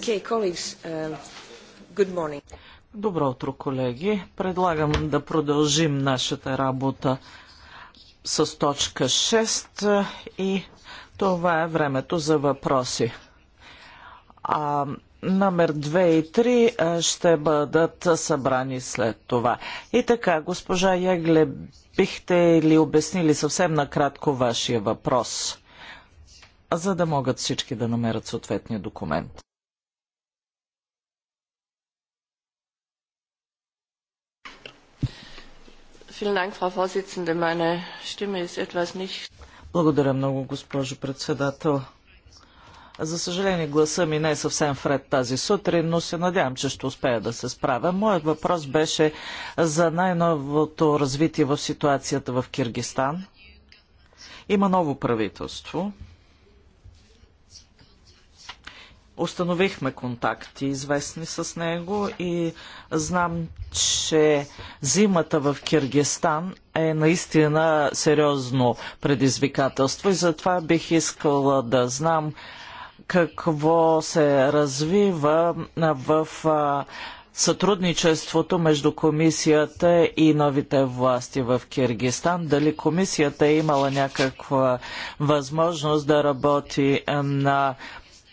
Okay, colleagues, uh, good morning. Добро утро, колеги. Предлагам да продължим нашата работа с точка 6 и това е времето за въпроси. А, номер 2 и 3 ще бъдат събрани след това. И така, госпожа Ягле, бихте ли обяснили съвсем накратко вашия въпрос? за да могат всички да намерят съответния документ. Благодаря много, госпожо председател. За съжаление, гласа ми не е съвсем вред тази сутрин, но се надявам, че ще успея да се справя. Моят въпрос беше за най-новото развитие в ситуацията в Киргистан. Има ново правителство – установихме контакти известни с него и знам, че зимата в Киргистан е наистина сериозно предизвикателство и затова бих искала да знам какво се развива в сътрудничеството между комисията и новите власти в Киргистан. Дали комисията е имала някаква възможност да работи на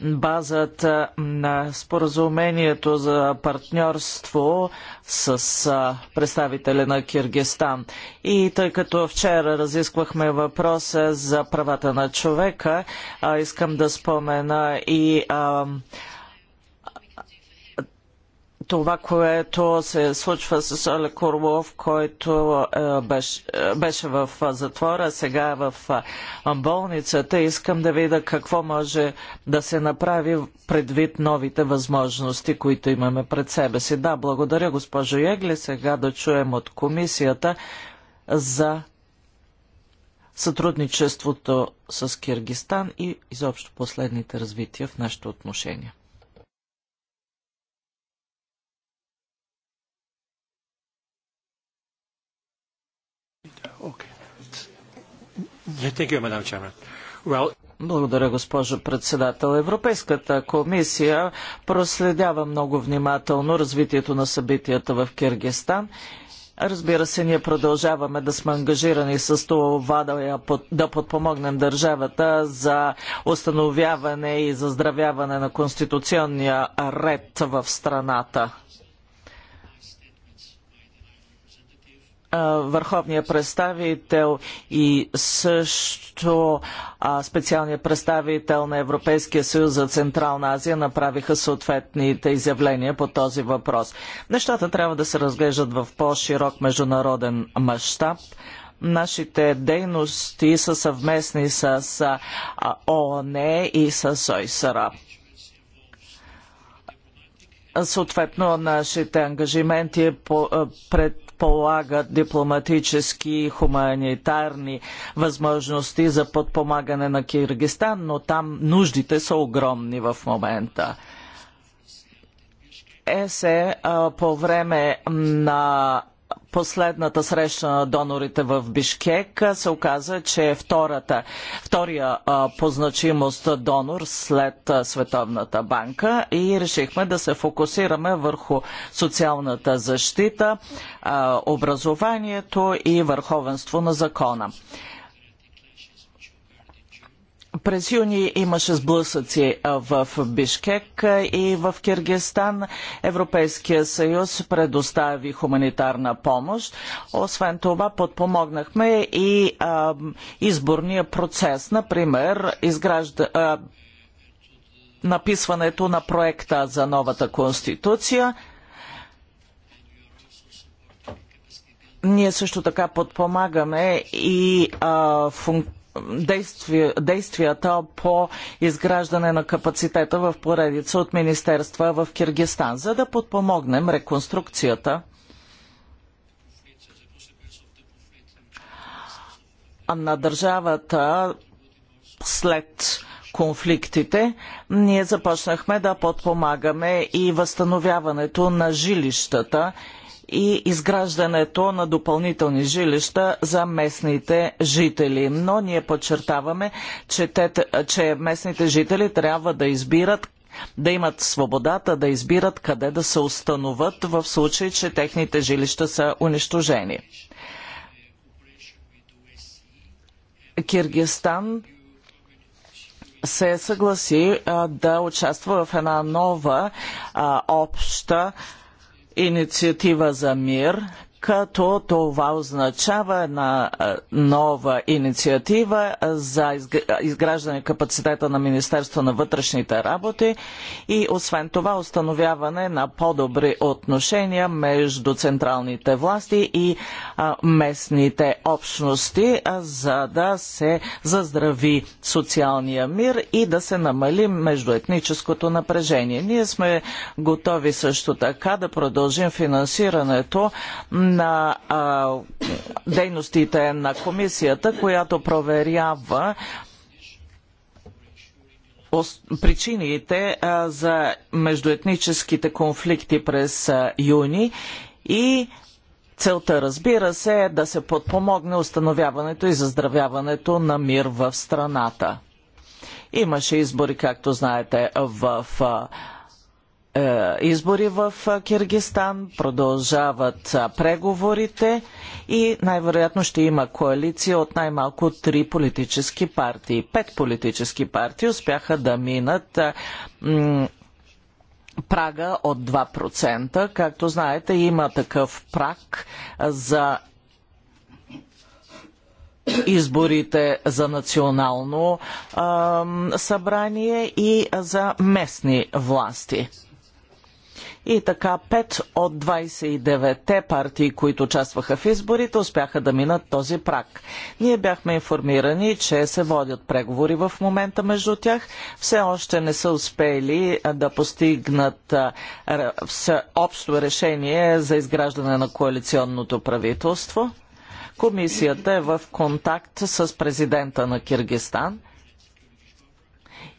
базата на споразумението за партньорство с представителя на Киргистан. И тъй като вчера разисквахме въпроса за правата на човека, искам да спомена и това, което се случва с Оле Орлов, който е, беше, е, беше в затвора, сега е в е, болницата. Искам да видя какво може да се направи предвид новите възможности, които имаме пред себе си. Да, благодаря, госпожо Егли. Сега да чуем от комисията за сътрудничеството с Киргистан и изобщо последните развития в нашите отношения. Благодаря, госпожо председател. Европейската комисия проследява много внимателно развитието на събитията в Киргизстан. Разбира се, ние продължаваме да сме ангажирани с това да, да подпомогнем държавата за установяване и заздравяване на конституционния ред в страната. върховния представител и също специалния представител на Европейския съюз за Централна Азия направиха съответните изявления по този въпрос. Нещата трябва да се разглеждат в по-широк международен мащаб нашите дейности са съвместни с ООН и с ОИСР. Съответно, нашите ангажименти пред полагат дипломатически и хуманитарни възможности за подпомагане на Киргистан, но там нуждите са огромни в момента. ЕСЕ по време на последната среща на донорите в Бишкек се оказа, че е втората, втория по значимост донор след Световната банка и решихме да се фокусираме върху социалната защита, образованието и върховенство на закона. През юни имаше сблъсъци в Бишкек и в Киргизстан. Европейския съюз предостави хуманитарна помощ. Освен това, подпомогнахме и а, изборния процес. Например, изгражда, а, написването на проекта за новата конституция. Ние също така подпомагаме и а, действия, действията по изграждане на капацитета в поредица от министерства в Киргистан, за да подпомогнем реконструкцията на държавата след конфликтите, ние започнахме да подпомагаме и възстановяването на жилищата и изграждането на допълнителни жилища за местните жители. Но ние подчертаваме, че, те, че местните жители трябва да избират да имат свободата да избират къде да се установят в случай, че техните жилища са унищожени. Киргизстан се съгласи а, да участва в една нова а, обща а, инициатива за мир, като това означава една нова инициатива за изграждане капацитета на Министерство на вътрешните работи и освен това установяване на по-добри отношения между централните власти и местните общности, за да се заздрави социалния мир и да се намали междуетническото напрежение. Ние сме готови също така да продължим финансирането на а, дейностите на комисията, която проверява причините а, за междуетническите конфликти през а, юни и Целта, разбира се, е да се подпомогне установяването и заздравяването на мир в страната. Имаше избори, както знаете, в а, е, избори в е, Киргистан, продължават е, преговорите и най-вероятно ще има коалиция от най-малко три политически партии. Пет политически партии успяха да минат прага от 2%. Както знаете, има такъв праг за изборите за национално а, събрание и за местни власти. И така 5 от 29-те партии, които участваха в изборите, успяха да минат този прак. Ние бяхме информирани, че се водят преговори в момента между тях. Все още не са успели да постигнат общо решение за изграждане на коалиционното правителство. Комисията е в контакт с президента на Киргистан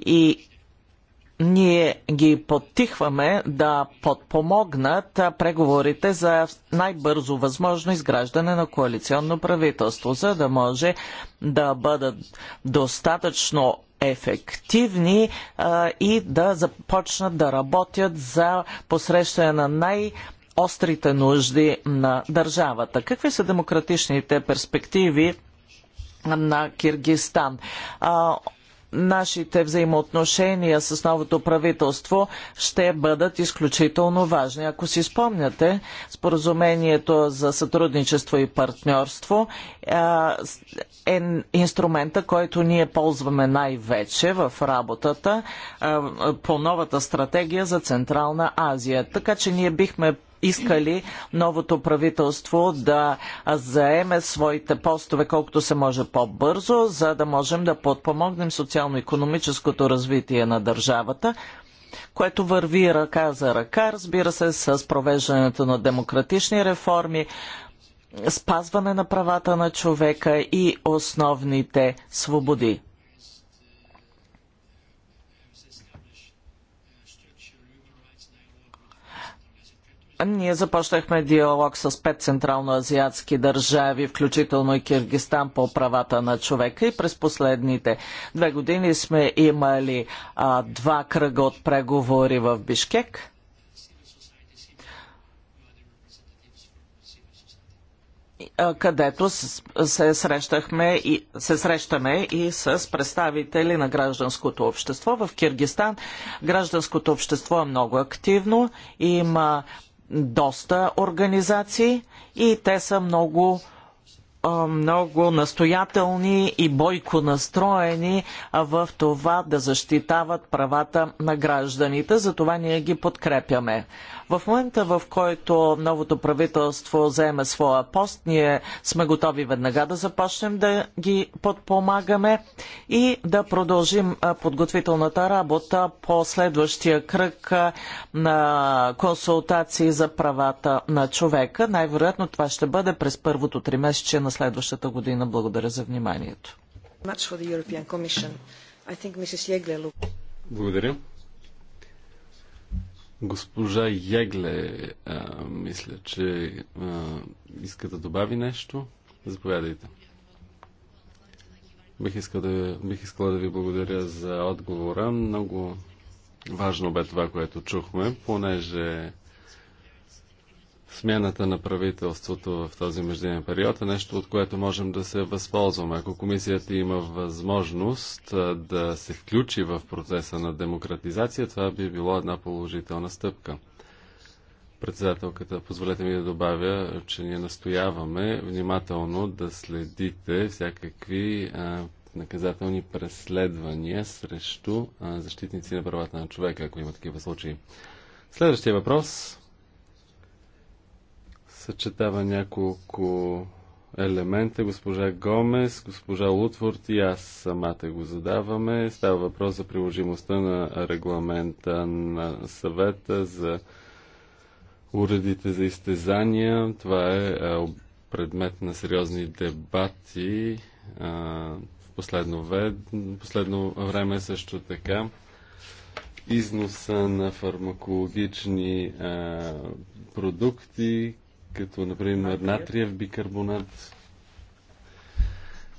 и ние ги подтихваме да подпомогнат преговорите за най-бързо възможно изграждане на коалиционно правителство, за да може да бъдат достатъчно ефективни а, и да започнат да работят за посрещане на най- острите нужди на държавата. Какви са демократичните перспективи на Киргистан? А, нашите взаимоотношения с новото правителство ще бъдат изключително важни. Ако си спомняте, споразумението за сътрудничество и партньорство е инструмента, който ние ползваме най-вече в работата по новата стратегия за Централна Азия. Така че ние бихме искали новото правителство да заеме своите постове колкото се може по-бързо, за да можем да подпомогнем социално-економическото развитие на държавата което върви ръка за ръка, разбира се, с провеждането на демократични реформи, спазване на правата на човека и основните свободи. Ние започнахме диалог с пет централноазиатски държави, включително и Киргистан по правата на човека и през последните две години сме имали а, два кръга от преговори в Бишкек. където се, срещахме и, се срещаме и с представители на гражданското общество. В Киргистан гражданското общество е много активно. Има доста организации и те са много много настоятелни и бойко настроени в това да защитават правата на гражданите. Затова ние ги подкрепяме. В момента, в който новото правителство заеме своя пост, ние сме готови веднага да започнем да ги подпомагаме и да продължим подготвителната работа по следващия кръг на консултации за правата на човека. Най-вероятно това ще бъде през първото тримесечие на следващата година. Благодаря за вниманието. Благодаря. Госпожа Ягле, а, мисля, че а, иска да добави нещо. Заповядайте. Бих искал, да, бих искал да ви благодаря за отговора. Много важно бе това, което чухме, понеже смяната на правителството в този междинен период е нещо, от което можем да се възползваме. Ако комисията има възможност да се включи в процеса на демократизация, това би било една положителна стъпка. Председателката, позволете ми да добавя, че ние настояваме внимателно да следите всякакви а, наказателни преследвания срещу а, защитници на правата на човека, ако има такива случаи. Следващия въпрос съчетава няколко елемента. Госпожа Гомес, госпожа Лутворд и аз самата го задаваме. Става въпрос за приложимостта на регламента на съвета за уредите за изтезания. Това е, е предмет на сериозни дебати е, в последно, последно време също така. Износа на фармакологични е, продукти, като например натриев бикарбонат.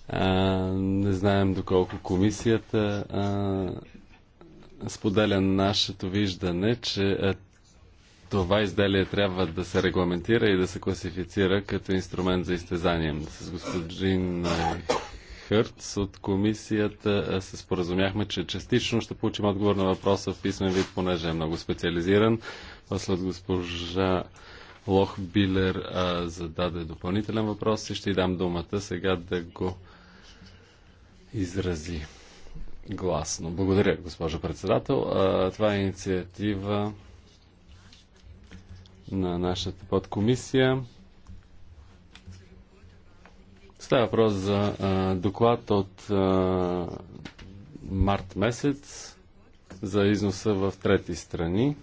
А, не знаем доколко комисията а, споделя нашето виждане, че а, това изделие трябва да се регламентира и да се класифицира като инструмент за изтезание. С господин Хърц от комисията се споразумяхме, че частично ще получим отговор на въпроса в писмен вид, понеже е много специализиран. После от госпожа Лох Билер а, зададе допълнителен въпрос и ще й дам думата сега да го изрази гласно. Благодаря, госпожо председател. А, това е инициатива на нашата подкомисия. Става въпрос за а, доклад от а, март месец за износа в трети страни.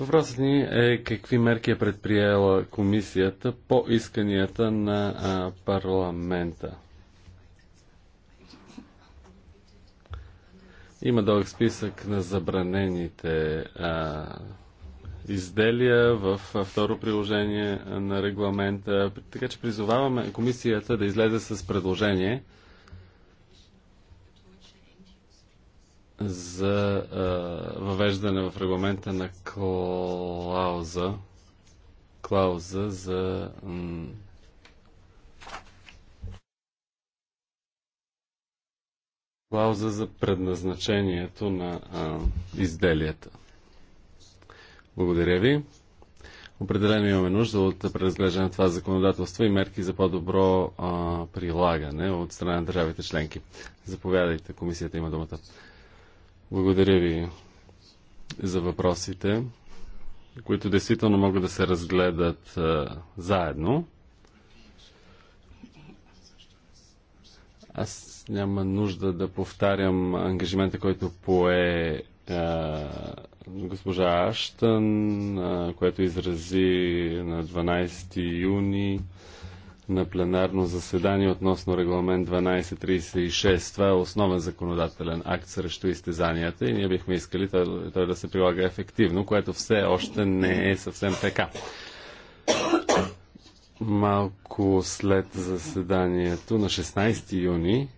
Въпросът ни е какви мерки е предприела комисията по исканията на а, парламента. Има дълъг списък на забранените а, изделия в второ приложение на регламента, така че призоваваме комисията да излезе с предложение – за а, въвеждане в регламента на клауза, клауза за клауза за предназначението на а, изделията. Благодаря ви. Определено имаме нужда от преразглеждане на това законодателство и мерки за по-добро прилагане от страна на държавите членки. Заповядайте, комисията има думата. Благодаря ви за въпросите, които действително могат да се разгледат а, заедно. Аз няма нужда да повтарям ангажимента, който пое а, госпожа Аштън, а, което изрази на 12 юни на пленарно заседание относно регламент 1236. Това е основен законодателен акт срещу изтезанията и ние бихме искали той, той да се прилага ефективно, което все още не е съвсем така. Малко след заседанието на 16 юни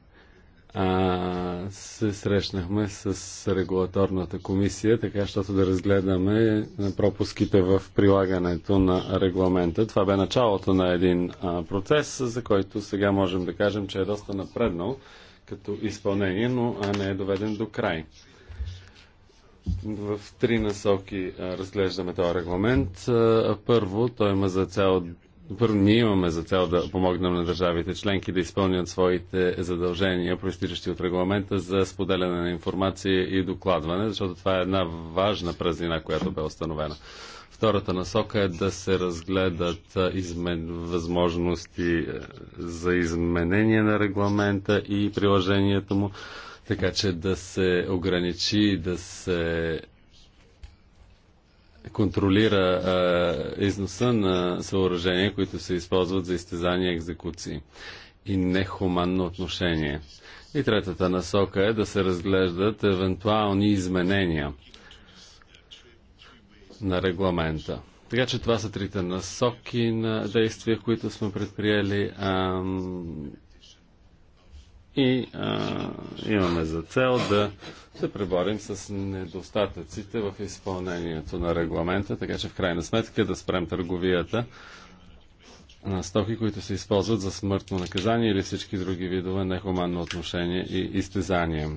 а, се срещнахме с регулаторната комисия, така щото да разгледаме пропуските в прилагането на регламента. Това бе началото на един а, процес, за който сега можем да кажем, че е доста напреднал като изпълнение, но не е доведен до край. В три насоки разглеждаме този регламент. Първо, той има за цел първо, ние имаме за цел да помогнем на държавите членки да изпълнят своите задължения, проистичащи от регламента за споделяне на информация и докладване, защото това е една важна празнина, която бе установена. Втората насока е да се разгледат измен... възможности е, за изменение на регламента и приложението му, така че да се ограничи, да се контролира а, износа на съоръжения, които се използват за изтезания и екзекуции и нехуманно отношение. И третата насока е да се разглеждат евентуални изменения на регламента. Така че това са трите насоки на действия, които сме предприели. А, и а, имаме за цел да се преборим с недостатъците в изпълнението на регламента, така че в крайна сметка да спрем търговията на стоки, които се използват за смъртно наказание или всички други видове нехуманно отношение и изтезание.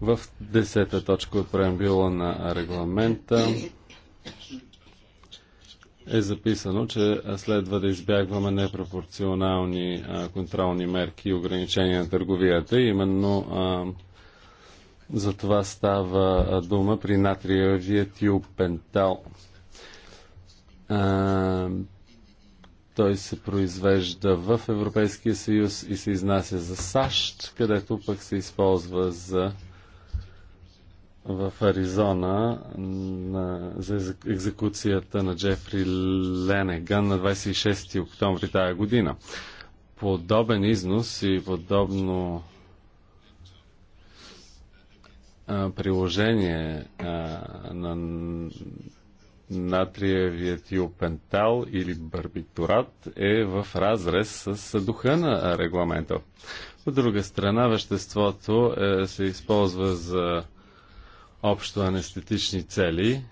В 10-та точка от преамбюла на регламента е записано, че следва да избягваме непропорционални а, контролни мерки и ограничения на търговията. Именно а, за това става дума при натриевия тиопентал. А, той се произвежда в Европейския съюз и се изнася за САЩ, където пък се използва за в Аризона на, за екзекуцията на Джефри Ленеган на 26 октомври тая година. Подобен износ и подобно а, приложение а, на натриевият пентал или барбитурат е в разрез с духа на регламента. От друга страна, веществото е, се използва за общо анестетични цели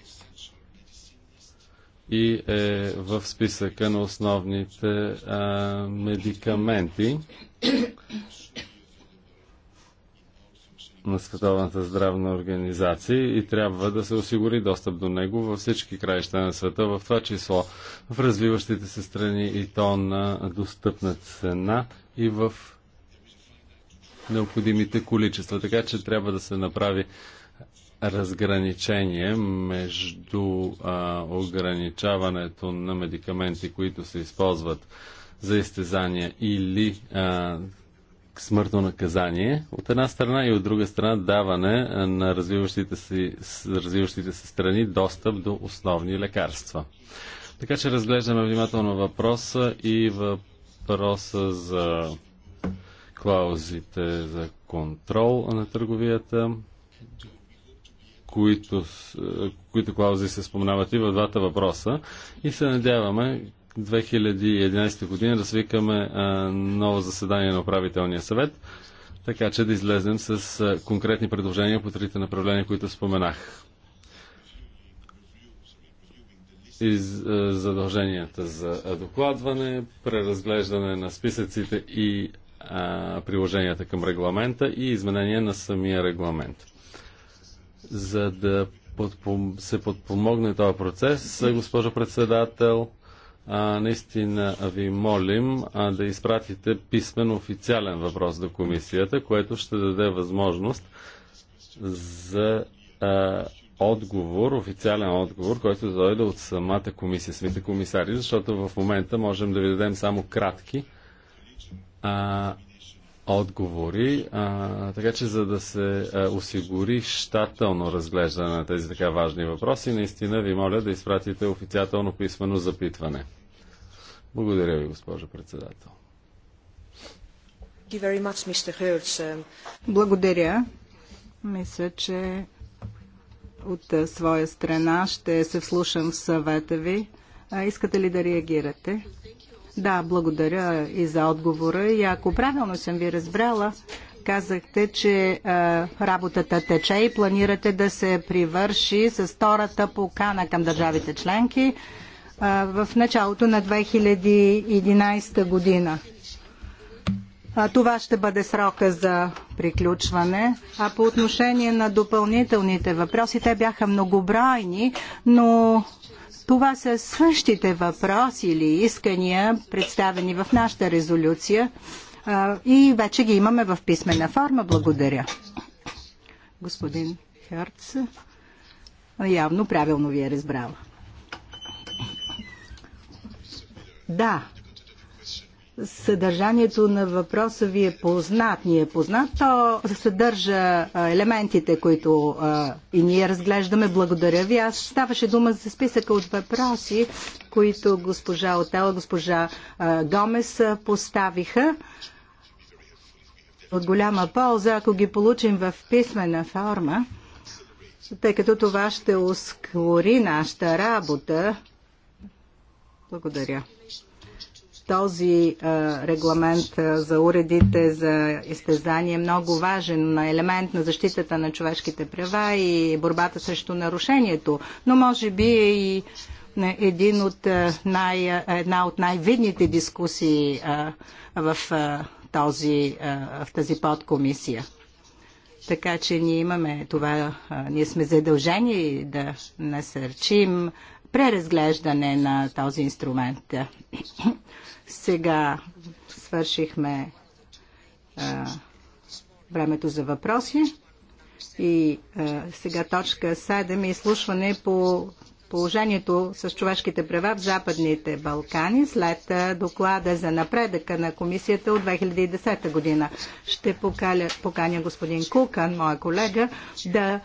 и е в списъка на основните а, медикаменти на Световната здравна организация и трябва да се осигури достъп до него във всички краища на света, в това число в развиващите се страни и то на достъпна цена и в необходимите количества. Така че трябва да се направи разграничение между а, ограничаването на медикаменти, които се използват за изтезания или а, смъртно наказание, от една страна и от друга страна даване на развиващите се, развиващите се страни достъп до основни лекарства. Така че разглеждаме внимателно въпроса и въпроса за клаузите за контрол на търговията, които, които клаузи се споменават и в двата въпроса. И се надяваме 2011 година да свикаме ново заседание на управителния съвет, така че да излезем с конкретни предложения по трите направления, които споменах. И задълженията за докладване, преразглеждане на списъците и приложенията към регламента и изменение на самия регламент за да подпом... се подпомогне този процес. Госпожо председател, а, наистина ви молим а, да изпратите писмен официален въпрос до комисията, което ще даде възможност за а, отговор, официален отговор, който да дойде от самата комисия, самите комисари, защото в момента можем да ви дадем само кратки а, отговори, а, така че за да се а, осигури щателно разглеждане на тези така важни въпроси, наистина ви моля да изпратите официално писмено запитване. Благодаря ви, госпожо председател. Благодаря. Мисля, че от своя страна ще се вслушам в съвета ви. А, искате ли да реагирате? Да, благодаря и за отговора. И ако правилно съм ви разбрала, казахте, че а, е, работата тече и планирате да се привърши с втората покана към държавите членки а, е, в началото на 2011 година. А, това ще бъде срока за приключване. А по отношение на допълнителните въпроси, те бяха многобройни, но това са същите въпроси или искания, представени в нашата резолюция и вече ги имаме в писмена форма. Благодаря. Господин Херц, явно правилно ви е разбрала. Да, съдържанието на въпроса ви е познат, ни е познат. То съдържа елементите, които а, и ние разглеждаме. Благодаря ви. Аз ставаше дума за списъка от въпроси, които госпожа Отела, госпожа а, Гомес поставиха. От голяма полза, ако ги получим в писмена форма, тъй като това ще ускори нашата работа. Благодаря този регламент за уредите за изтезание е много важен елемент на защитата на човешките права и борбата срещу нарушението, но може би е и един от най, една от най-видните дискусии в, този, в тази подкомисия. Така че ние имаме това, ние сме задължени да насърчим преразглеждане на този инструмент. Сега свършихме а, времето за въпроси и а, сега точка 7 е изслушване по положението с човешките права в Западните Балкани след доклада за напредъка на комисията от 2010 година. Ще покаля, поканя господин Кукан, моя колега, да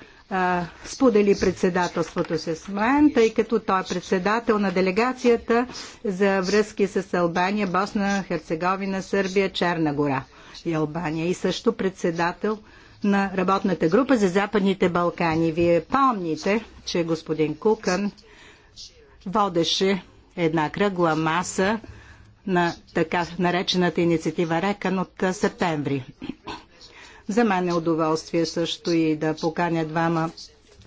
сподели председателството с мен, тъй като той е председател на делегацията за връзки с Албания, Босна, Херцеговина, Сърбия, Черна гора и Албания. И също председател на работната група за Западните Балкани. Вие помните, че господин Кукън водеше една кръгла маса на така наречената инициатива Рекан от септември. За мен е удоволствие също и да поканя двама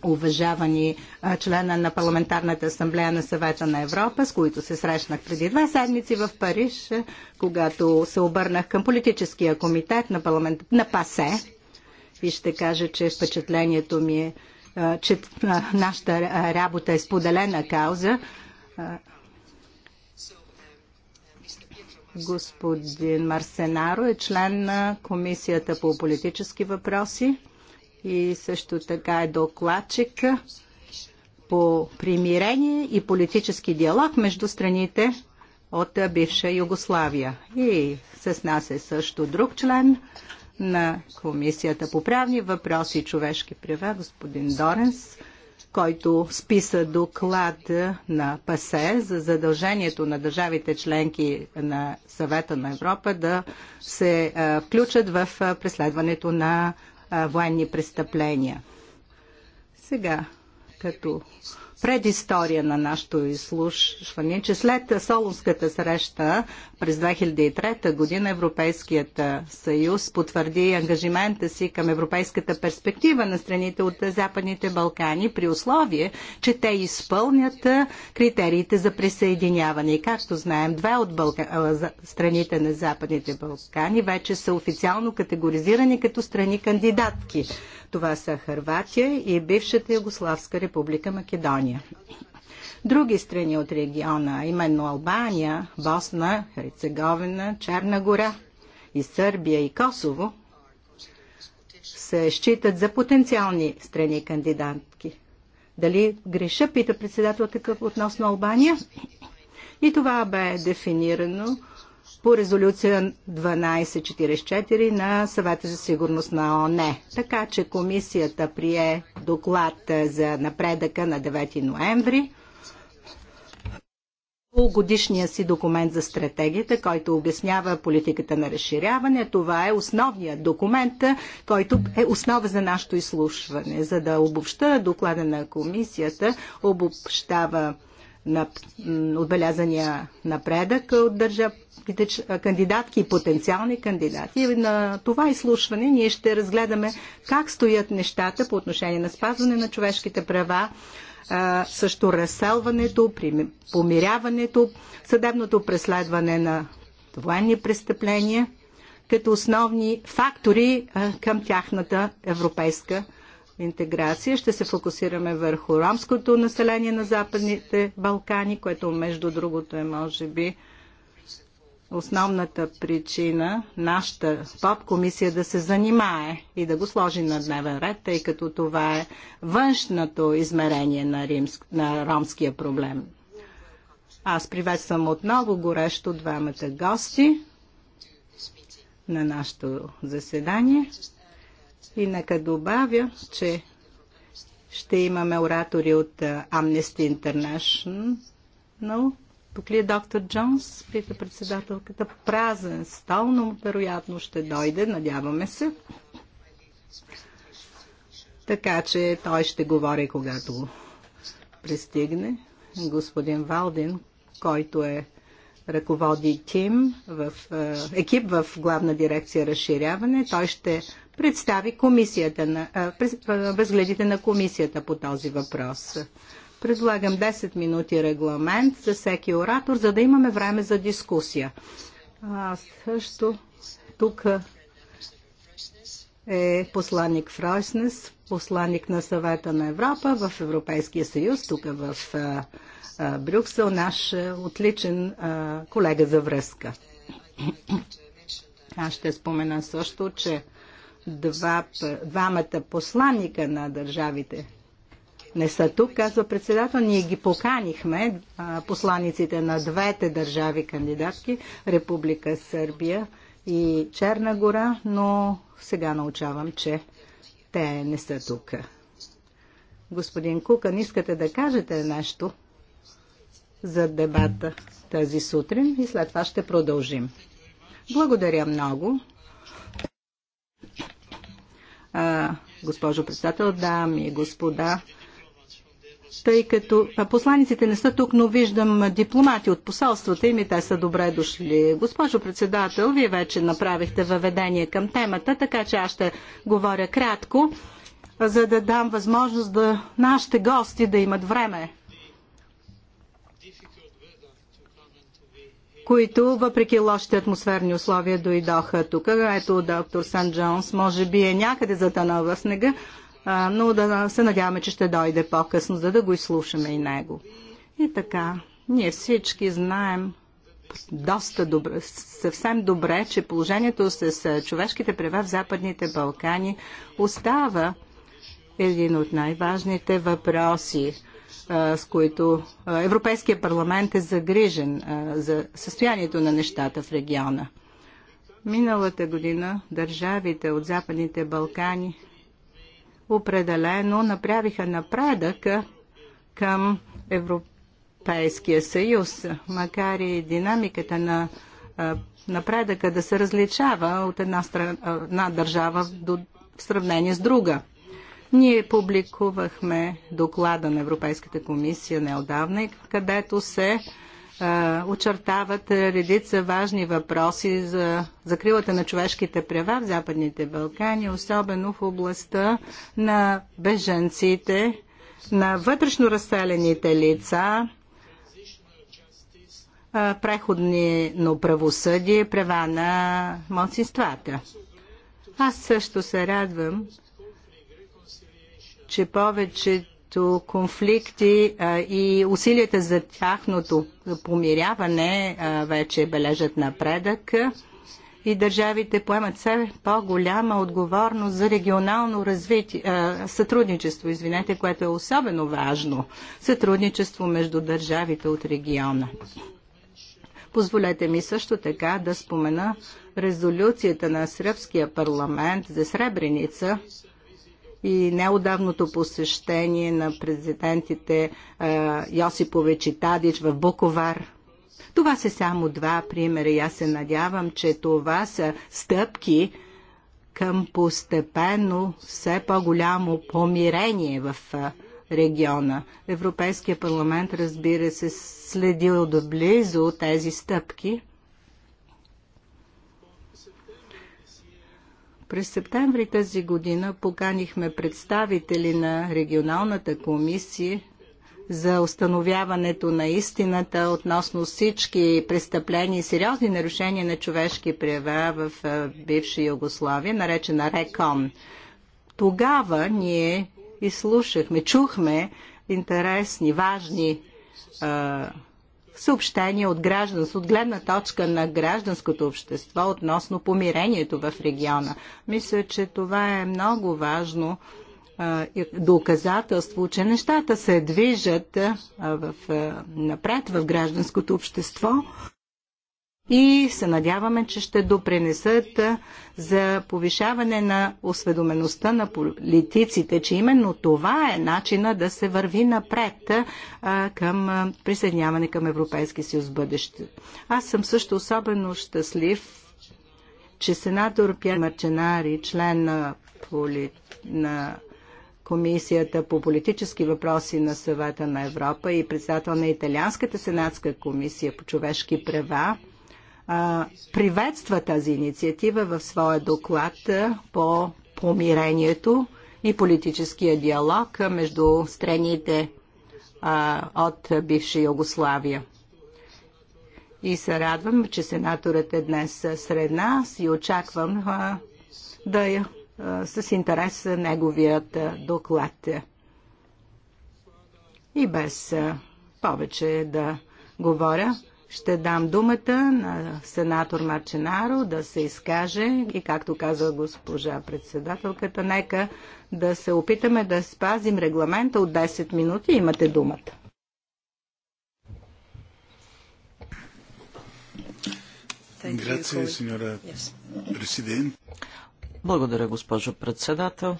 уважавани члена на Парламентарната асамблея на съвета на Европа, с които се срещнах преди две седмици в Париж, когато се обърнах към политическия комитет на, парламент... на ПАСЕ. И ще кажа, че впечатлението ми е, че нашата работа е споделена кауза Господин Марсенаро е член на Комисията по политически въпроси и също така е докладчик по примирение и политически диалог между страните от бивша Югославия. И с нас е също друг член на Комисията по правни въпроси и човешки права, господин Доренс който списа доклад на ПАСЕ за задължението на държавите членки на съвета на Европа да се е, включат в е, преследването на е, военни престъпления. Сега, като предистория на нашето изслушване, че след Солунската среща през 2003 година Европейският съюз потвърди ангажимента си към европейската перспектива на страните от Западните Балкани при условие, че те изпълнят критериите за присъединяване. И както знаем, две от Балка... страните на Западните Балкани вече са официално категоризирани като страни кандидатки. Това са Харватия и бившата Югославска република Македония. Македония. Други страни от региона, именно Албания, Босна, Херцеговина, Черна гора и Сърбия и Косово, се считат за потенциални страни кандидатки. Дали греша, пита председателът такъв относно Албания? И това бе дефинирано по резолюция 1244 на съвета за сигурност на ОНЕ. Така че комисията прие доклад за напредъка на 9 ноември годишния си документ за стратегията, който обяснява политиката на разширяване. Това е основният документ, който е основа за нашето изслушване. За да обобща доклада на комисията, обобщава на отбелязания напредък от държавите кандидатки и потенциални кандидати. На това изслушване ние ще разгледаме как стоят нещата по отношение на спазване на човешките права, също разселването, помиряването, съдебното преследване на военни престъпления като основни фактори към тяхната европейска интеграция. Ще се фокусираме върху ромското население на Западните Балкани, което между другото е може би основната причина нашата подкомисия да се занимае и да го сложи на дневен ред, тъй като това е външното измерение на, римск, на ромския проблем. Аз приветствам отново горещо двамата гости на нашето заседание. И нека добавя, че ще имаме оратори от Amnesty International. Но тук ли е доктор Джонс? Пита председателката. Празен стол, но вероятно ще дойде, надяваме се. Така че той ще говори, когато пристигне. Господин Валдин, който е ръководи тим в, е, екип в главна дирекция разширяване. Той ще представи комисията на, възгледите на комисията по този въпрос. Предлагам 10 минути регламент за всеки оратор, за да имаме време за дискусия. Аз също тук е посланник Фройснес, посланник на съвета на Европа в Европейския съюз, тук в Брюксел, наш отличен колега за връзка. Аз ще спомена също, че два, двамата посланника на държавите. Не са тук, казва председател. Ние ги поканихме, посланиците на двете държави кандидатки, Република Сърбия и Черна гора, но сега научавам, че те не са тук. Господин Кукан, искате да кажете нещо за дебата тази сутрин и след това ще продължим. Благодаря много госпожо председател, дами и господа. Тъй като посланиците не са тук, но виждам дипломати от посолствата и ми те са добре дошли. Госпожо председател, вие вече направихте въведение към темата, така че аз ще говоря кратко, за да дам възможност да нашите гости да имат време които въпреки лошите атмосферни условия дойдоха тук. Ето доктор Сан Джонс може би е някъде затънал в снега, но да се надяваме, че ще дойде по-късно, за да го изслушаме и него. И така, ние всички знаем доста добре, съвсем добре, че положението с човешките права в Западните Балкани остава един от най-важните въпроси с които Европейския парламент е загрижен за състоянието на нещата в региона. Миналата година държавите от Западните Балкани определено направиха напредък към Европейския съюз, макар и динамиката на напредъка да се различава от една, страна, една държава до, в сравнение с друга. Ние публикувахме доклада на Европейската комисия неодавна, където се очертават редица важни въпроси за закрилата на човешките права в Западните Балкани, особено в областта на беженците, на вътрешно разселените лица, на правосъдие, права на младсинствата. Аз също се радвам, че повечето конфликти а, и усилията за тяхното помиряване а, вече бележат напредък и държавите поемат все по-голяма отговорност за регионално развитие, а, сътрудничество, извинете, което е особено важно. Сътрудничество между държавите от региона. Позволете ми също така да спомена резолюцията на Сръбския парламент за Сребреница, и неодавното посещение на президентите е, Йосипович Читадич в Буковар. Това са само два примера и аз се надявам, че това са стъпки към постепенно все по-голямо помирение в е, региона. Европейския парламент, разбира се, следи отблизо тези стъпки През септември тази година поканихме представители на регионалната комисия за установяването на истината относно всички престъпления и сериозни нарушения на човешки права в бивша Югославия, наречена РЕКОН. Тогава ние изслушахме, чухме интересни, важни а, съобщения от гражданство, от гледна точка на гражданското общество относно помирението в региона. Мисля, че това е много важно доказателство, че нещата се движат в, напред в гражданското общество и се надяваме, че ще допринесат за повишаване на осведомеността на политиците, че именно това е начина да се върви напред към присъединяване към Европейски съюз в бъдеще. Аз съм също особено щастлив, че сенатор Пьер Марченари, член на, поли... на Комисията по политически въпроси на съвета на Европа и председател на Италианската сенатска комисия по човешки права, приветства тази инициатива в своя доклад по помирението и политическия диалог между страните от бивша Югославия. И се радвам, че сенаторът е днес сред нас и очаквам да я с интерес неговият доклад. И без повече да говоря, ще дам думата на сенатор Марчинаро да се изкаже и както каза госпожа председателката, нека да се опитаме да спазим регламента от 10 минути. Имате думата. Благодаря, госпожо председател.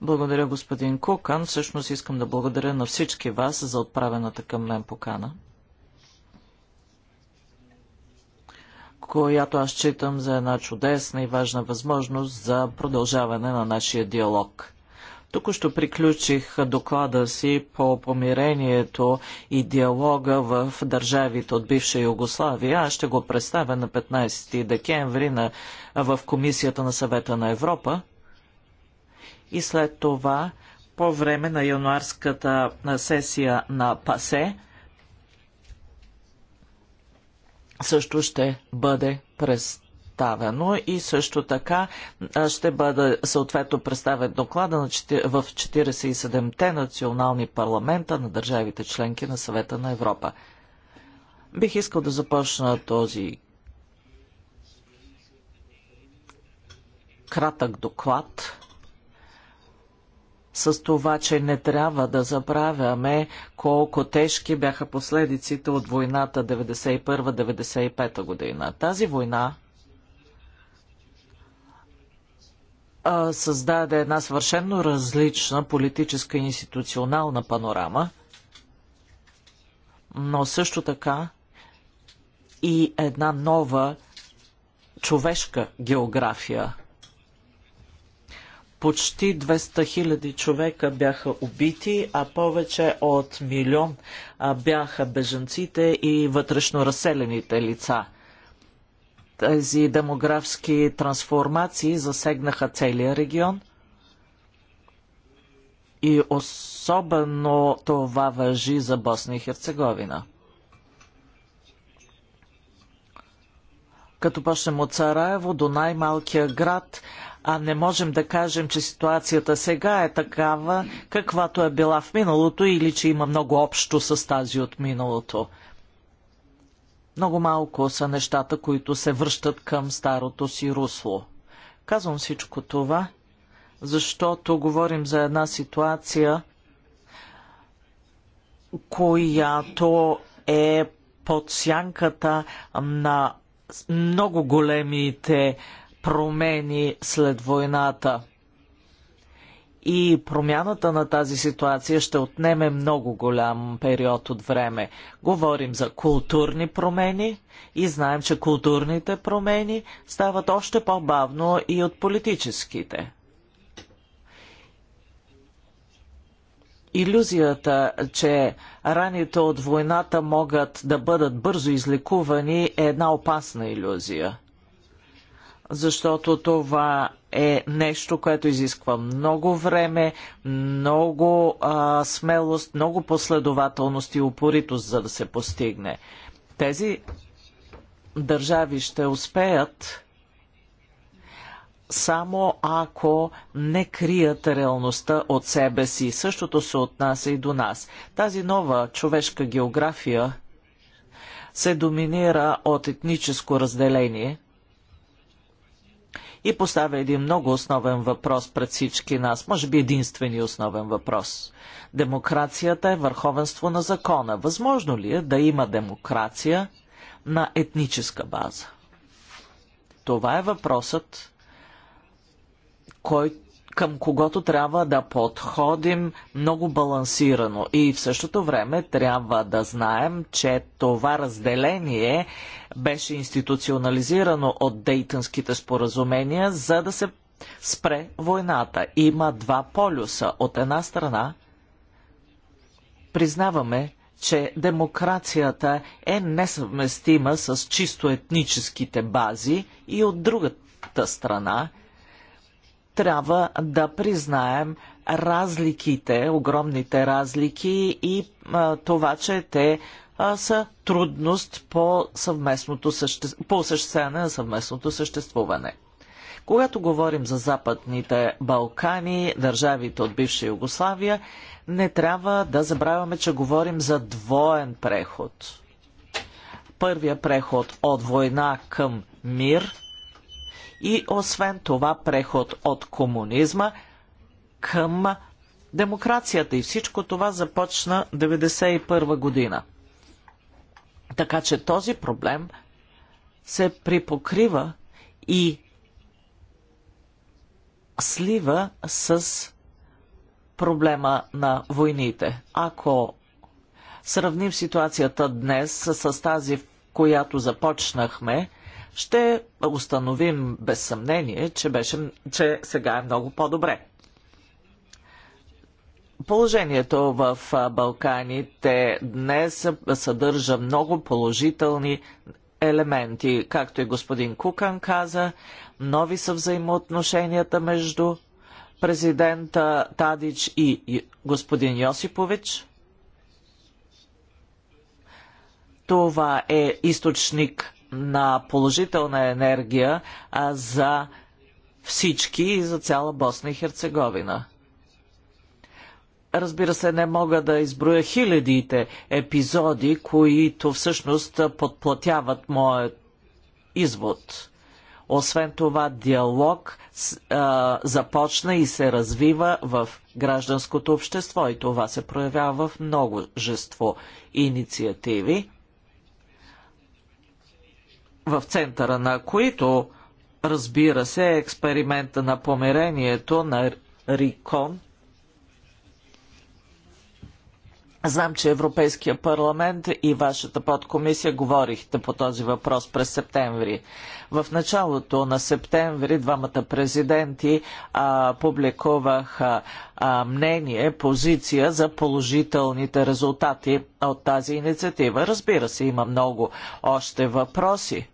Благодаря, господин Кукан. Всъщност искам да благодаря на всички вас за отправената към мен покана, която аз считам за една чудесна и важна възможност за продължаване на нашия диалог. Тук що приключих доклада си по помирението и диалога в държавите от бивша Югославия. Аз ще го представя на 15 декември на, в Комисията на съвета на Европа и след това по време на януарската сесия на ПАСЕ също ще бъде представено и също така ще бъде съответно представен доклада в 47-те национални парламента на държавите членки на съвета на Европа. Бих искал да започна този кратък доклад с това, че не трябва да забравяме колко тежки бяха последиците от войната 91-95 година. Тази война а, създаде една съвършенно различна политическа и институционална панорама, но също така и една нова човешка география – почти 200 хиляди човека бяха убити, а повече от милион бяха бежанците и вътрешно разселените лица. Тези демографски трансформации засегнаха целия регион и особено това въжи за Босна и Херцеговина. Като почнем от Сараево до най-малкия град – а не можем да кажем, че ситуацията сега е такава, каквато е била в миналото или че има много общо с тази от миналото. Много малко са нещата, които се връщат към старото си русло. Казвам всичко това, защото говорим за една ситуация, която е под сянката на много големите промени след войната. И промяната на тази ситуация ще отнеме много голям период от време. Говорим за културни промени и знаем, че културните промени стават още по-бавно и от политическите. Иллюзията, че раните от войната могат да бъдат бързо излекувани е една опасна иллюзия защото това е нещо, което изисква много време, много а, смелост, много последователност и упоритост, за да се постигне. Тези държави ще успеят само ако не крият реалността от себе си. Същото се отнася и до нас. Тази нова човешка география се доминира от етническо разделение – и поставя един много основен въпрос пред всички нас, може би единствени основен въпрос. Демокрацията е върховенство на закона. Възможно ли е да има демокрация на етническа база? Това е въпросът, който към когото трябва да подходим много балансирано. И в същото време трябва да знаем, че това разделение беше институционализирано от Дейтънските споразумения, за да се спре войната. Има два полюса. От една страна признаваме, че демокрацията е несъвместима с чисто етническите бази и от другата страна – трябва да признаем разликите, огромните разлики и а, това, че те а, са трудност по, съвместното съще... по осъществяване на съвместното съществуване. Когато говорим за Западните Балкани, държавите от бивша Югославия, не трябва да забравяме, че говорим за двоен преход. Първия преход от война към мир – и освен това преход от комунизма към демокрацията. И всичко това започна 1991 година. Така че този проблем се припокрива и слива с проблема на войните. Ако сравним ситуацията днес с тази, в която започнахме, ще установим без съмнение, че, беше, че сега е много по-добре. Положението в Балканите днес съдържа много положителни елементи. Както и господин Кукан каза, нови са взаимоотношенията между президента Тадич и господин Йосипович. Това е източник на положителна енергия а за всички и за цяла Босна и Херцеговина. Разбира се, не мога да изброя хилядите епизоди, които всъщност подплатяват моят извод. Освен това, диалог а, започна и се развива в гражданското общество и това се проявява в много жество инициативи в центъра на които, разбира се, е експеримента на помирението на Рикон. Знам, че Европейския парламент и вашата подкомисия говорихте по този въпрос през септември. В началото на септември двамата президенти а, публикуваха а, мнение, позиция за положителните резултати от тази инициатива. Разбира се, има много още въпроси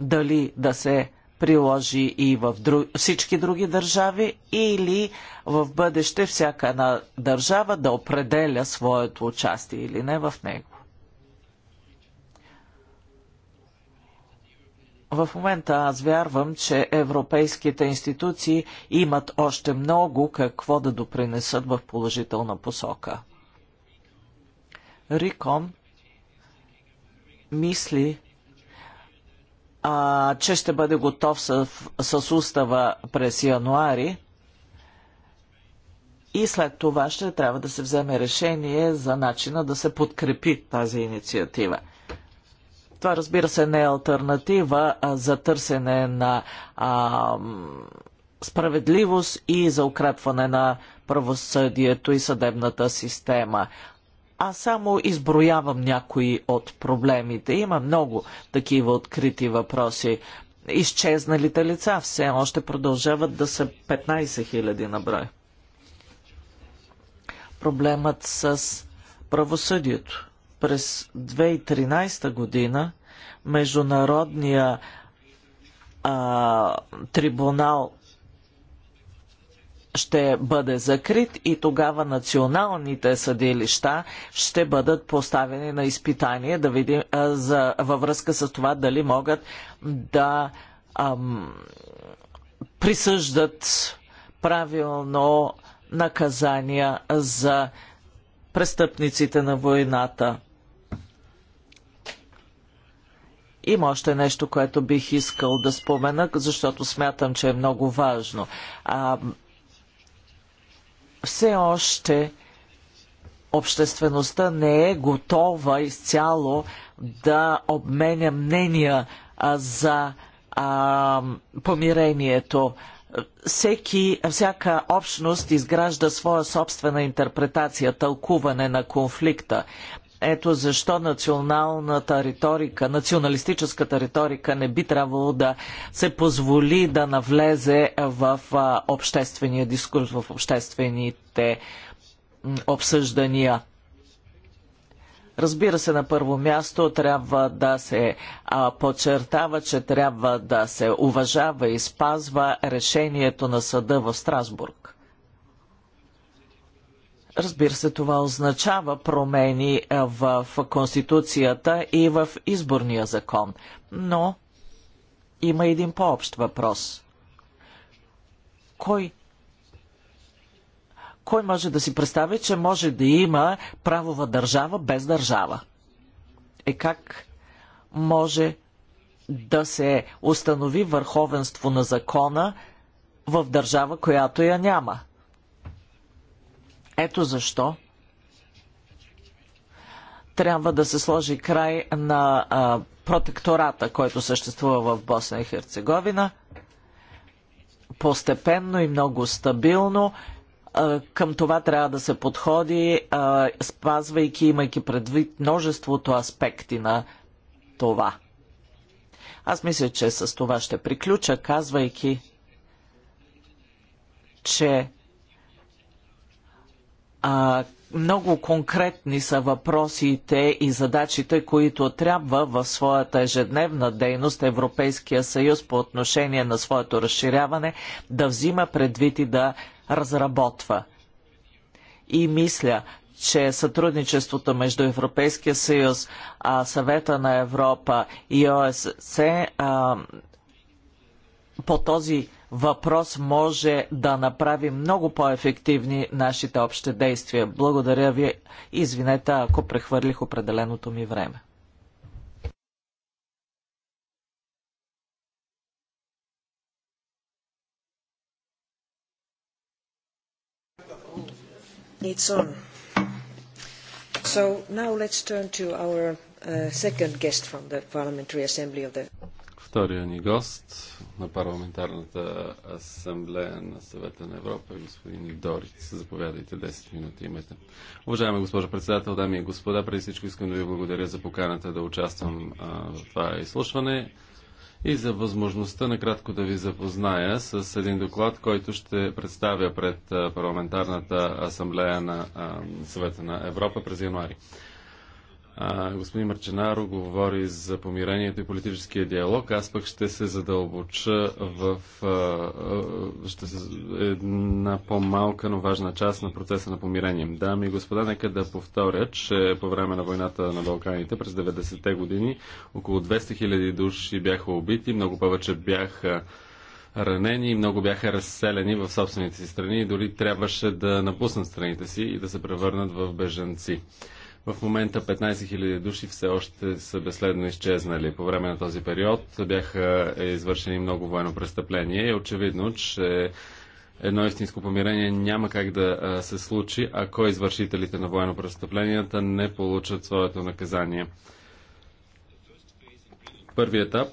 дали да се приложи и в друг, всички други държави или в бъдеще всяка една държава да определя своето участие или не в него. В момента аз вярвам, че европейските институции имат още много какво да допринесат в положителна посока. Риком мисли, а, че ще бъде готов с, с устава през януари и след това ще трябва да се вземе решение за начина да се подкрепи тази инициатива. Това, разбира се, не е альтернатива за търсене на а, справедливост и за укрепване на правосъдието и съдебната система. Аз само изброявам някои от проблемите. Има много такива открити въпроси. Изчезналите лица все още продължават да са 15 000 на брой. Проблемът с правосъдието. През 2013 година Международния а, трибунал ще бъде закрит и тогава националните съдилища ще бъдат поставени на изпитание да видим, а, за, във връзка с това дали могат да ам, присъждат правилно наказания за престъпниците на войната. Има още нещо, което бих искал да спомена, защото смятам, че е много важно. А, все още обществеността не е готова изцяло да обменя мнения за а, помирението. Всеки, всяка общност изгражда своя собствена интерпретация, тълкуване на конфликта. Ето защо националната риторика, националистическата риторика не би трябвало да се позволи да навлезе в обществения дискурс, в обществените обсъждания. Разбира се, на първо място трябва да се а, подчертава, че трябва да се уважава и спазва решението на съда в Страсбург. Разбира се, това означава промени е, в Конституцията и в изборния закон. Но има един по-общ въпрос. Кой кой може да си представи, че може да има правова държава без държава? Е как може да се установи върховенство на закона в държава, която я няма? Ето защо трябва да се сложи край на а, протектората, който съществува в Босна и Херцеговина, постепенно и много стабилно. към това трябва да се подходи, спазвайки, имайки предвид множеството аспекти на това. Аз мисля, че с това ще приключа, казвайки, че а, много конкретни са въпросите и задачите, които трябва в своята ежедневна дейност Европейския съюз по отношение на своето разширяване да взима предвид и да разработва. И мисля, че сътрудничеството между Европейския съюз, а, Съвета на Европа и ОССЕ а, по този въпрос може да направи много по-ефективни нашите общи действия. Благодаря ви. Извинете, ако прехвърлих определеното ми време. It's on. So now let's turn to our uh, second guest from the Parliamentary Assembly of the Втория ни гост на парламентарната асамблея на съвета на Европа е господин Дорис. Заповядайте 10 минути имате. Уважаема госпожа председател, дами и господа, преди всичко искам да ви благодаря за поканата да участвам в това изслушване и за възможността накратко да ви запозная с един доклад, който ще представя пред парламентарната асамблея на съвета на Европа през януари господин Марченаро говори за помирението и политическия диалог. Аз пък ще се задълбоча в ще се, една по-малка, но важна част на процеса на помирение. Дами и господа, нека да повторя, че по време на войната на Балканите през 90-те години около 200 000 души бяха убити, много повече бяха ранени и много бяха разселени в собствените си страни и дори трябваше да напуснат страните си и да се превърнат в беженци. В момента 15 000 души все още са безследно изчезнали. По време на този период бяха е, извършени много военно престъпление и е очевидно, че едно истинско помирение няма как да се случи, ако извършителите на военно престъпленията не получат своето наказание. Първи етап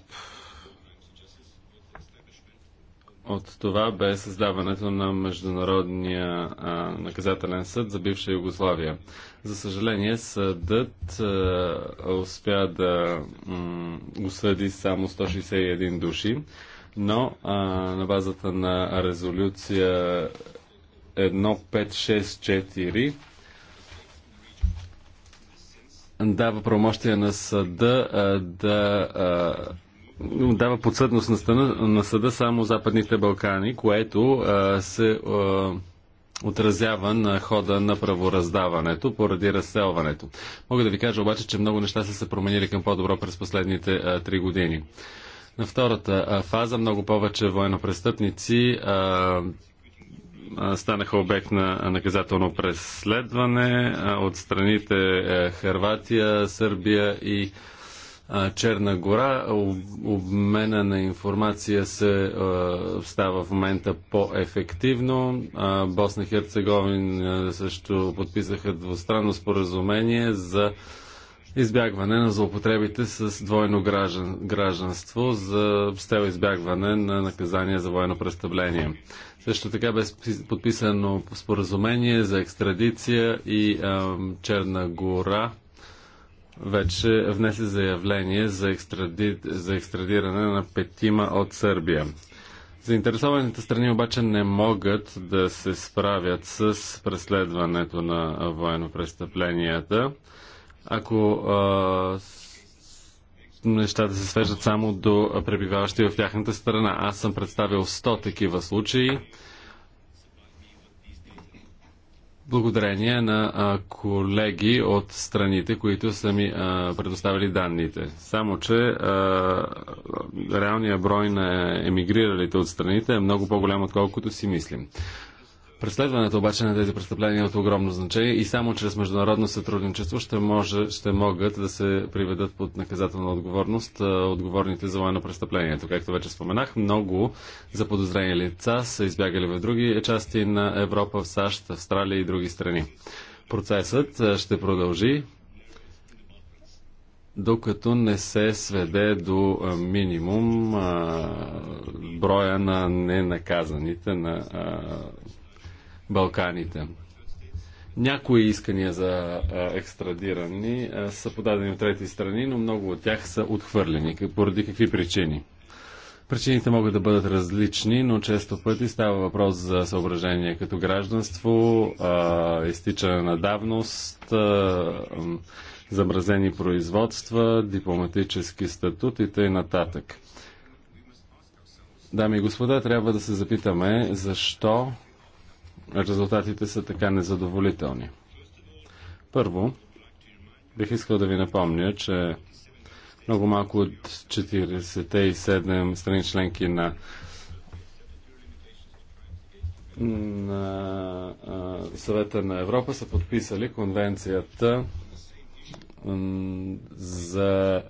от това бе създаването на Международния а, наказателен съд за бивша Югославия. За съжаление, съдът а, успя да осъди само 161 души, но а, на базата на резолюция 1564 дава промощия на съда а, да а, дава подсъдност на, стъна, на съда само Западните Балкани, което а, се а, отразява на хода на правораздаването поради разселването. Мога да ви кажа обаче, че много неща са се променили към по-добро през последните три години. На втората а, фаза много повече военнопрестъпници а, станаха обект на наказателно преследване от страните е, Харватия, Сърбия и Черна гора. Обмена на информация се става в момента по-ефективно. Босна и Херцеговина също подписаха двустранно споразумение за избягване на злоупотребите с двойно граждан, гражданство за стел избягване на наказание за военно престъпление. Също така бе подписано споразумение за екстрадиция и а, Черна гора вече внесе заявление за, екстради... за екстрадиране на петима от Сърбия. Заинтересованите страни обаче не могат да се справят с преследването на военно-престъпленията. Ако а, нещата се свеждат само до пребиваващи в тяхната страна, аз съм представил 100 такива случаи благодарение на а, колеги от страните, които са ми а, предоставили данните. Само, че реалният брой на емигриралите от страните е много по-голям, отколкото си мислим. Преследването обаче на тези престъпления е от огромно значение и само чрез международно сътрудничество ще, може, ще могат да се приведат под наказателна отговорност отговорните за военно престъплението. Както вече споменах, много заподозрени лица са избягали в други части на Европа, в САЩ, Австралия и други страни. Процесът ще продължи докато не се сведе до минимум а, броя на ненаказаните, на а, Балканите. Някои искания за екстрадирани са подадени от трети страни, но много от тях са отхвърлени. Поради какви причини? Причините могат да бъдат различни, но често пъти става въпрос за съображение като гражданство, изтичане на давност, замразени производства, дипломатически статут и т.н. Дами и господа, трябва да се запитаме защо резултатите са така незадоволителни. Първо, бих искал да ви напомня, че много малко от 47 страни членки на на съвета на Европа са подписали конвенцията за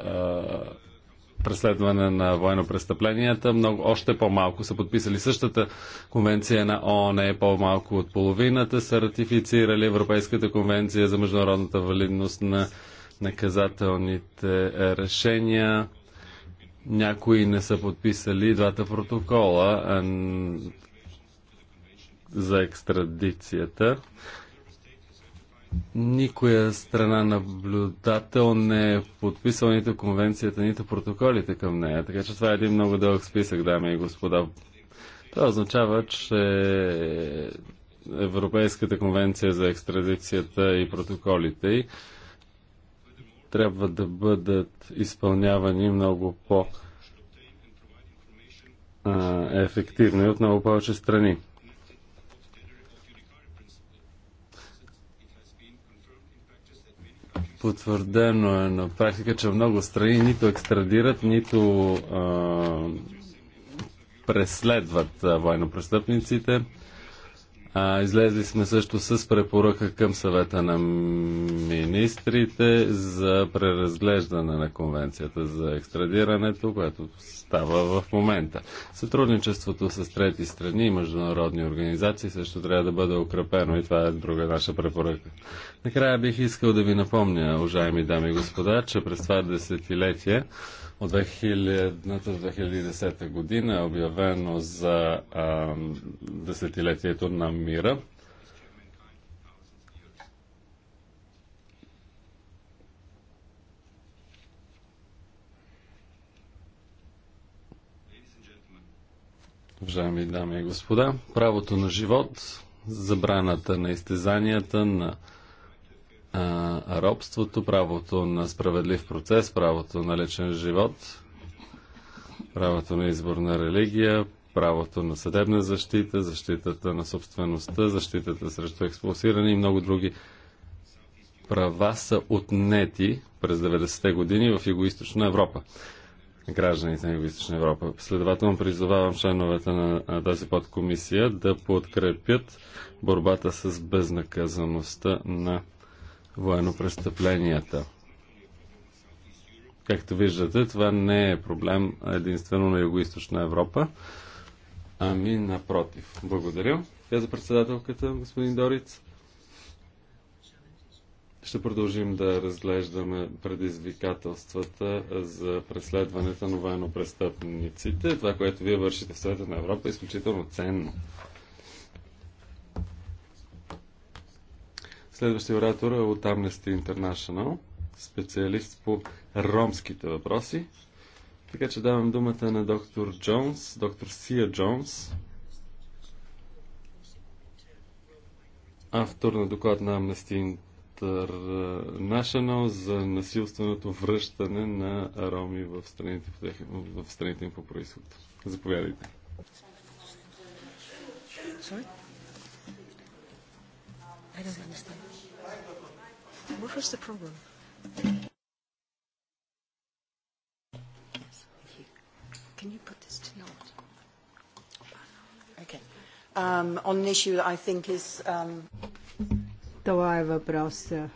преследване на военно престъпленията. Много, още по-малко са подписали същата конвенция на ООН, по-малко от половината са ратифицирали Европейската конвенция за международната валидност на наказателните е, решения. Някои не са подписали двата протокола за екстрадицията. Никоя страна наблюдател не е подписал нито конвенцията, нито протоколите към нея. Така че това е един много дълъг списък, дами и господа. Това означава, че Европейската конвенция за екстрадицията и протоколите й трябва да бъдат изпълнявани много по- ефективно и от много повече страни. Потвърдено е на практика, че много страни нито екстрадират, нито а, преследват военнопрестъпниците. престъпниците а, излезли сме също с препоръка към съвета на министрите за преразглеждане на конвенцията за екстрадирането, което става в момента. Сътрудничеството с трети страни и международни организации също трябва да бъде укрепено и това е друга наша препоръка. Накрая бих искал да ви напомня, уважаеми дами и господа, че през това десетилетие от 2000 до 2010 година е обявено за а, десетилетието на мира. Уважаеми дами и господа, правото на живот, забраната на изтезанията, на а, робството, правото на справедлив процес, правото на личен живот, правото на избор на религия, правото на съдебна защита, защитата на собствеността, защитата срещу експлосиране и много други права са отнети през 90-те години в Юго-Источна Европа. Гражданите на Юго-Источна Европа. Следователно призовавам членовете на, на тази подкомисия да подкрепят борбата с безнаказаността на военнопрестъпленията. Както виждате, това не е проблем единствено на Юго-Источна Европа, ами напротив. Благодаря. Я за председателката, господин Дориц. Ще продължим да разглеждаме предизвикателствата за преследването на военно престъпниците. Това, което вие вършите в Съвета на Европа е изключително ценно. Следващия оратор е от Amnesty International, специалист по ромските въпроси. Така че давам думата на доктор Джонс, доктор Сия Джонс, автор на доклад на Amnesty International за насилственото връщане на роми в страните, в страните им по происход. Заповядайте. Sorry? I don't understand. What was the problem? Yes, you. Can you put this to note? Okay. Um, on an issue that I think is... Um... Това е въпрос, а,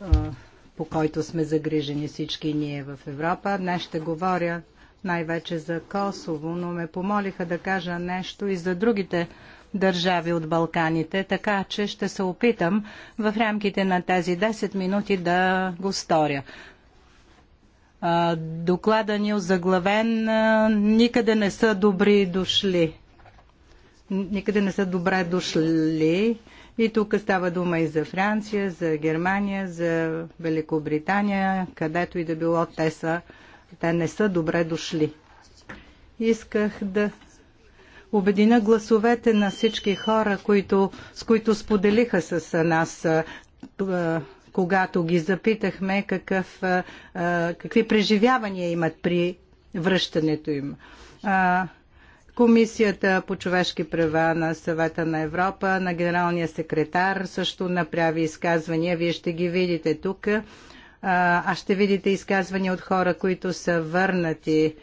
а, по който сме загрижени всички ние в Европа. Днес ще говоря най-вече за Косово, но ме помолиха да кажа нещо и за другите държави от Балканите, така че ще се опитам в рамките на тези 10 минути да го сторя. Доклада ни е озаглавен никъде не са добри дошли. Никъде не са добре дошли. И тук става дума и за Франция, за Германия, за Великобритания, където и да било те са, те не са добре дошли. Исках да обедина гласовете на всички хора, които, с които споделиха с нас когато ги запитахме какъв, какви преживявания имат при връщането им. Комисията по човешки права на съвета на Европа, на генералния секретар също направи изказвания. Вие ще ги видите тук. А ще видите изказвания от хора, които са върнати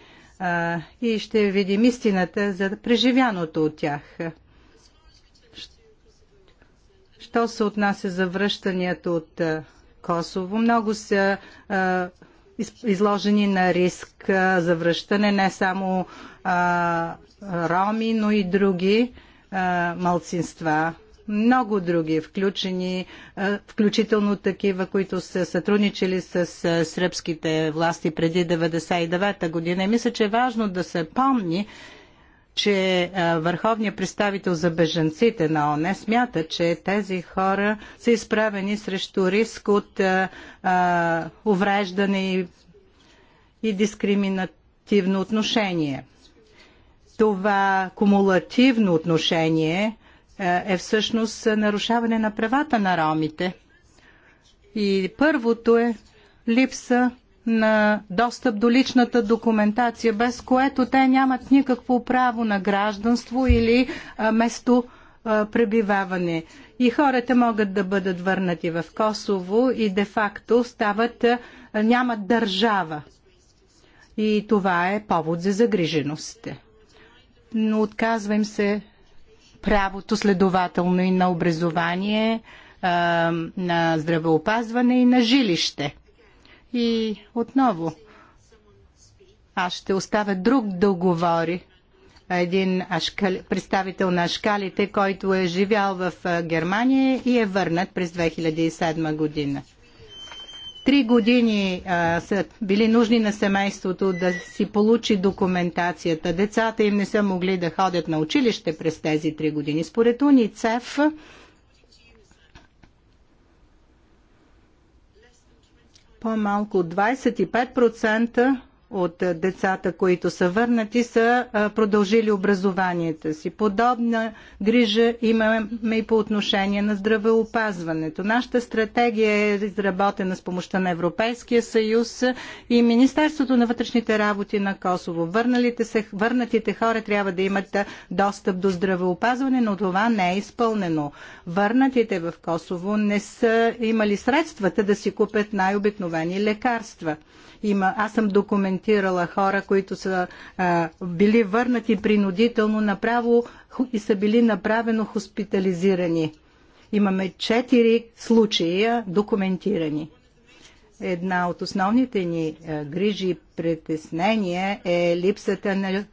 а, и ще видим истината за преживяното от тях. Що се отнася за връщанията от Косово? Много са а, изложени на риск а, за връщане не само а, роми, но и други а, малцинства много други, включени, включително такива, които са сътрудничили с сръбските власти преди 1999 година. И мисля, че е важно да се помни, че върховният представител за бежанците на ОНЕ смята, че тези хора са изправени срещу риск от а, увреждане и, и дискриминативно отношение. Това кумулативно отношение е всъщност нарушаване на правата на ромите. И първото е липса на достъп до личната документация, без което те нямат никакво право на гражданство или место пребиваване. И хората могат да бъдат върнати в Косово и де-факто стават, нямат държава. И това е повод за загриженост. Но отказва им се правото следователно и на образование, на здравеопазване и на жилище. И отново, аз ще оставя друг да говори. Един ашкали, представител на ашкалите, който е живял в Германия и е върнат през 2007 година. Три години а, са били нужни на семейството да си получи документацията. Децата им не са могли да ходят на училище през тези три години. Според УНИЦЕФ, по-малко от 25% от децата, които са върнати, са продължили образованията си. Подобна грижа имаме и по отношение на здравеопазването. Нашата стратегия е изработена с помощта на Европейския съюз и Министерството на вътрешните работи на Косово. Върналите се, върнатите хора трябва да имат достъп до здравеопазване, но това не е изпълнено. Върнатите в Косово не са имали средствата да си купят най-обикновени лекарства. Има, аз съм документирала хора, които са а, били върнати принудително направо и са били направено хоспитализирани. Имаме четири случая документирани. Една от основните ни а, грижи и притеснение е липсата на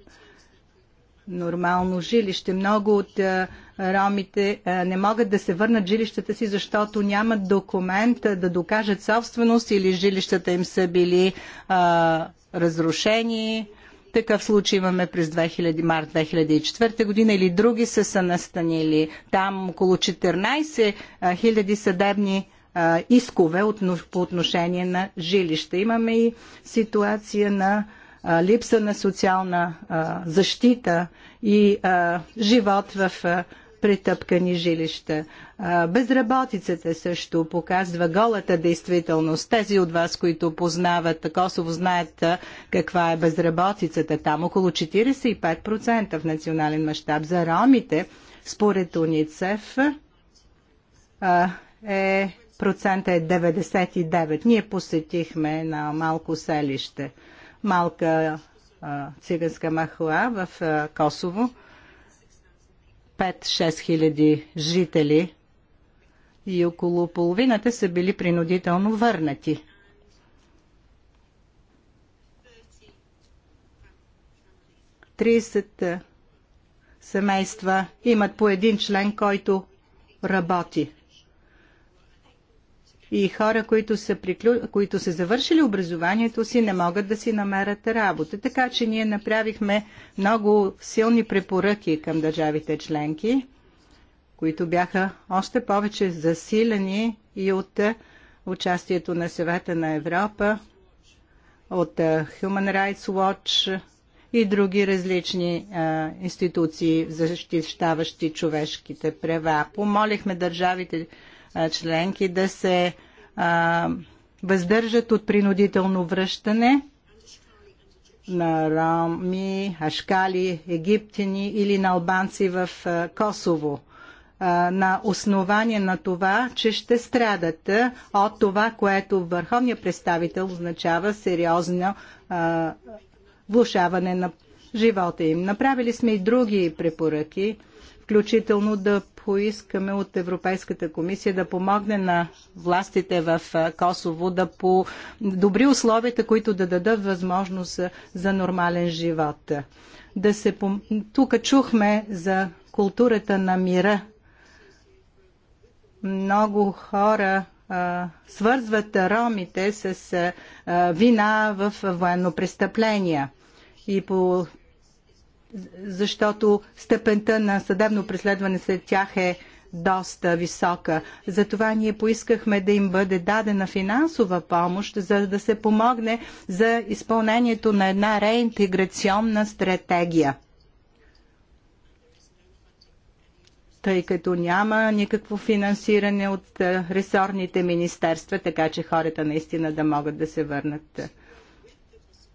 нормално жилище. Много от а, ромите е, не могат да се върнат жилищата си, защото нямат документ е, да докажат собственост или жилищата им са били а, е, разрушени. Такъв случай имаме през 2000, март 2004 година или други са са настанили. Там около 14 000 съдебни а, искове от, по отношение на жилища. Имаме и ситуация на а, липса на социална а, защита и живот в претъпкани жилища. Безработицата също показва голата действителност. Тези от вас, които познават Косово, знаят каква е безработицата там. Около 45% в национален мащаб. За ромите, според УНИЦЕФ, е процента е 99. Ние посетихме на малко селище, малка циганска махуа в Косово. 5-6 хиляди жители и около половината са били принудително върнати. Тридесет семейства имат по един член, който работи и хора, които са, приклю... които са завършили образованието си, не могат да си намерят работа. Така че ние направихме много силни препоръки към държавите членки, които бяха още повече засилени и от участието на съвета на Европа, от Human Rights Watch и други различни а, институции, защищаващи човешките права. Помолихме държавите членки да се а, въздържат от принудително връщане на роми, ашкали, египтяни или на албанци в Косово на основание на това, че ще страдат от това, което върховният представител означава сериозно а, влушаване на живота им. Направили сме и други препоръки, включително да поискаме от Европейската комисия да помогне на властите в Косово да по добри условията, които да дадат възможност за нормален живот. Да се пом... Тук чухме за културата на мира. Много хора а, свързват ромите с а, вина в военно престъпления. И по защото степента на съдебно преследване след тях е доста висока. Затова ние поискахме да им бъде дадена финансова помощ, за да се помогне за изпълнението на една реинтеграционна стратегия. Тъй като няма никакво финансиране от е, ресорните министерства, така че хората наистина да могат да се върнат.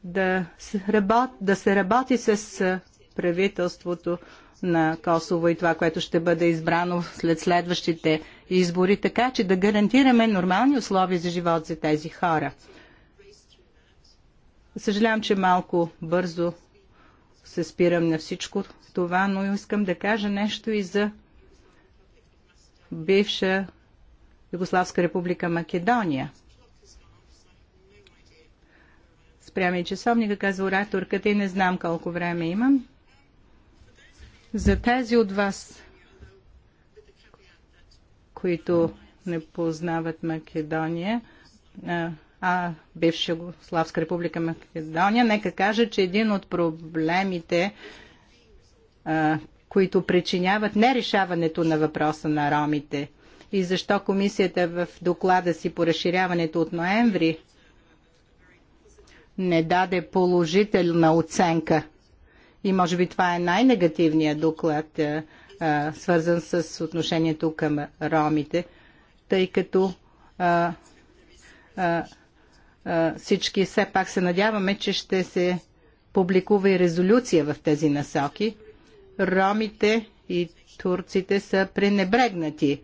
Да се работи, да се работи с е, правителството на Косово и това, което ще бъде избрано след следващите избори, така че да гарантираме нормални условия за живот за тези хора. Съжалявам, че малко бързо се спирам на всичко това, но искам да кажа нещо и за бивша Югославска република Македония. Спряме часовника, казва ораторката и не знам колко време имам. За тези от вас, които не познават Македония, а бивша Славска република Македония, нека кажа, че един от проблемите, които причиняват нерешаването на въпроса на ромите и защо комисията в доклада си по разширяването от ноември не даде положителна оценка и може би това е най-негативният доклад, е, е, свързан с отношението към ромите, тъй като е, всички все пак се надяваме, че ще се публикува и резолюция в тези насоки. Ромите и турците са пренебрегнати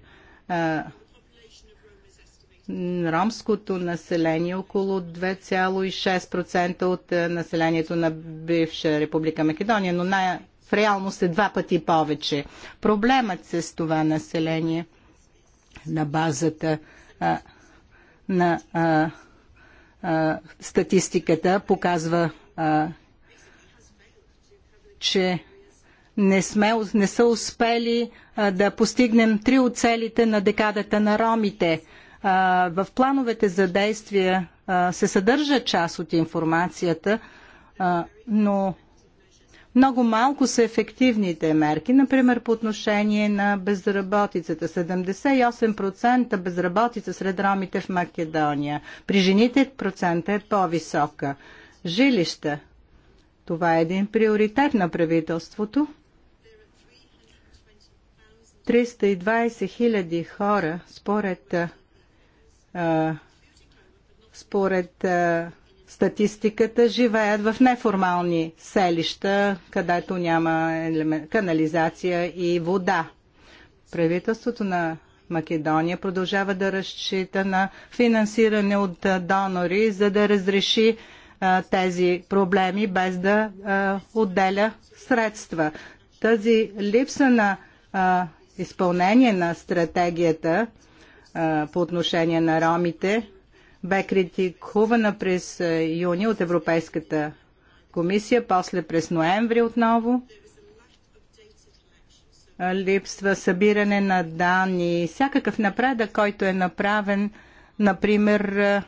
ромското население, около 2,6% от е, населението на бивша Република Македония, но най- в реалност е два пъти повече. Проблемът с това население на базата а, на а, а, статистиката показва, а, че не, сме, не са успели а, да постигнем три от целите на декадата на ромите – в плановете за действия се съдържа част от информацията, но много малко са ефективните мерки, например по отношение на безработицата. 78% безработица сред ромите в Македония. При жените процента е по-висока. Жилища. Това е един приоритет на правителството. 320 хиляди хора, според според статистиката живеят в неформални селища, където няма канализация и вода. Правителството на Македония продължава да разчита на финансиране от донори, за да разреши тези проблеми без да отделя средства. Тази липса на изпълнение на стратегията по отношение на ромите бе критикувана през юни от Европейската комисия, после през ноември отново. Липсва събиране на данни. Всякакъв напредък, който е направен, например,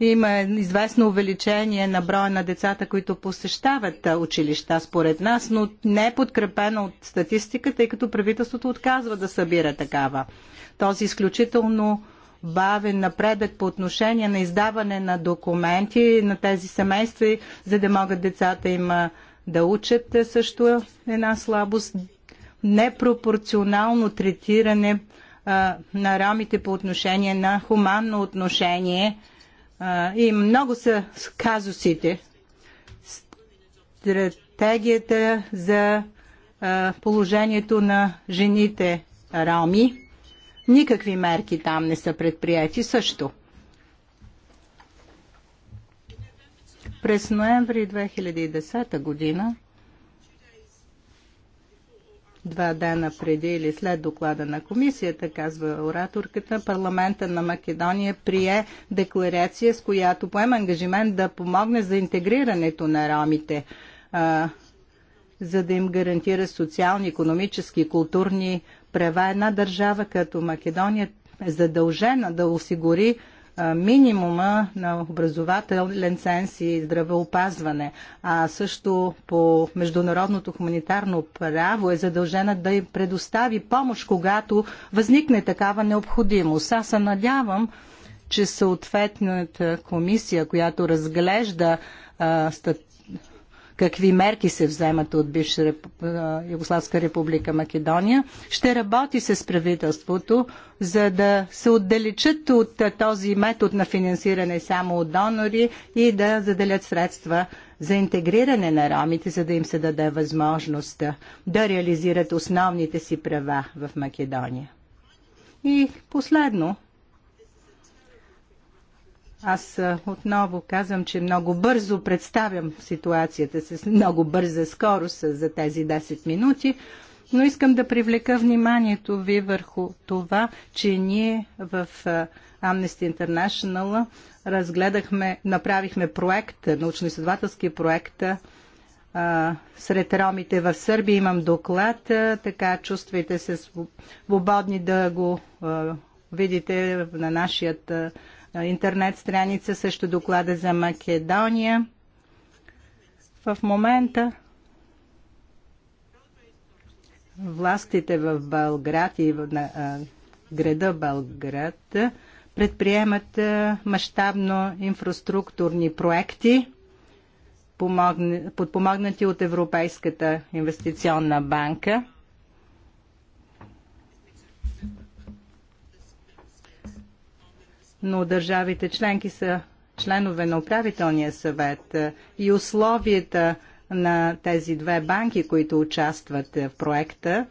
има известно увеличение на броя на децата, които посещават училища, според нас, но не е подкрепено от статистиката, тъй като правителството отказва да събира такава. Този изключително бавен напредък по отношение на издаване на документи на тези семейства, за да могат децата им да учат е, също една слабост. Непропорционално третиране а, на рамите по отношение на хуманно отношение – и много са казусите. Стратегията за положението на жените роми. Никакви мерки там не са предприяти също. През ноември 2010 година два дена преди или след доклада на комисията, казва ораторката, парламента на Македония прие декларация, с която поема ангажимент да помогне за интегрирането на ромите, а, за да им гарантира социални, економически, културни права. Една държава като Македония е задължена да осигури минимума на образователен ценз и здравеопазване, а също по международното хуманитарно право е задължена да им предостави помощ, когато възникне такава необходимост. Аз се надявам, че съответната комисия, която разглежда а, какви мерки се вземат от бивша реп... Югославска република Македония. Ще работи с правителството, за да се отдалечат от този метод на финансиране само от донори и да заделят средства за интегриране на ромите, за да им се даде възможност да реализират основните си права в Македония. И последно, аз отново казвам, че много бързо представям ситуацията с много бърза скорост за тези 10 минути, но искам да привлека вниманието ви върху това, че ние в Amnesty International разгледахме, направихме проект, научно-изследователски проект сред ромите в Сърбия. Имам доклад, така чувствайте се свободни да го видите на нашия интернет страница, също доклада за Македония. В момента властите в Белград и на града Белград предприемат мащабно инфраструктурни проекти, подпомогнати от Европейската инвестиционна банка – но държавите членки са членове на управителния съвет е, и условията на тези две банки, които участват е, в проекта,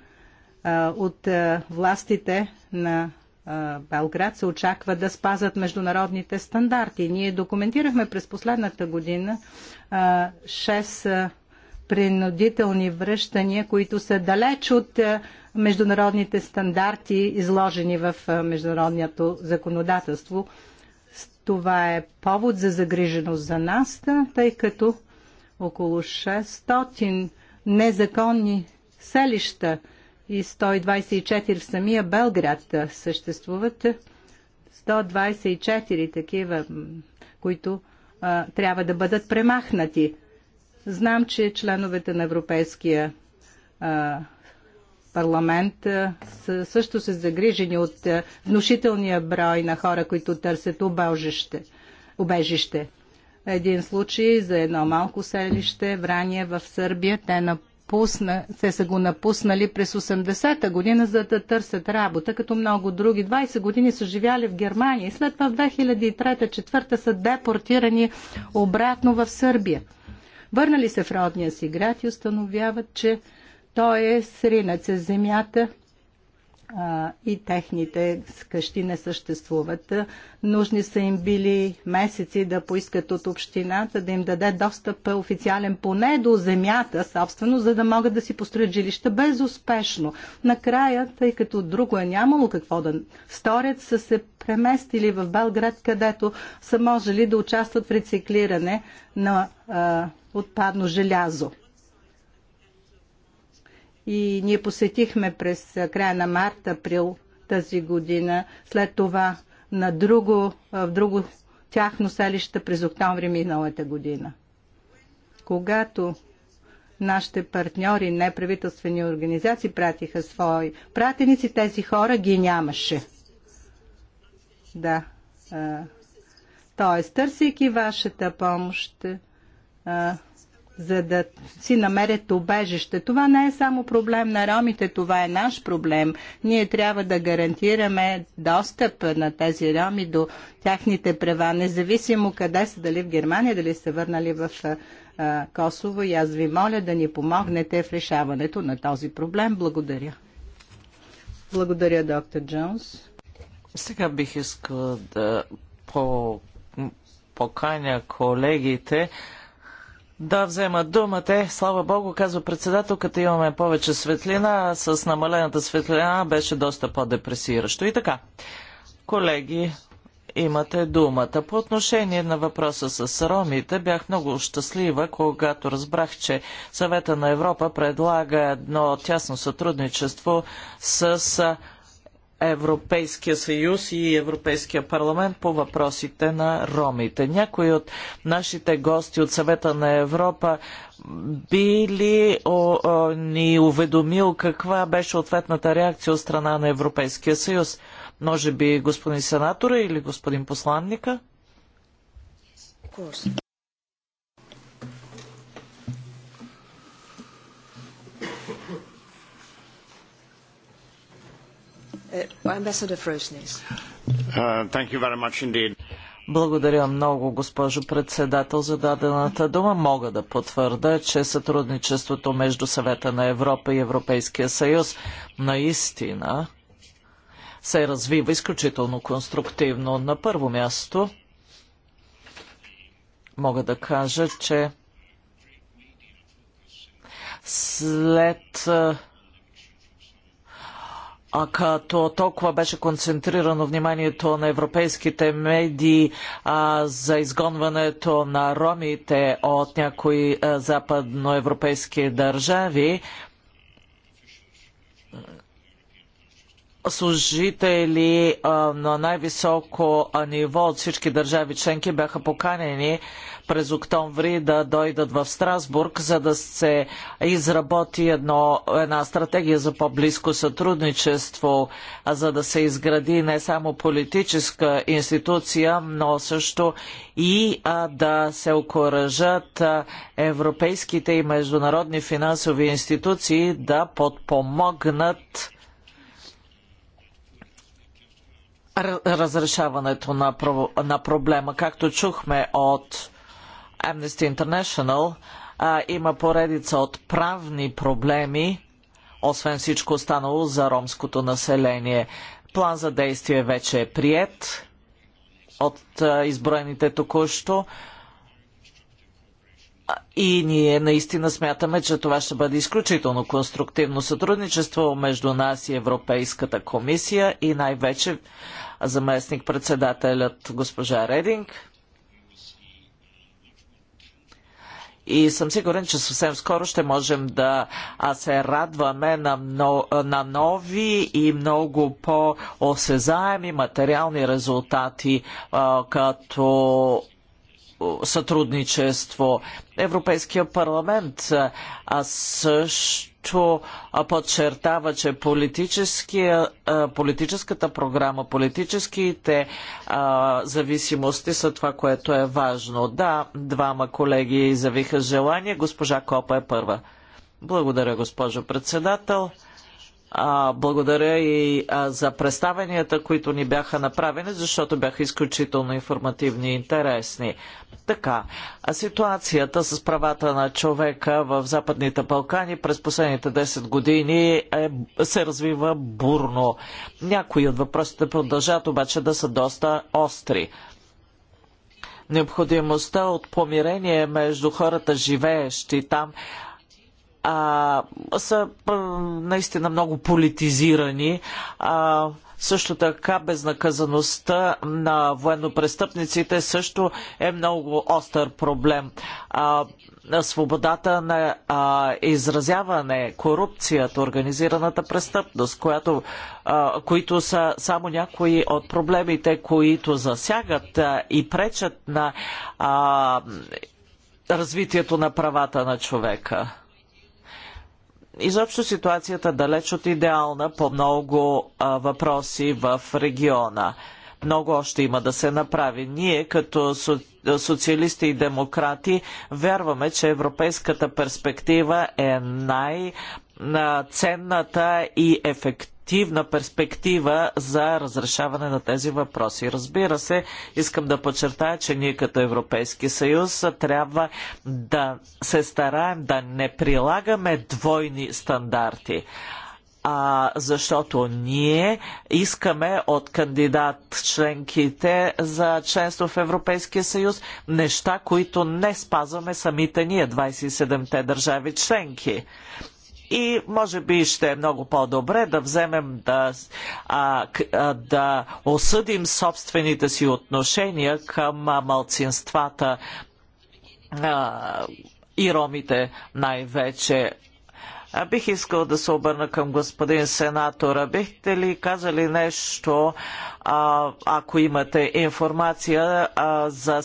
е, от властите на Белград се очаква да спазат международните стандарти. Ние документирахме през последната година 6 принудителни връщания, които са далеч от международните стандарти, изложени в международното законодателство. Това е повод за загриженост за нас, тъй като около 600 незаконни селища и 124 в самия Белград съществуват. 124 такива, които а, трябва да бъдат премахнати. Знам, че членовете на Европейския а, парламент също са загрижени от внушителния брой на хора, които търсят обължище, убежище. Един случай за едно малко селище, Врание в Сърбия, те напусна, те са го напуснали през 80-та година, за да търсят работа, като много други. 20 години са живяли в Германия и след това в 2003-2004 са депортирани обратно в Сърбия. Върнали се в родния си град и установяват, че той е сринат с земята а, и техните къщи не съществуват. Нужни са им били месеци да поискат от общината да им даде достъп официален поне до земята собствено, за да могат да си построят жилища безуспешно. Накрая, тъй като друго е нямало какво да сторят, са се преместили в Белград, където са можели да участват в рециклиране на а, отпадно желязо и ние посетихме през края на март, април тази година. След това на друго, в друго тяхно селище през октомври миналата година. Когато нашите партньори, неправителствени организации пратиха свои пратеници, тези хора ги нямаше. Да. Тоест, търсейки вашата помощ, за да си намерят убежище. Това не е само проблем на ромите, това е наш проблем. Ние трябва да гарантираме достъп на тези роми до тяхните права, независимо къде са, дали в Германия, дали са върнали в а, Косово. И аз ви моля да ни помогнете в решаването на този проблем. Благодаря. Благодаря, доктор Джонс. Сега бих искал да по поканя колегите да вземат думата. Слава Богу, казва председателката, имаме повече светлина, а с намалената светлина беше доста по-депресиращо. И така, колеги, имате думата. По отношение на въпроса с ромите, бях много щастлива, когато разбрах, че Съвета на Европа предлага едно тясно сътрудничество с Европейския съюз и Европейския парламент по въпросите на ромите. Някои от нашите гости от съвета на Европа би ли о, о, ни уведомил каква беше ответната реакция от страна на Европейския съюз? Може би господин сенатора или господин посланника? Uh, uh, Благодаря много, госпожо председател, за дадената дума. Мога да потвърда, че сътрудничеството между съвета на Европа и Европейския съюз наистина се развива изключително конструктивно. На първо място мога да кажа, че след а като толкова беше концентрирано вниманието на европейските медии а, за изгонването на ромите от някои а, западноевропейски държави, служители а, на най-високо ниво от всички държави членки бяха поканени през октомври да дойдат в Страсбург, за да се изработи едно, една стратегия за по-близко сътрудничество, за да се изгради не само политическа институция, но също и а, да се окоръжат европейските и международни финансови институции да подпомогнат разрешаването на, проблема. Както чухме от Amnesty International а, има поредица от правни проблеми, освен всичко останало за ромското население. План за действие вече е прият от а, изброените току-що. И ние наистина смятаме, че това ще бъде изключително конструктивно сътрудничество между нас и Европейската комисия и най-вече заместник-председателят госпожа Рединг и съм сигурен, че съвсем скоро ще можем да се радваме на, много, на нови и много по-осезаеми материални резултати, като сътрудничество. Европейския парламент също подчертава, че политическата програма, политическите зависимости са това, което е важно. Да, двама колеги завиха желание. Госпожа Копа е първа. Благодаря, госпожо председател. благодаря и за представенията, които ни бяха направени, защото бяха изключително информативни и интересни. Така, ситуацията с правата на човека в Западните Балкани през последните 10 години е, се развива бурно. Някои от въпросите продължат обаче да са доста остри. Необходимостта от помирение между хората, живеещи там, а, са наистина много политизирани. А, също така безнаказаността на военнопрестъпниците също е много остър проблем. свободата на а, изразяване, корупцията, организираната престъпност, която, а, които са само някои от проблемите, които засягат а, и пречат на развитието на правата на човека изобщо ситуацията далеч от идеална по много а, въпроси в региона. Много още има да се направи. Ние, като социалисти и демократи, вярваме, че европейската перспектива е най- ценната и ефективна активна перспектива за разрешаване на тези въпроси. Разбира се, искам да подчертая, че ние като Европейски съюз трябва да се стараем да не прилагаме двойни стандарти а, защото ние искаме от кандидат членките за членство в Европейския съюз неща, които не спазваме самите ние, 27-те държави членки и може би ще е много по-добре да вземем да, а, да осъдим собствените си отношения към малцинствата а, и ромите най-вече Бих искал да се обърна към господин сенатора. Бихте ли казали нещо, ако имате информация за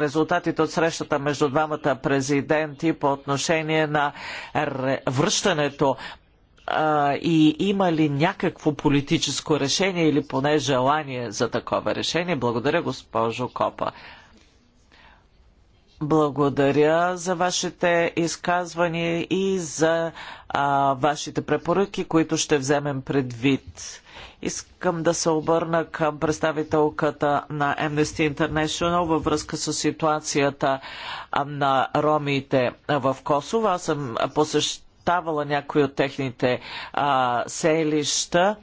резултатите от срещата между двамата президенти по отношение на връщането и има ли някакво политическо решение или поне желание за такова решение? Благодаря, госпожо Копа. Благодаря за вашите изказвания и за а, вашите препоръки, които ще вземем предвид. Искам да се обърна към представителката на Amnesty International във връзка с ситуацията на ромите в Косово. Аз съм посещавала някои от техните а, селища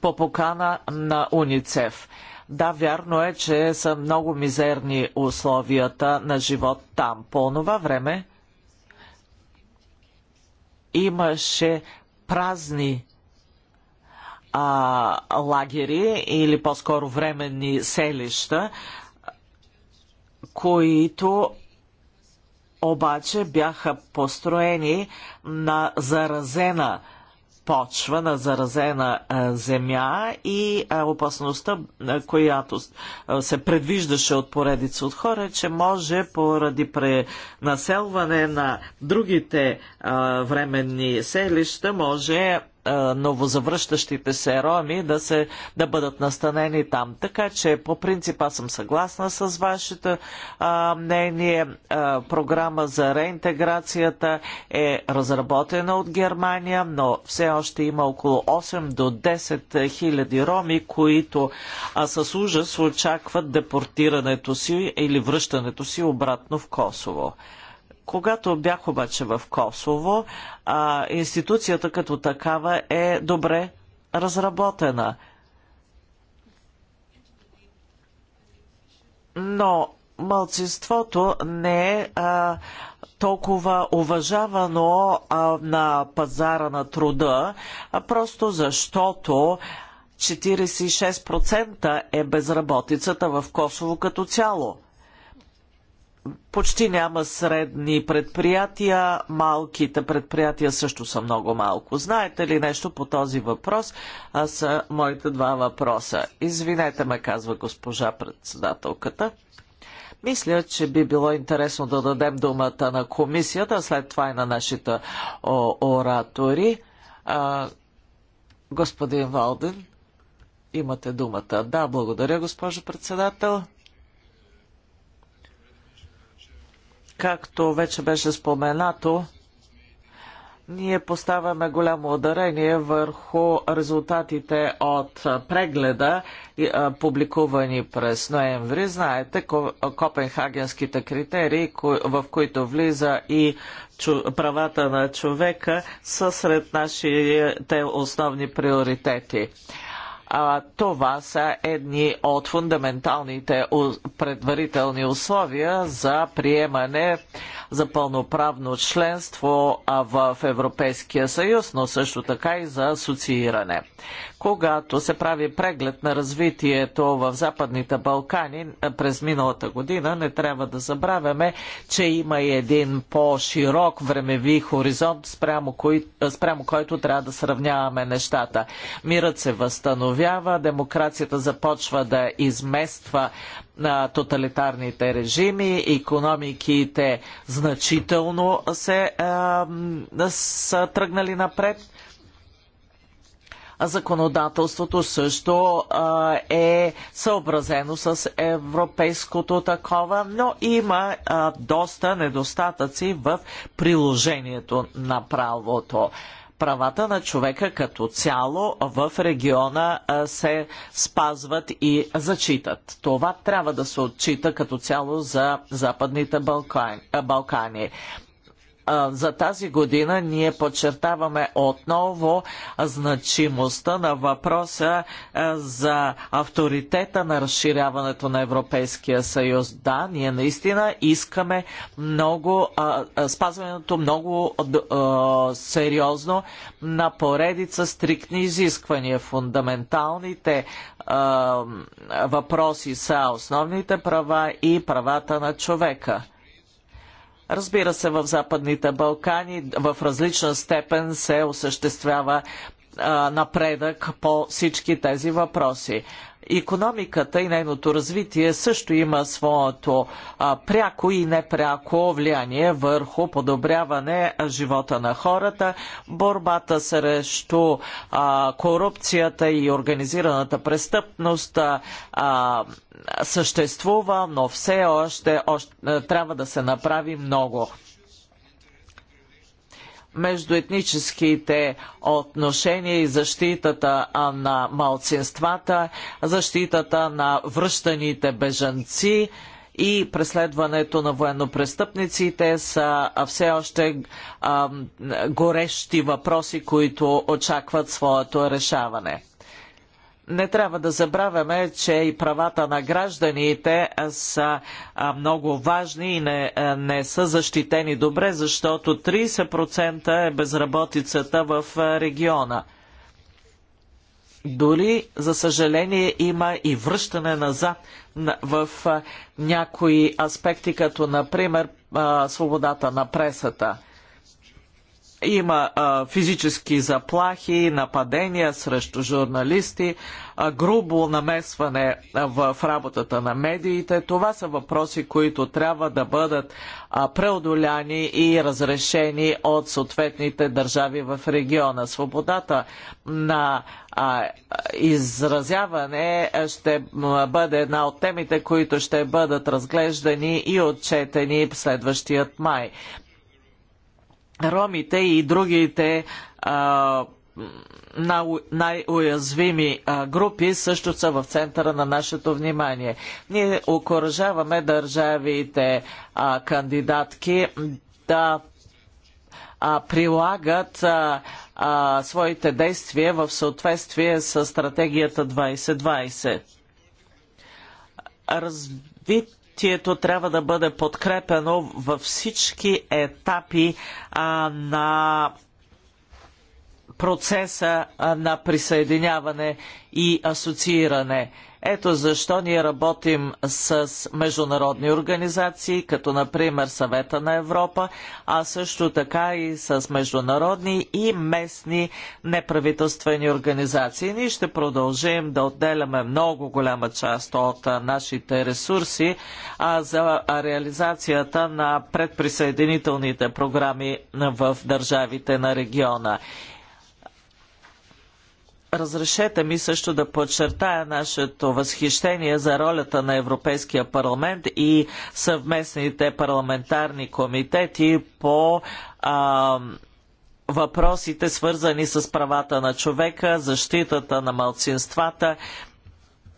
по покана на УНИЦЕФ. Да, вярно е, че са много мизерни условията на живот там. По това време имаше празни а, лагери или по-скоро временни селища, които обаче бяха построени на заразена почва на заразена земя и опасността, която се предвиждаше от поредица от хора, е, че може поради пренаселване на другите временни селища, може е, новозавръщащите се роми да, се, да бъдат настанени там. Така че по принцип аз съм съгласна с вашето мнение. А, програма за реинтеграцията е разработена от Германия, но все още има около 8 до 10 хиляди роми, които а, с ужас очакват депортирането си или връщането си обратно в Косово. Когато бях обаче в Косово, а, институцията като такава е добре разработена. Но мълцинството не е а, толкова уважавано а, на пазара на труда, а просто защото 46% е безработицата в Косово като цяло почти няма средни предприятия, малките предприятия също са много малко. Знаете ли нещо по този въпрос? А са моите два въпроса. Извинете ме, казва госпожа председателката. Мисля, че би било интересно да дадем думата на комисията, след това и на нашите о, оратори. А, господин Валден, имате думата. Да, благодаря, госпожо председател. Както вече беше споменато, ние поставяме голямо ударение върху резултатите от прегледа, публикувани през ноември. Знаете, копенхагенските критерии, в които влиза и правата на човека, са сред нашите основни приоритети а, това са едни от фундаменталните предварителни условия за приемане за пълноправно членство в Европейския съюз, но също така и за асоцииране. Когато се прави преглед на развитието в Западните Балкани през миналата година, не трябва да забравяме, че има и един по-широк времеви хоризонт, спрямо, кой, спрямо който трябва да сравняваме нещата. Мирът се възстановява, демокрацията започва да измества на тоталитарните режими, економиките значително се, а, са тръгнали напред. Законодателството също а, е съобразено с европейското такова, но има а, доста недостатъци в приложението на правото правата на човека като цяло в региона се спазват и зачитат. Това трябва да се отчита като цяло за Западните Балкани за тази година ние подчертаваме отново значимостта на въпроса за авторитета на разширяването на Европейския съюз. Да, ние наистина искаме много, спазването много сериозно на поредица стриктни изисквания. Фундаменталните въпроси са основните права и правата на човека. Разбира се, в Западните Балкани в различна степен се осъществява напредък по всички тези въпроси економиката и нейното развитие също има своето а, пряко и непряко влияние върху подобряване живота на хората, борбата срещу а, корупцията и организираната престъпност а, съществува, но все още, още трябва да се направи много между етническите отношения и защитата на малцинствата, защитата на връщаните бежанци и преследването на военнопрестъпниците са все още а, горещи въпроси, които очакват своето решаване не трябва да забравяме, че и правата на гражданите са много важни и не, не са защитени добре, защото 30% е безработицата в региона. Дори, за съжаление, има и връщане назад в някои аспекти, като, например, свободата на пресата – има а, физически заплахи, нападения срещу журналисти, а, грубо намесване в работата на медиите. Това са въпроси, които трябва да бъдат а, преодоляни и разрешени от съответните държави в региона. Свободата на а, изразяване ще бъде една от темите, които ще бъдат разглеждани и отчетени следващият май ромите и другите а, най-уязвими групи също са в центъра на нашето внимание. Ние окоръжаваме държавите а, кандидатки да а, прилагат а, а, своите действия в съответствие с стратегията 2020. Разбит развитието трябва да бъде подкрепено във всички етапи а, на процеса а, на присъединяване и асоцииране. Ето защо ние работим с международни организации, като например Съвета на Европа, а също така и с международни и местни неправителствени организации. Ние ще продължим да отделяме много голяма част от нашите ресурси за реализацията на предприсъединителните програми в държавите на региона разрешете ми също да подчертая нашето възхищение за ролята на Европейския парламент и съвместните парламентарни комитети по а, въпросите, свързани с правата на човека, защитата на малцинствата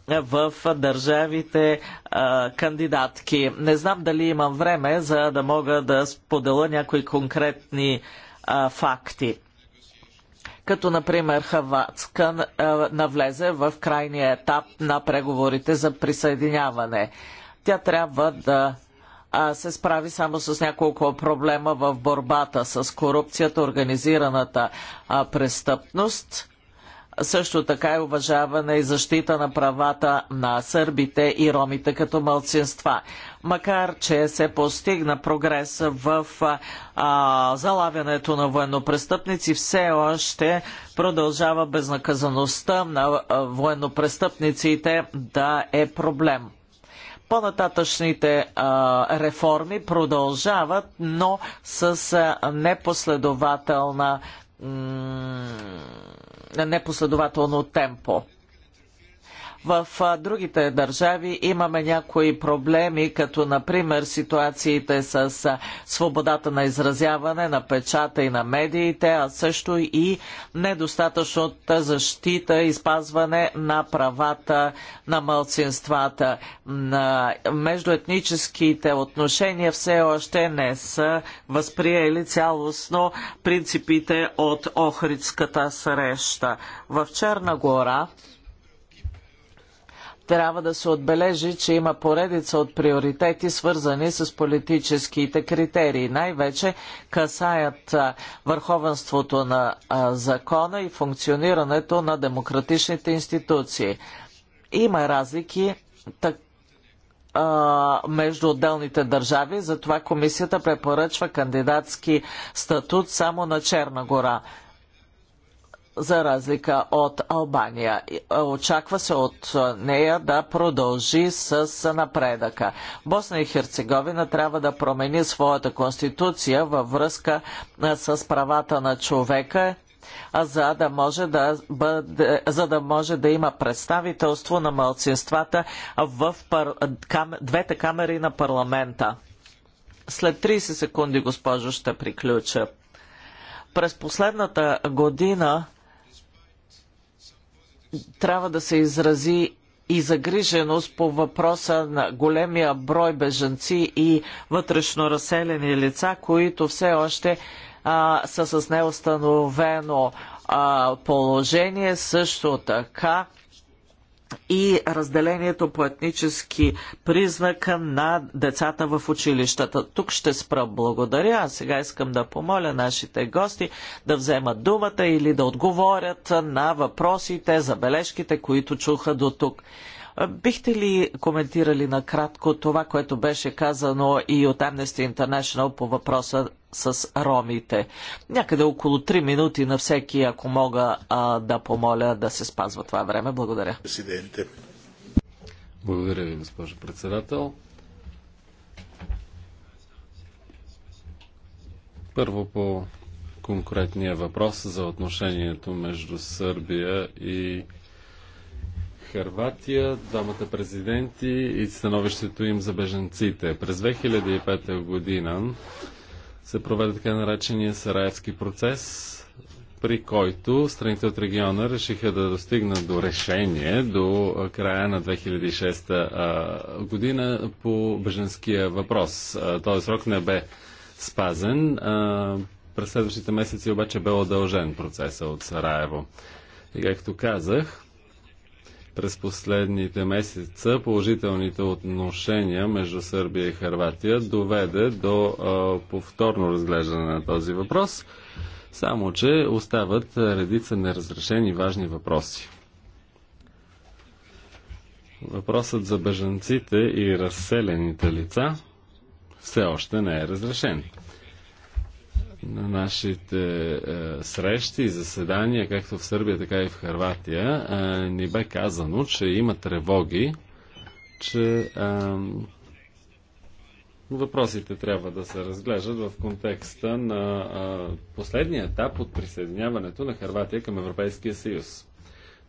в държавите а, кандидатки. Не знам дали имам време, за да мога да споделя някои конкретни а, факти като например Хаватска навлезе в крайния етап на преговорите за присъединяване. Тя трябва да се справи само с няколко проблема в борбата с корупцията, организираната престъпност също така е уважаване и защита на правата на сърбите и ромите като мълцинства. Макар, че се постигна прогрес в а, залавянето на военнопрестъпници, все още продължава безнаказаността на военнопрестъпниците да е проблем по-нататъчните реформи продължават, но с непоследователна на непоследователно темпо. В другите държави имаме някои проблеми, като например ситуациите с свободата на изразяване, на печата и на медиите, а също и недостатъчната защита и спазване на правата на мълцинствата. междуетническите отношения все още не са възприели цялостно принципите от Охридската среща. В Черна гора трябва да се отбележи, че има поредица от приоритети, свързани с политическите критерии. Най-вече касаят върховенството на закона и функционирането на демократичните институции. Има разлики так, а, между отделните държави, затова комисията препоръчва кандидатски статут само на Черна гора за разлика от Албания. Очаква се от нея да продължи с напредъка. Босна и Херцеговина трябва да промени своята конституция във връзка с правата на човека за да може да, бъде, за да може да има представителство на мълцинствата в пар, кам, двете камери на парламента. След 30 секунди, госпожо, ще приключа. През последната година трябва да се изрази и загриженост по въпроса на големия брой бежанци и вътрешно разселени лица, които все още а, са с неустановено а, положение. Също така и разделението по етнически признак на децата в училищата. Тук ще спра благодаря, а сега искам да помоля нашите гости да вземат думата или да отговорят на въпросите, забележките, които чуха до тук. Бихте ли коментирали накратко това, което беше казано и от Amnesty International по въпроса с ромите? Някъде около 3 минути на всеки, ако мога а, да помоля да се спазва това време. Благодаря. Благодаря ви, госпожо председател. Първо по конкретния въпрос за отношението между Сърбия и Харватия, двамата президенти и становището им за беженците. През 2005 година се проведе така наречения Сараевски процес, при който страните от региона решиха да достигнат до решение до края на 2006 година по беженския въпрос. Този срок не бе спазен. През следващите месеци обаче бе удължен процеса от Сараево. И както казах, през последните месеца положителните отношения между Сърбия и Харватия доведе до а, повторно разглеждане на този въпрос, само че остават редица неразрешени важни въпроси. Въпросът за бежанците и разселените лица все още не е разрешен на нашите е, срещи и заседания, както в Сърбия, така и в Харватия, е, ни бе казано, че има тревоги, че е, въпросите трябва да се разглеждат в контекста на е, последния етап от присъединяването на Харватия към Европейския съюз.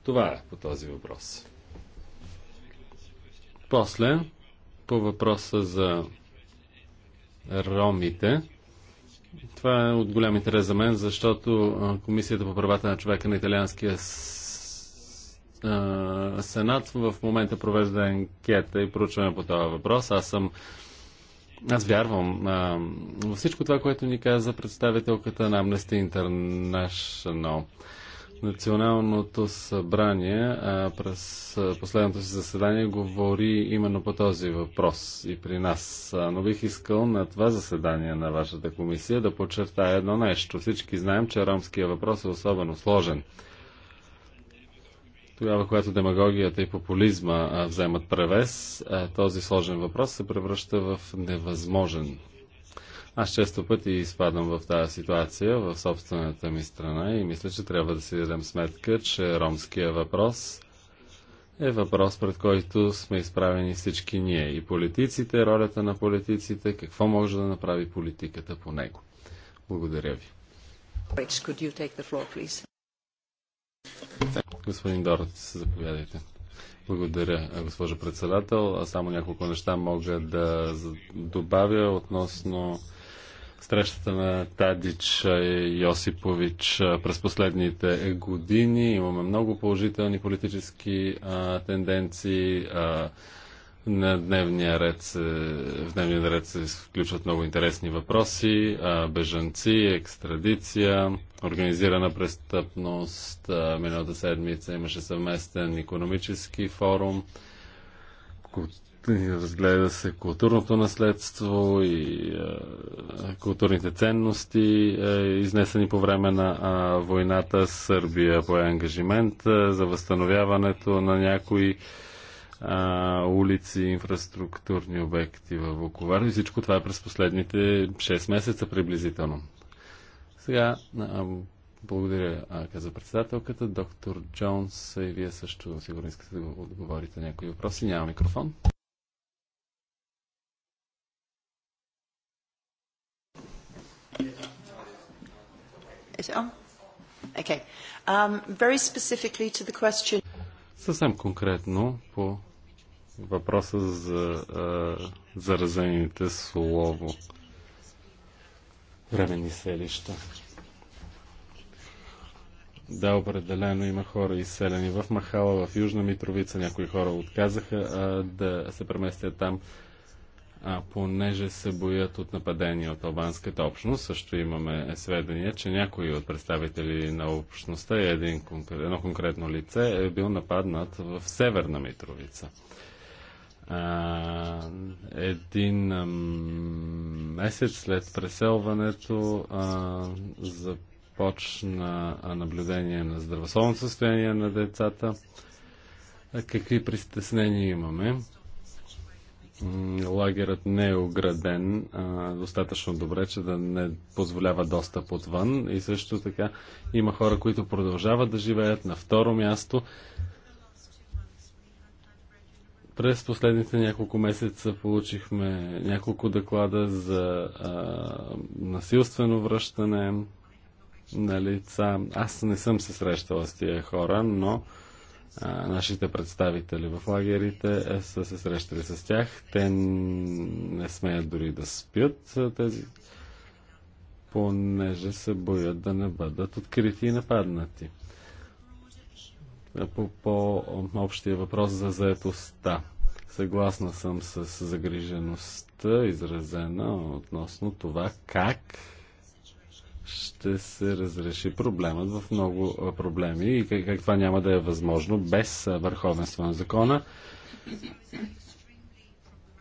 Това е по този въпрос. После, по въпроса за ромите, това е от голям интерес за мен, защото Комисията по правата на човека на Италианския Сенат в момента провежда анкета и проучване по това въпрос. Аз съм аз вярвам а, във всичко това, което ни каза представителката на Amnesty International. Националното събрание а, през последното си заседание говори именно по този въпрос и при нас. А, но бих искал на това заседание на вашата комисия да подчертая едно нещо. Всички знаем, че ромския въпрос е особено сложен. Тогава, когато демагогията и популизма а, вземат превес, а, този сложен въпрос се превръща в невъзможен. Аз често пъти изпадам в тази ситуация в собствената ми страна и мисля, че трябва да си дадем сметка, че ромския въпрос е въпрос, пред който сме изправени всички ние. И политиците, ролята на политиците, какво може да направи политиката по него. Благодаря ви. Господин Дорът, заповядайте. Благодаря, госпожо председател. Само няколко неща мога да добавя относно срещата на Тадич и Йосипович през последните години. Имаме много положителни политически а, тенденции. А, на дневния ред се, в дневния ред се включват много интересни въпроси. А, бежанци, екстрадиция, организирана престъпност. А, миналата седмица имаше съвместен економически форум разгледа се културното наследство и а, културните ценности, а, изнесени по време на а, войната. Сърбия по ангажимент а, за възстановяването на някои а, улици, инфраструктурни обекти в Вуковар. И всичко това е през последните 6 месеца приблизително. Сега, а, благодаря, а, каза председателката. Доктор Джонс, и вие също сигурно искате да отговорите някои въпроси. Няма микрофон. Is it on? Okay. Um, very specifically to the question... Съвсем конкретно по въпроса за а, заразените слово времени селища. Да, определено има хора изселени в Махала, в Южна Митровица. Някои хора отказаха а, да се преместят там а, понеже се боят от нападения от албанската общност. Също имаме сведения, че някои от представители на общността и един, едно конкретно лице е бил нападнат в Северна Митровица. А, един а, месец след преселването а, започна наблюдение на здравословното състояние на децата. А, какви притеснения имаме? лагерът не е ограден а, достатъчно добре, че да не позволява достъп отвън. И също така има хора, които продължават да живеят на второ място. През последните няколко месеца получихме няколко доклада за а, насилствено връщане на лица. Аз не съм се срещала с тия хора, но нашите представители в лагерите е, са се срещали с тях. Те не смеят дори да спят тези, понеже се боят да не бъдат открити и нападнати. По, по общия въпрос за заетостта. Съгласна съм с загрижеността, изразена относно това как ще се разреши проблемът в много проблеми и как, това няма да е възможно без върховенство на закона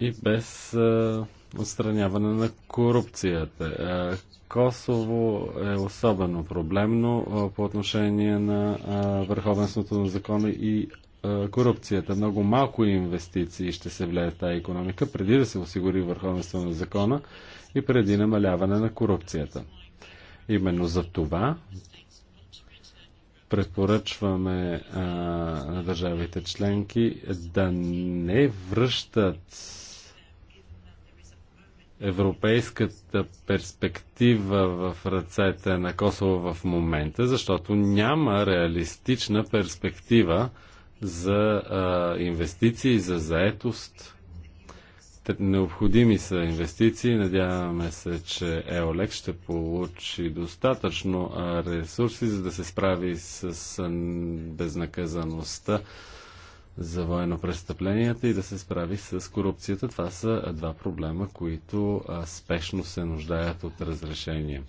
и без отстраняване на корупцията. Косово е особено проблемно по отношение на върховенството на закона и корупцията. Много малко инвестиции ще се влезе в тази економика преди да се осигури върховенство на закона и преди намаляване на корупцията. Именно за това препоръчваме а, на държавите членки да не връщат европейската перспектива в ръцете на Косово в момента, защото няма реалистична перспектива за а, инвестиции, за заетост Необходими са инвестиции. Надяваме се, че Еолек ще получи достатъчно ресурси, за да се справи с безнаказаността за военно престъпленията и да се справи с корупцията. Това са два проблема, които спешно се нуждаят от разрешение.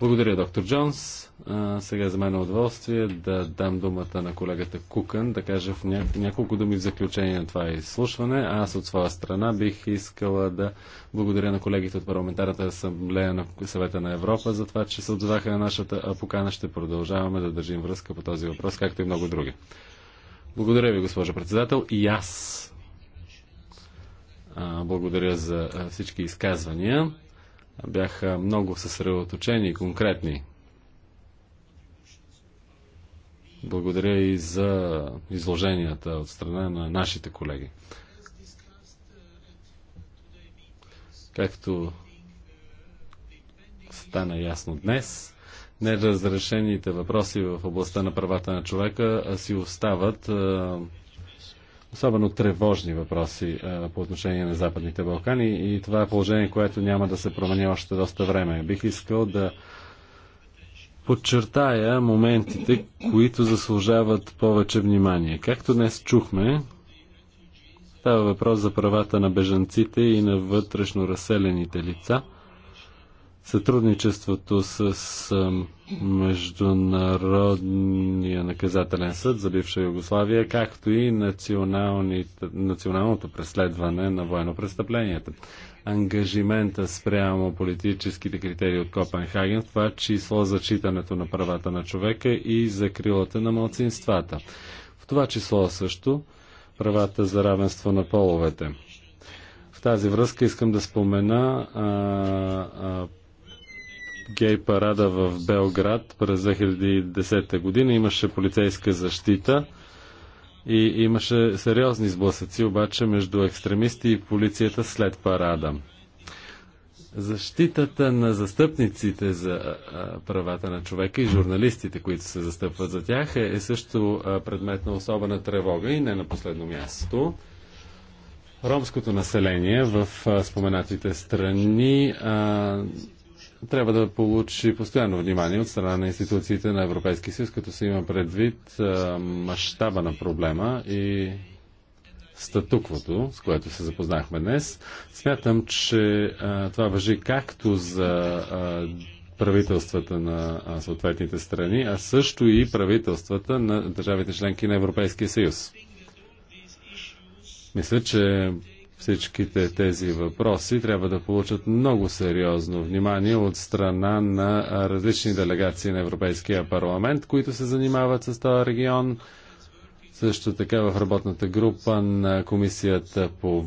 Благодаря, доктор Джонс. А, сега за мен е удоволствие да дам думата на колегата Кукън да кажа в ня... няколко думи в заключение на това изслушване. Аз от своя страна бих искала да благодаря на колегите от Парламентарната асамблея на съвета на Европа за това, че се отзваха на нашата покана. Ще продължаваме да държим връзка по този въпрос, както и много други. Благодаря ви, госпожо председател. И аз а, благодаря за всички изказвания бяха много съсредоточени и конкретни. Благодаря и за изложенията от страна на нашите колеги. Както стана ясно днес, неразрешените въпроси в областта на правата на човека си остават особено тревожни въпроси а, по отношение на Западните Балкани и това е положение, което няма да се промени още доста време. Бих искал да подчертая моментите, които заслужават повече внимание. Както днес чухме, става въпрос за правата на бежанците и на вътрешно разселените лица – сътрудничеството с Международния наказателен съд за бивша Югославия, както и националното преследване на военно-престъпленията. Ангажимента спрямо политическите критерии от Копенхаген, в това число зачитането на правата на човека и закрилата на малцинствата. В това число също правата за равенство на половете. В тази връзка искам да спомена а, а, гей парада в Белград през 2010 година. Имаше полицейска защита и имаше сериозни сблъсъци обаче между екстремисти и полицията след парада. Защитата на застъпниците за правата на човека и журналистите, които се застъпват за тях, е, е също предмет на особена тревога и не на последно място. Ромското население в споменатите страни трябва да получи постоянно внимание от страна на институциите на Европейски съюз, като се има предвид мащаба на проблема и статуквото, с което се запознахме днес. Смятам, че а, това въжи както за а, правителствата на а, съответните страни, а също и правителствата на държавите членки на Европейския съюз. Мисля, че Всичките тези въпроси трябва да получат много сериозно внимание от страна на различни делегации на Европейския парламент, които се занимават с този регион. Също така в работната група на Комисията по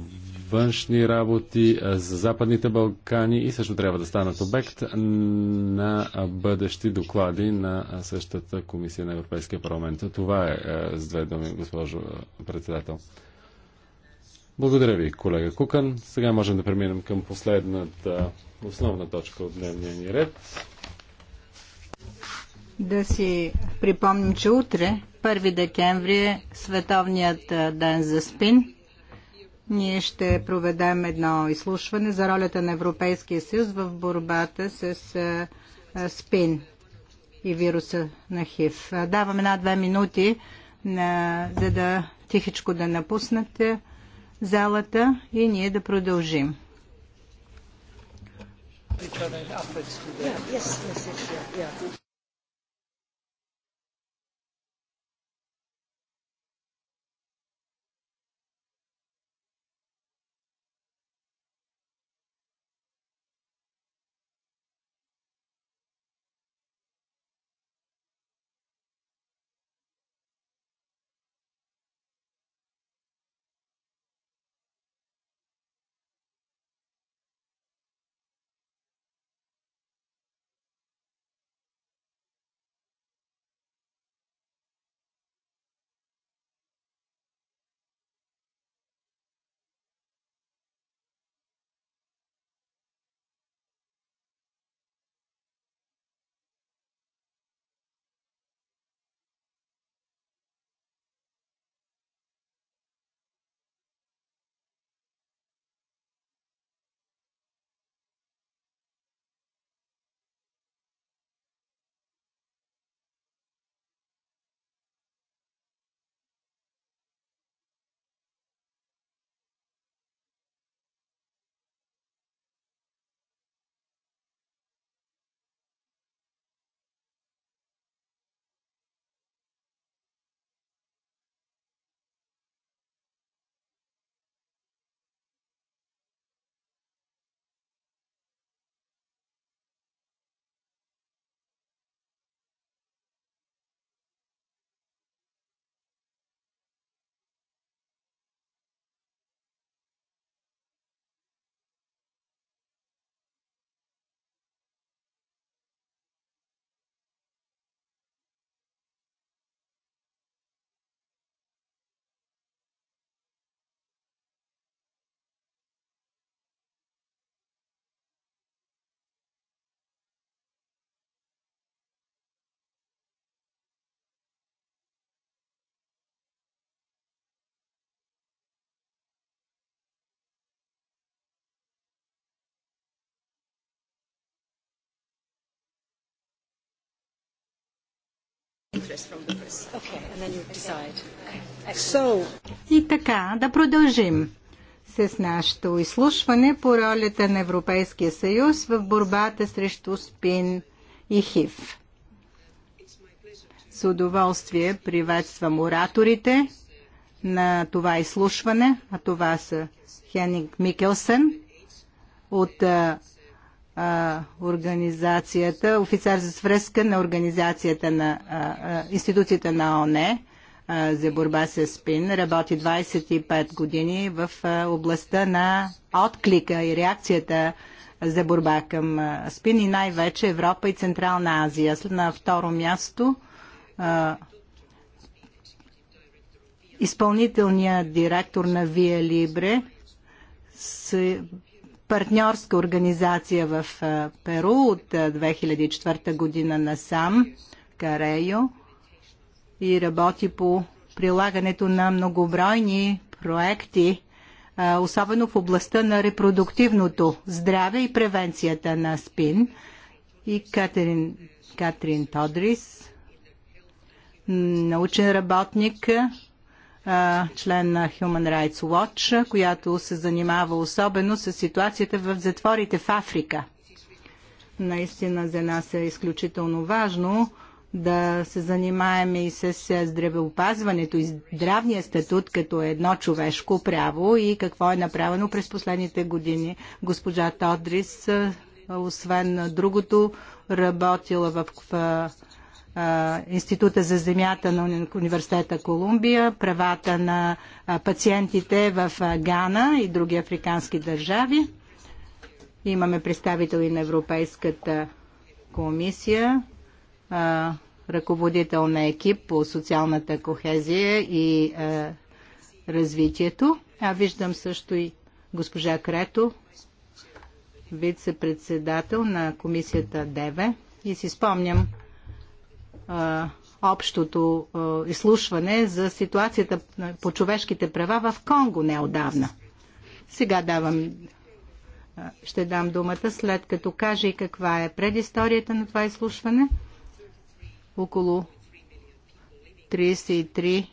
външни работи за Западните Балкани и също трябва да станат обект на бъдещи доклади на същата Комисия на Европейския парламент. Това е с две думи, госпожо председател. Благодаря ви, колега Кукан. Сега можем да преминем към последната основна точка от дневния ни ред. Да си припомним, че утре, 1 декември, е световният ден за спин. Ние ще проведем едно изслушване за ролята на Европейския съюз в борбата с спин и вируса на ХИВ. Давам една-две минути, за да тихичко да напуснете залата и ние да продължим. Yeah, yes, yes, yes, yeah, yeah. И така, да продължим с нашето изслушване по ролята на Европейския съюз в борбата срещу спин и хив. С удоволствие приветствам ораторите на това изслушване, а това са Хеник Микелсен от организацията, офицер за свръзка на организацията на институцията на ОНЕ за борба с СПИН. Работи 25 години в областта на отклика и реакцията за борба към СПИН и най-вече Европа и Централна Азия. На второ място изпълнителният директор на Вия Либре партньорска организация в Перу от 2004 година насам, Карейо, и работи по прилагането на многобройни проекти, особено в областта на репродуктивното здраве и превенцията на СПИН. И Катрин, Катрин Тодрис, научен работник член на Human Rights Watch, която се занимава особено с ситуацията в затворите в Африка. Наистина за нас е изключително важно да се занимаем и с здравеопазването и здравния статут като едно човешко право и какво е направено през последните години. Госпожа Тодрис, освен другото, работила в Института за земята на Университета Колумбия, правата на пациентите в Гана и други африкански държави. Имаме представители на Европейската комисия, ръководител на екип по социалната кохезия и развитието. А виждам също и госпожа Крето, вице-председател на комисията ДЕВЕ. И си спомням, общото изслушване за ситуацията по човешките права в Конго неодавна. Сега давам, ще дам думата след като кажа и каква е предисторията на това изслушване. Около 33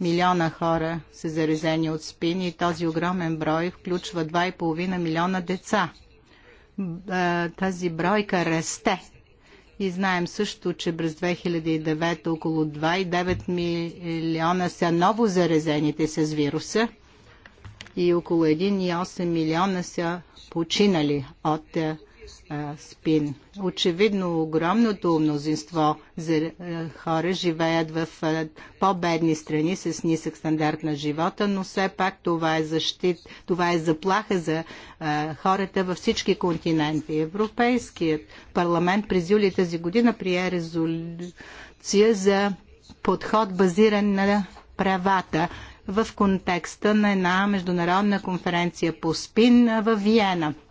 милиона хора са заразени от спини, и този огромен брой включва 2,5 милиона деца. Тази бройка расте и знаем също, че през 2009 около 2,9 милиона са ново заразените с вируса и около 1,8 милиона са починали от е, спин. Очевидно, огромното мнозинство за хора живеят в по-бедни страни с нисък стандарт на живота, но все пак това е защит, това е заплаха за хората във всички континенти. Европейският парламент през юли тази година прие резолюция за подход базиран на правата в контекста на една международна конференция по СПИН в Виена –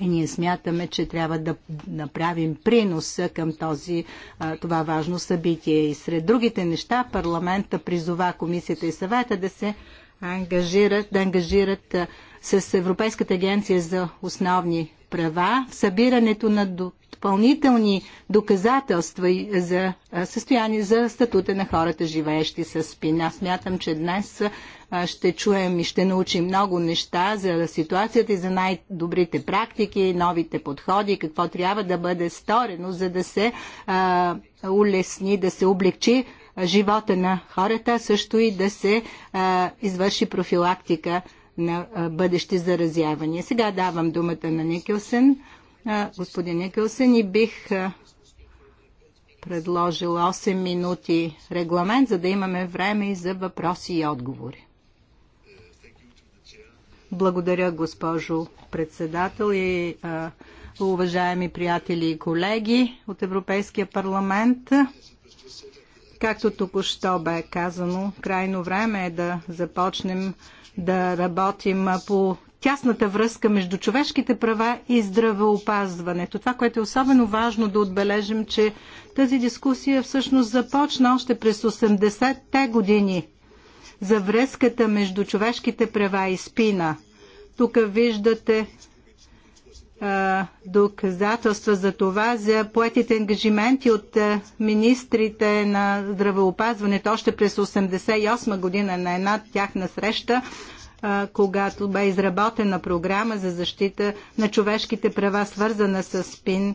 и ние смятаме, че трябва да направим принос към този, това важно събитие. И сред другите неща парламента призова комисията и съвета да се ангажират, да ангажират с Европейската агенция за основни права в събирането на допълнителни доказателства за състояние за статута на хората, живеещи с спина. Смятам, че днес ще чуем и ще научим много неща за ситуацията и за най-добрите практики, новите подходи, какво трябва да бъде сторено, за да се а, улесни, да се облегчи живота на хората, също и да се а, извърши профилактика на бъдещи заразявания. Сега давам думата на Никелсен господин Никълсен и бих предложил 8 минути регламент, за да имаме време и за въпроси и отговори. Благодаря, госпожо председател и а, уважаеми приятели и колеги от Европейския парламент. Както току-що бе казано, крайно време е да започнем да работим по тясната връзка между човешките права и здравеопазването. Това, което е особено важно да отбележим, че тази дискусия всъщност започна още през 80-те години за връзката между човешките права и спина. Тук виждате доказателства за това, за поетите ангажименти от министрите на здравеопазването още през 88 година на една тяхна среща когато бе изработена програма за защита на човешките права, свързана с пин,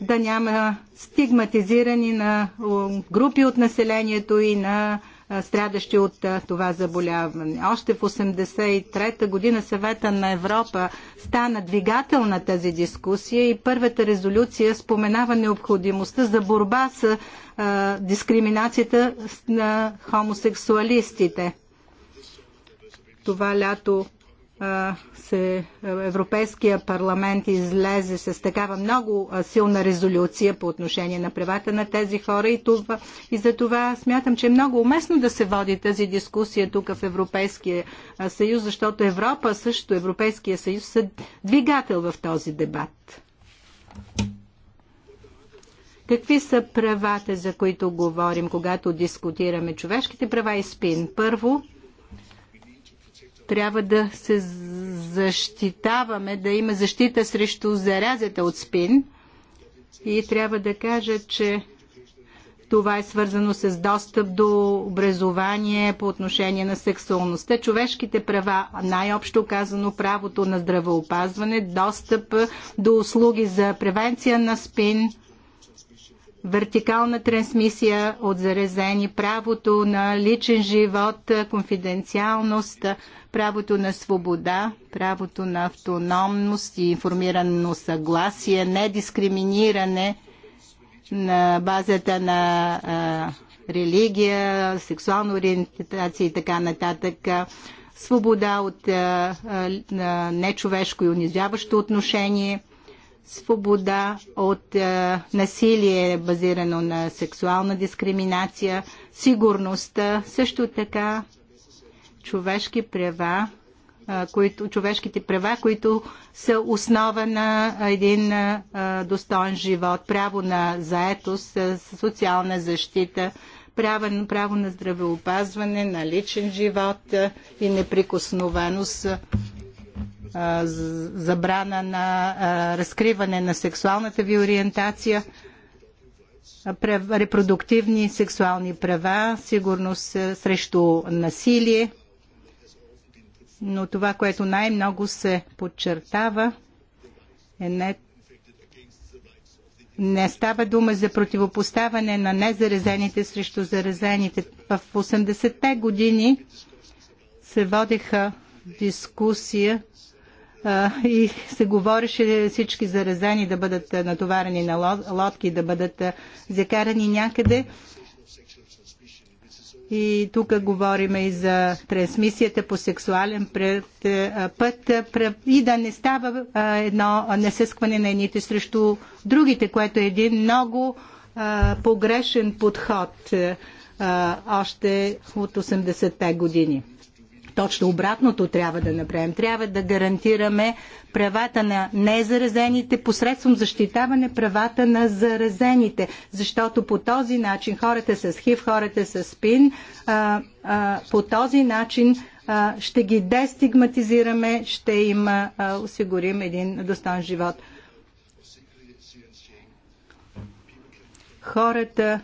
да няма стигматизирани на групи от населението и на страдащи от това заболяване. Още в 1983 година съвета на Европа стана двигател на тази дискусия и първата резолюция споменава необходимостта за борба с дискриминацията на хомосексуалистите това лято се, Европейския парламент излезе с такава много силна резолюция по отношение на правата на тези хора и, това, и за това смятам, че е много уместно да се води тази дискусия тук в Европейския съюз, защото Европа също, Европейския съюз са двигател в този дебат. Какви са правата, за които говорим, когато дискутираме човешките права и спин? Първо, трябва да се защитаваме, да има защита срещу заразата от спин. И трябва да кажа, че това е свързано с достъп до образование по отношение на сексуалността, човешките права, най-общо казано правото на здравеопазване, достъп до услуги за превенция на спин – вертикална трансмисия от заразени, правото на личен живот, конфиденциалност, правото на свобода, правото на автономност и информирано съгласие, недискриминиране на базата на а, религия, сексуална ориентация и така нататък, свобода от а, а, нечовешко и унижаващо отношение – свобода от а, е, насилие, базирано на сексуална дискриминация, сигурността, също така човешки права, а, е, които, човешките права, които са основа на един а, е, достоен живот, право на заетост, социална защита, право, право на здравеопазване, на личен живот и неприкосновеност забрана на разкриване на сексуалната ви ориентация, репродуктивни сексуални права, сигурност срещу насилие. Но това, което най-много се подчертава, е не не става дума за противопоставяне на незаразените срещу заразените. В 80-те години се водеха дискусия и се говореше всички заразени да бъдат натоварени на лодки, да бъдат закарани някъде. И тук говорим и за трансмисията по сексуален път и да не става едно насъскване на едните срещу другите, което е един много погрешен подход още от 80-те години. Точно обратното трябва да направим. Трябва да гарантираме правата на незаразените посредством защитаване правата на заразените, защото по този начин хората с хив, хората с спин, а, а, по този начин а, ще ги дестигматизираме, ще им а, осигурим един достоен живот. Хората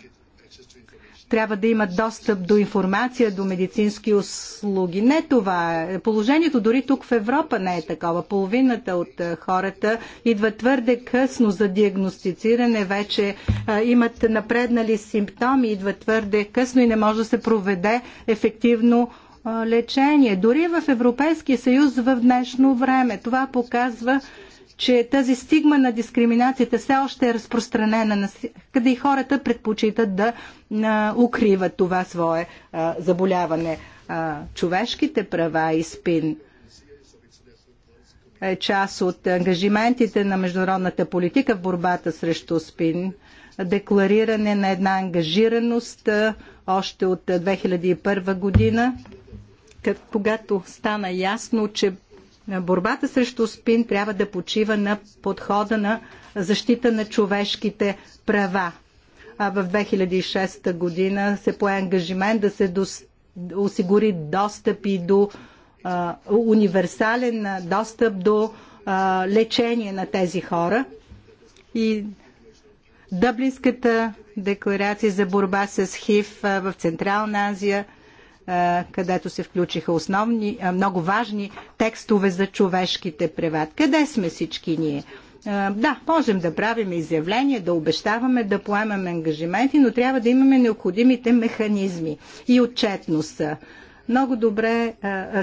трябва да имат достъп до информация, до медицински услуги. Не това е. Положението дори тук в Европа не е такова. Половината от е, хората идват твърде късно за диагностициране, вече а, е, имат напреднали симптоми, идват твърде късно и не може да се проведе ефективно а, е, лечение. Дори в Европейския съюз в днешно време. Това показва че тази стигма на дискриминацията все още е разпространена, къде и хората предпочитат да укриват това свое заболяване. Човешките права и спин е част от ангажиментите на международната политика в борбата срещу спин, деклариране на една ангажираност още от 2001 година, когато стана ясно, че борбата срещу спин трябва да почива на подхода на защита на човешките права. А в 2006 година се пое ангажимент да се дос... осигури достъп и до а, универсален достъп до а, лечение на тези хора. И Дъблинската декларация за борба с ХИВ в Централна Азия – е, където се включиха основни, е, много важни текстове за човешките права. Къде сме всички ние? Е, да, можем да правим изявления, да обещаваме, да поемаме ангажименти, но трябва да имаме необходимите механизми и отчетност много добре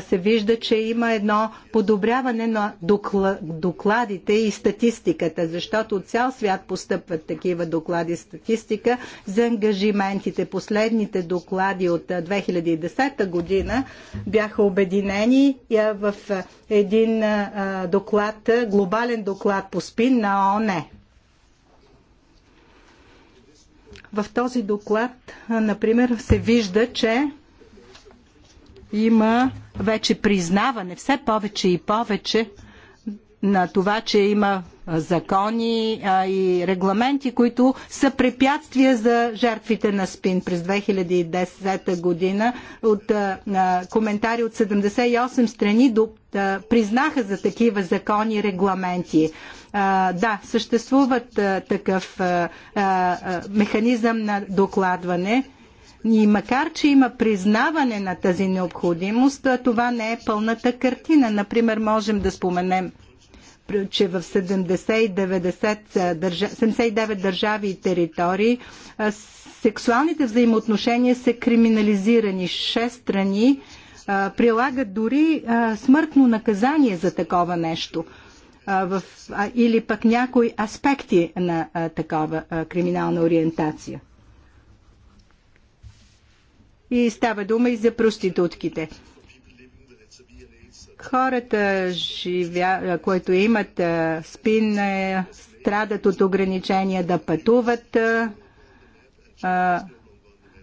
се вижда, че има едно подобряване на докладите и статистиката, защото от цял свят постъпват такива доклади статистика за ангажиментите. Последните доклади от 2010 година бяха обединени в един доклад, глобален доклад по спин на ОНЕ. В този доклад, например, се вижда, че има вече признаване все повече и повече на това, че има закони а, и регламенти, които са препятствия за жертвите на СПИН през 2010 година. От а, коментари от 78 страни до, а, признаха за такива закони и регламенти. А, да, съществуват а, такъв а, а, механизъм на докладване и макар, че има признаване на тази необходимост, това не е пълната картина. Например, можем да споменем че в 79 държави и територии сексуалните взаимоотношения са криминализирани. Шест страни прилагат дори смъртно наказание за такова нещо в, или пък някои аспекти на такава криминална ориентация. И става дума и за проститутките. Хората, живя, които имат спин, страдат от ограничения да пътуват,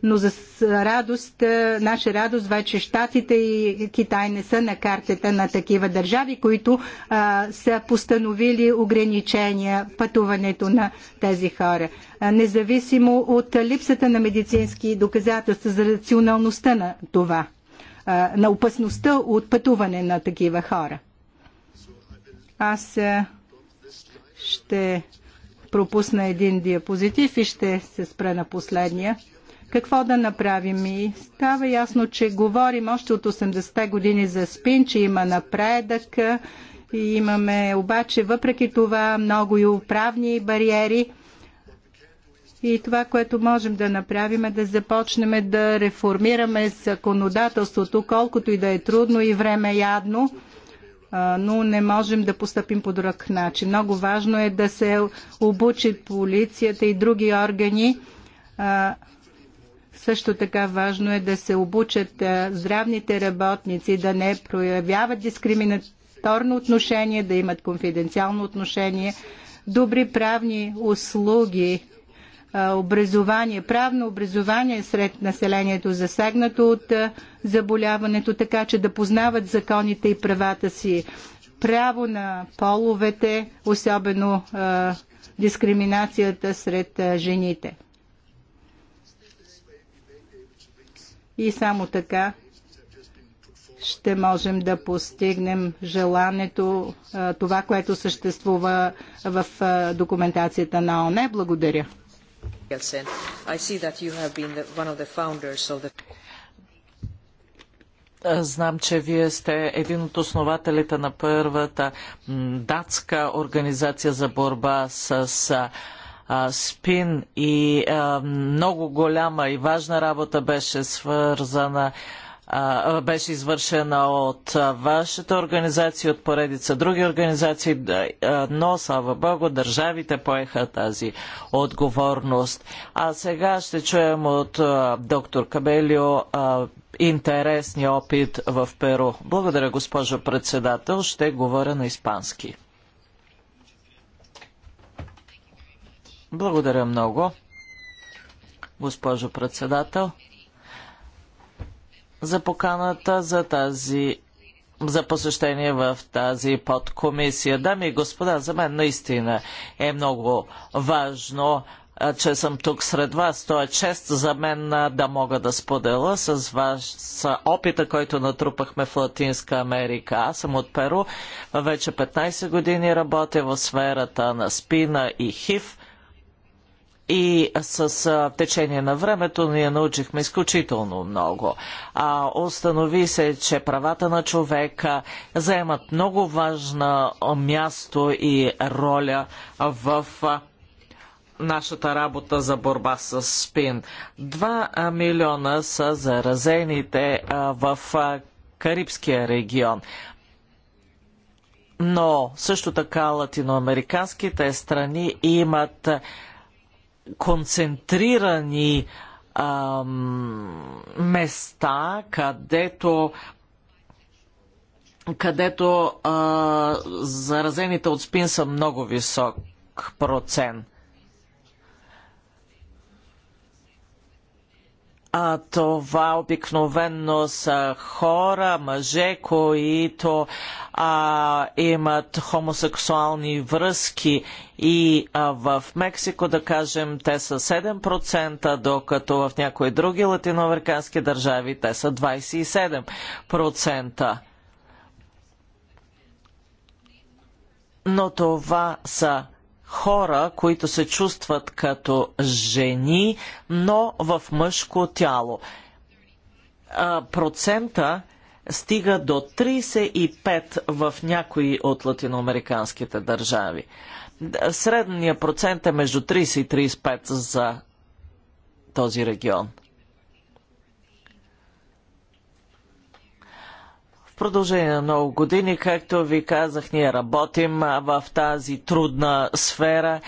но за радост, наша радост, вече Штатите и Китай не са на картата на такива държави, които а, са постановили ограничения пътуването на тези хора. А, независимо от липсата на медицински доказателства за рационалността на това, а, на опасността от пътуване на такива хора. Аз а, ще пропусна един диапозитив и ще се спра на последния. Какво да направим? И става ясно, че говорим още от 80-те години за спин, че има напредък. И имаме обаче въпреки това много и управни бариери. И това, което можем да направим е да започнем да реформираме законодателството, колкото и да е трудно и време е ядно, но не можем да постъпим по друг начин. Много важно е да се обучи полицията и други органи също така важно е да се обучат здравните работници, да не проявяват дискриминаторно отношение, да имат конфиденциално отношение, добри правни услуги, образование, правно образование сред населението, засегнато от заболяването, така че да познават законите и правата си. Право на половете, особено дискриминацията сред жените. и само така ще можем да постигнем желането, това, което съществува в документацията на ОНЕ. Благодаря. Знам, че вие сте един от основателите на първата датска организация за борба с спин и а, много голяма и важна работа беше свързана беше извършена от вашата организация, от поредица други организации, но, слава Богу, държавите поеха тази отговорност. А сега ще чуем от доктор Кабелио интересния опит в Перу. Благодаря, госпожо председател. Ще говоря на испански. Благодаря много, госпожо председател, за поканата за тази за посещение в тази подкомисия. Дами и господа, за мен наистина е много важно, че съм тук сред вас. То е чест за мен да мога да споделя с вас опита, който натрупахме в Латинска Америка. Аз съм от Перу. Вече 15 години работя в сферата на спина и хив и с течение на времето ние научихме изключително много. А, установи се, че правата на човека заемат много важно място и роля в нашата работа за борба с спин. Два милиона са заразените в Карибския регион но също така латиноамериканските страни имат концентрирани ам, места, където където а, заразените от спин са много висок процент. а, това обикновено са хора, мъже, които а, имат хомосексуални връзки и а, в Мексико, да кажем, те са 7%, докато в някои други латиноамерикански държави те са 27%. Но това са хора, които се чувстват като жени, но в мъжко тяло. А, процента стига до 35 в някои от латиноамериканските държави. Средният процент е между 30 и 35 за този регион – В продължение на много години, както ви казах, ние работим в тази трудна сфера.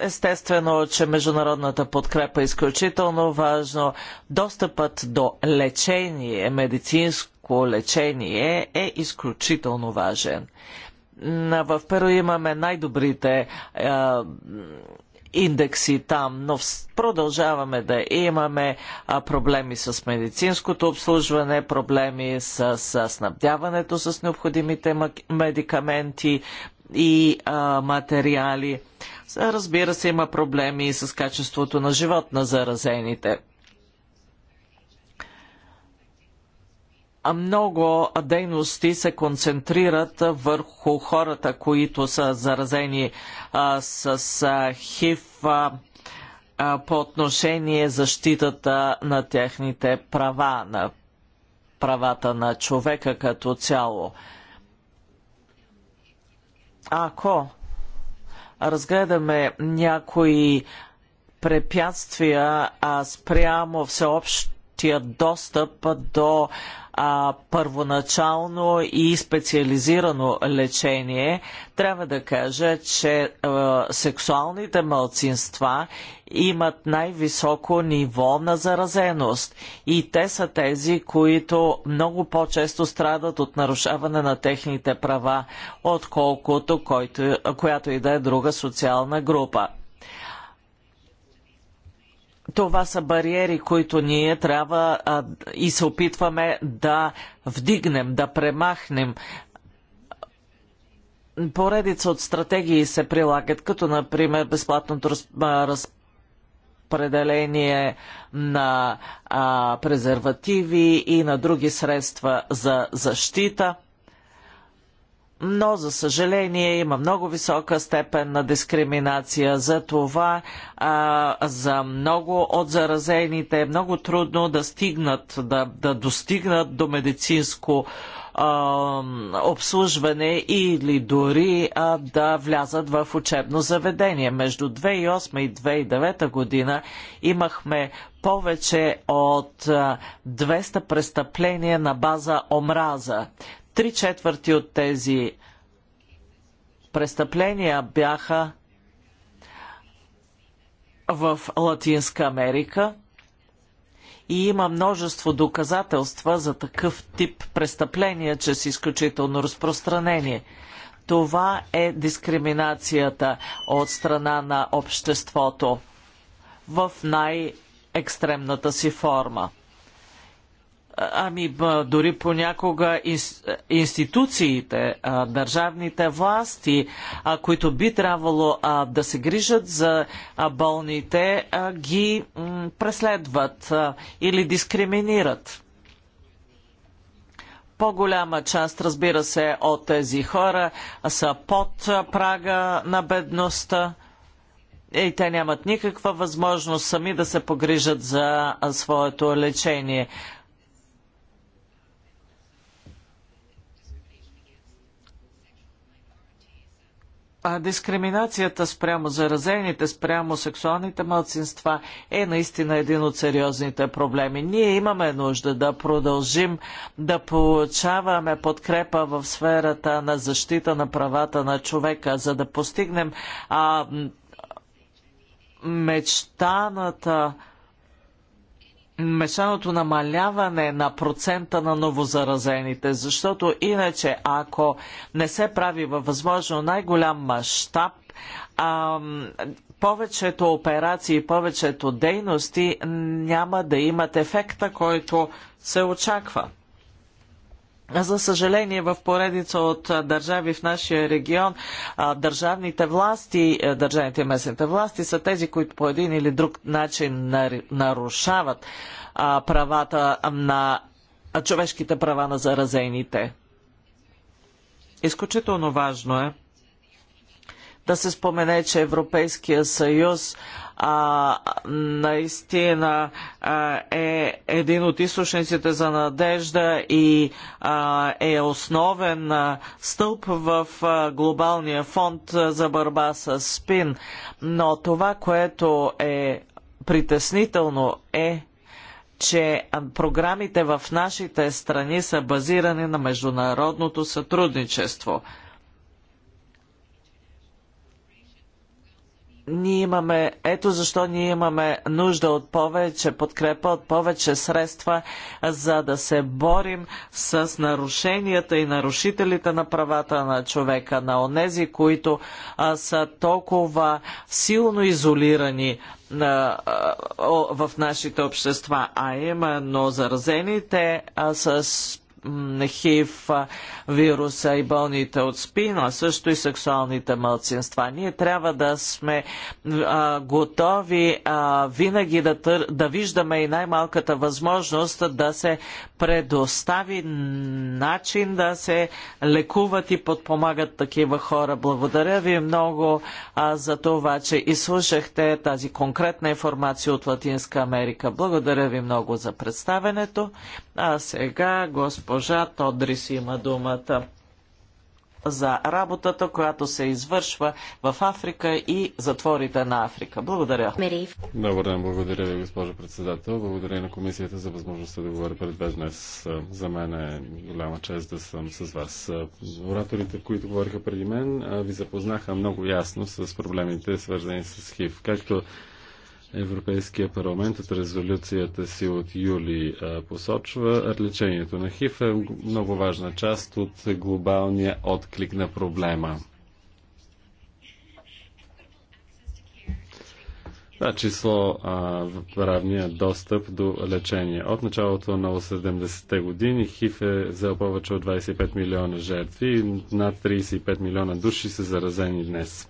Естествено, че международната подкрепа е изключително важно. Достъпът до лечение, медицинско лечение е изключително важен. В Перу имаме най-добрите индекси там, но продължаваме да имаме проблеми с медицинското обслужване, проблеми с, снабдяването с необходимите медикаменти и материали. Разбира се, има проблеми и с качеството на живот на заразените. много дейности се концентрират върху хората, които са заразени а, с а, ХИВ а, а, по отношение защитата на техните права, на правата на човека като цяло. Ако разгледаме някои препятствия а, спрямо всеобщия достъп до а, първоначално и специализирано лечение, трябва да кажа, че а, сексуалните мълцинства имат най-високо ниво на заразеност и те са тези, които много по-често страдат от нарушаване на техните права, отколкото който, която и да е друга социална група това са бариери, които ние трябва а, и се опитваме да вдигнем, да премахнем. Поредица от стратегии се прилагат, като например безплатното разпределение на а, презервативи и на други средства за защита но за съжаление има много висока степен на дискриминация. За това а, за много от заразените е много трудно да стигнат, да, да достигнат до медицинско обслужване или дори а, да влязат в учебно заведение. Между 2008 и 2009 година имахме повече от 200 престъпления на база омраза. Три четвърти от тези престъпления бяха в Латинска Америка и има множество доказателства за такъв тип престъпления, че са изключително разпространени. Това е дискриминацията от страна на обществото в най-екстремната си форма. Ами, дори понякога институциите, държавните власти, които би трябвало да се грижат за болните, ги преследват или дискриминират. По-голяма част, разбира се, от тези хора са под прага на бедността и те нямат никаква възможност сами да се погрижат за своето лечение. а, дискриминацията спрямо заразените, спрямо сексуалните младсинства е наистина един от сериозните проблеми. Ние имаме нужда да продължим да получаваме подкрепа в сферата на защита на правата на човека, за да постигнем а, мечтаната мешаното намаляване на процента на новозаразените, защото иначе ако не се прави във възможно най-голям мащаб, повечето операции, повечето дейности няма да имат ефекта, който се очаква. За съжаление, в поредица от държави в нашия регион, държавните власти, държавните и местните власти са тези, които по един или друг начин нарушават правата на човешките права на заразените. Изключително важно е да се спомене, че Европейския съюз а, наистина а, е един от източниците за надежда и а, е основен а, стълб в а, глобалния фонд за борба с спин. Но това, което е притеснително е, че програмите в нашите страни са базирани на международното сътрудничество – ние имаме, ето защо ние имаме нужда от повече подкрепа, от повече средства, за да се борим с нарушенията и нарушителите на правата на човека, на онези, които а, са толкова силно изолирани а, а, в нашите общества, а именно заразените а, с хив, вируса и болните от спина, също и сексуалните мълцинства. Ние трябва да сме а, готови а, винаги да, да виждаме и най-малката възможност да се предостави начин да се лекуват и подпомагат такива хора. Благодаря ви много а, за това, че изслушахте тази конкретна информация от Латинска Америка. Благодаря ви много за представенето. А сега госпожа Тодрис има думата за работата, която се извършва в Африка и затворите на Африка. Благодаря. Добър ден, благодаря ви, госпожо председател. Благодаря на комисията за възможността да говоря пред вас днес. За мен е голяма чест да съм с вас. Ораторите, които говориха преди мен, ви запознаха много ясно с проблемите, свързани с ХИВ. Както Европейския парламент от резолюцията си от юли посочва. Лечението на ХИВ е много важна част от глобалния отклик на проблема. Това да, число а, равния достъп до лечение. От началото на 70-те години ХИФ е взел повече от 25 милиона жертви и над 35 милиона души са заразени днес.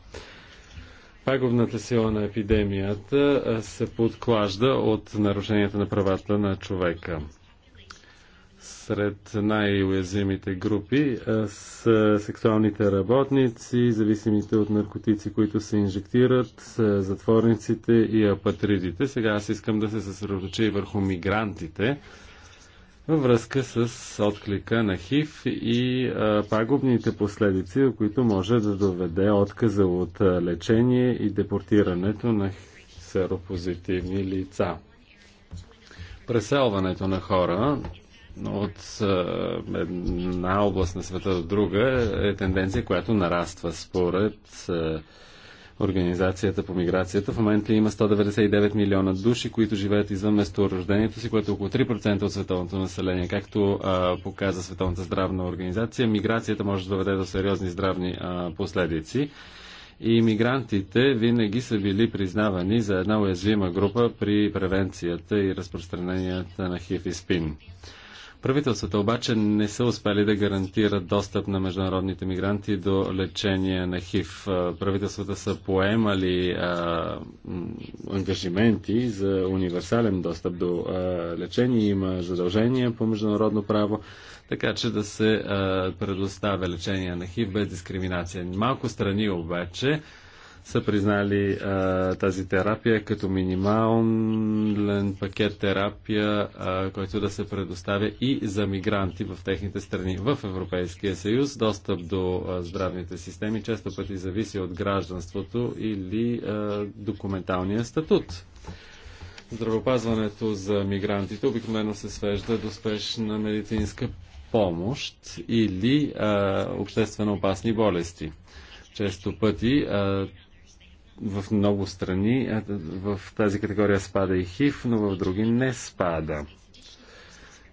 Пагубната сила на епидемията се подклажда от нарушенията на правата на човека. Сред най-уязвимите групи са сексуалните работници, зависимите от наркотици, които се инжектират, затворниците и апатридите. Сега аз искам да се съсредоточа и върху мигрантите във връзка с отклика на ХИВ и а, пагубните последици, които може да доведе отказа от лечение и депортирането на серопозитивни лица. Преселването на хора от една област на света до друга е тенденция, която нараства според Организацията по миграцията. В момента има 199 милиона души, които живеят извън месторождението си, което е около 3% от световното население. Както а, показа Световната здравна организация, миграцията може да доведе до сериозни здравни а, последици. И мигрантите винаги са били признавани за една уязвима група при превенцията и разпространенията на ХИФ и СПИН. Правителствата обаче не са успели да гарантират достъп на международните мигранти до лечение на ХИВ. Правителствата са поемали а, ангажименти за универсален достъп до а, лечение. Има задължения по международно право, така че да се а, предоставя лечение на ХИВ без дискриминация. Малко страни обаче са признали а, тази терапия като минимален пакет терапия, а, който да се предоставя и за мигранти в техните страни. В Европейския съюз достъп до а, здравните системи често пъти зависи от гражданството или а, документалния статут. Здравопазването за мигрантите обикновено се свежда до спешна медицинска помощ или а, обществено опасни болести често пъти а, в много страни в тази категория спада и ХИВ, но в други не спада.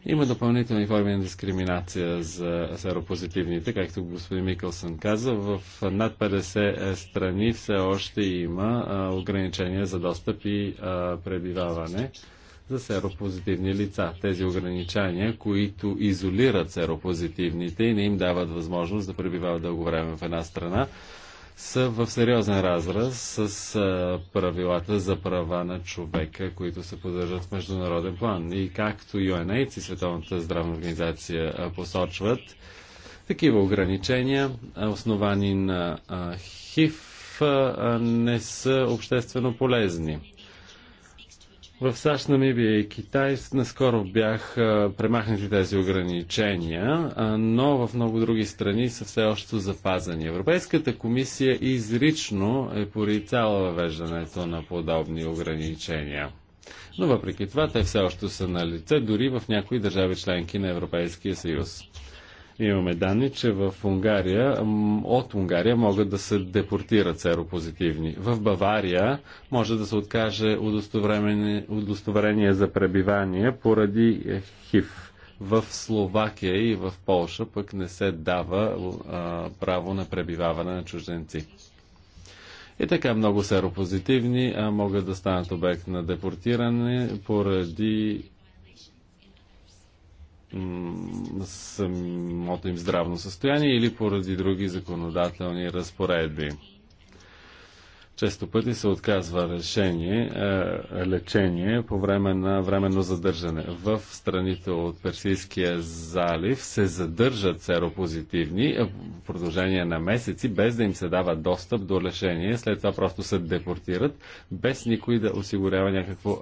Има допълнителни форми на дискриминация за серопозитивните, както господин Микълсън каза. В над 50 е, страни все още има ограничения за достъп и пребиваване за серопозитивни лица. Тези ограничения, които изолират серопозитивните и не им дават възможност да пребивават дълго време в една страна, са в сериозен разраз с а, правилата за права на човека, които се поддържат в международен план. И както UNAIDS и Световната здравна организация а, посочват, такива ограничения, основани на а, ХИВ, не са обществено полезни. В САЩ, Намибия и Китай наскоро бях премахнати тези ограничения, но в много други страни са все още запазени. Европейската комисия изрично е порицала въвеждането на подобни ограничения. Но въпреки това те все още са на лице, дори в някои държави членки на Европейския съюз. Имаме данни, че в Унгария, от Унгария могат да се депортират серопозитивни. В Бавария може да се откаже удостоверение, удостоверение за пребивание поради ХИВ. В Словакия и в Полша пък не се дава а, право на пребиваване на чужденци. И така много серопозитивни а, могат да станат обект на депортиране поради самото им здравно състояние или поради други законодателни разпоредби. Често пъти се отказва решение, е, лечение по време на временно задържане. В страните от Персийския залив се задържат серопозитивни е, в продължение на месеци, без да им се дава достъп до лечение. След това просто се депортират, без никой да осигурява някакво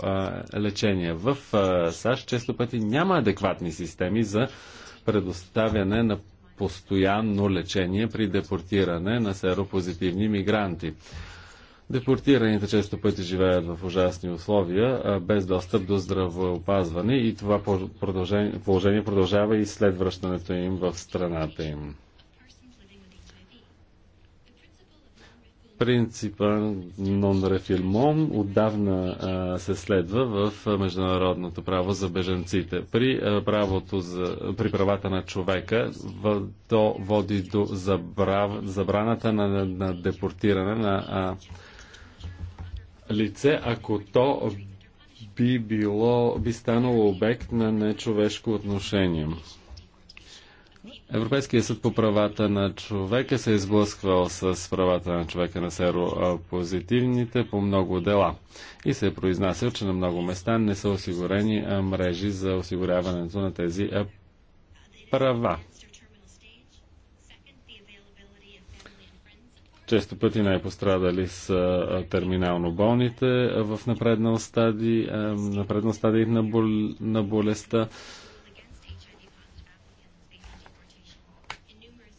лечение. В САЩ често пъти няма адекватни системи за предоставяне на постоянно лечение при депортиране на серопозитивни мигранти. Депортираните често пъти живеят в ужасни условия, без достъп до здравеопазване и това положение продължава и след връщането им в страната им. принципа non refilmon отдавна а, се следва в международното право за беженците. При, а, правото за, при правата на човека в, то води до забрав, забраната на, на, на депортиране на а, лице, ако то би, било, би станало обект на нечовешко отношение. Европейският съд по правата на човека се е изблъсквал с правата на човека на серопозитивните по много дела и се е произнасял, че на много места не са осигурени мрежи за осигуряването на тези права. Често пъти най-пострадали са терминално болните в напреднал стадий, напреднал стадий на, бол, на болестта.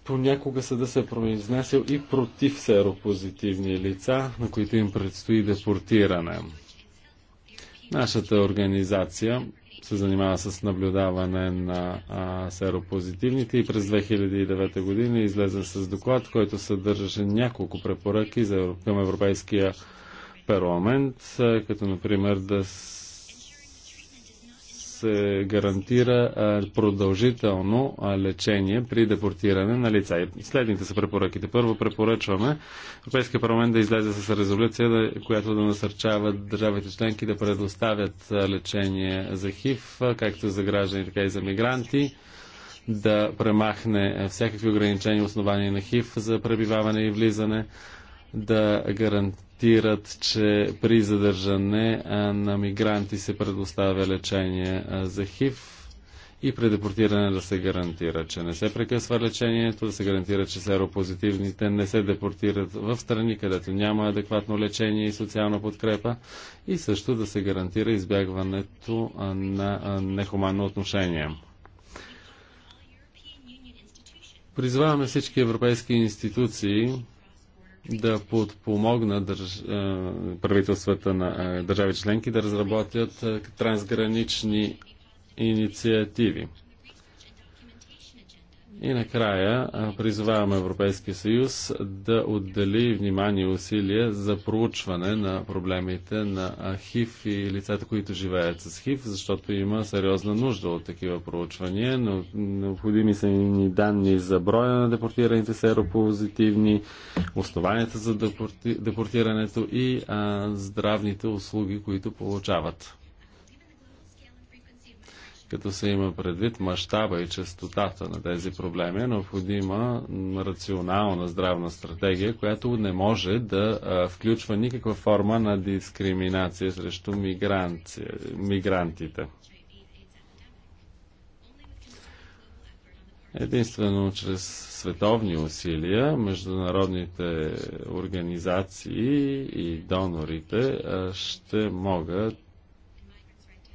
понякога съда се е произнесел и против серопозитивни лица, на които им предстои депортиране. Нашата организация се занимава с наблюдаване на а, серопозитивните и през 2009 година излезе с доклад, който съдържаше няколко препоръки за, към Европейския парламент, като например да се гарантира продължително лечение при депортиране на лица. И следните са препоръките. Първо препоръчваме Европейския парламент да излезе с резолюция, която да насърчава държавите членки да предоставят лечение за ХИВ, както за граждани, така и за мигранти да премахне всякакви ограничения, основания на ХИВ за пребиваване и влизане, да гарантира констатират, че при задържане на мигранти се предоставя лечение за ХИВ и при депортиране да се гарантира, че не се прекъсва лечението, да се гарантира, че серопозитивните не се депортират в страни, където няма адекватно лечение и социална подкрепа и също да се гарантира избягването на нехуманно отношение. Призваваме всички европейски институции да подпомогна държ... Е, правителствата на е, държави членки да разработят е, трансгранични инициативи. И накрая призваваме Европейския съюз да отдели внимание и усилия за проучване на проблемите на ХИВ и лицата, които живеят с ХИВ, защото има сериозна нужда от такива проучвания, но необходими са ни данни за броя на депортираните серопозитивни, основанията за депорти... депортирането и а, здравните услуги, които получават. Като се има предвид мащаба и частотата на тези проблеми, е необходима рационална здравна стратегия, която не може да включва никаква форма на дискриминация срещу мигрантите. Единствено чрез световни усилия международните организации и донорите ще могат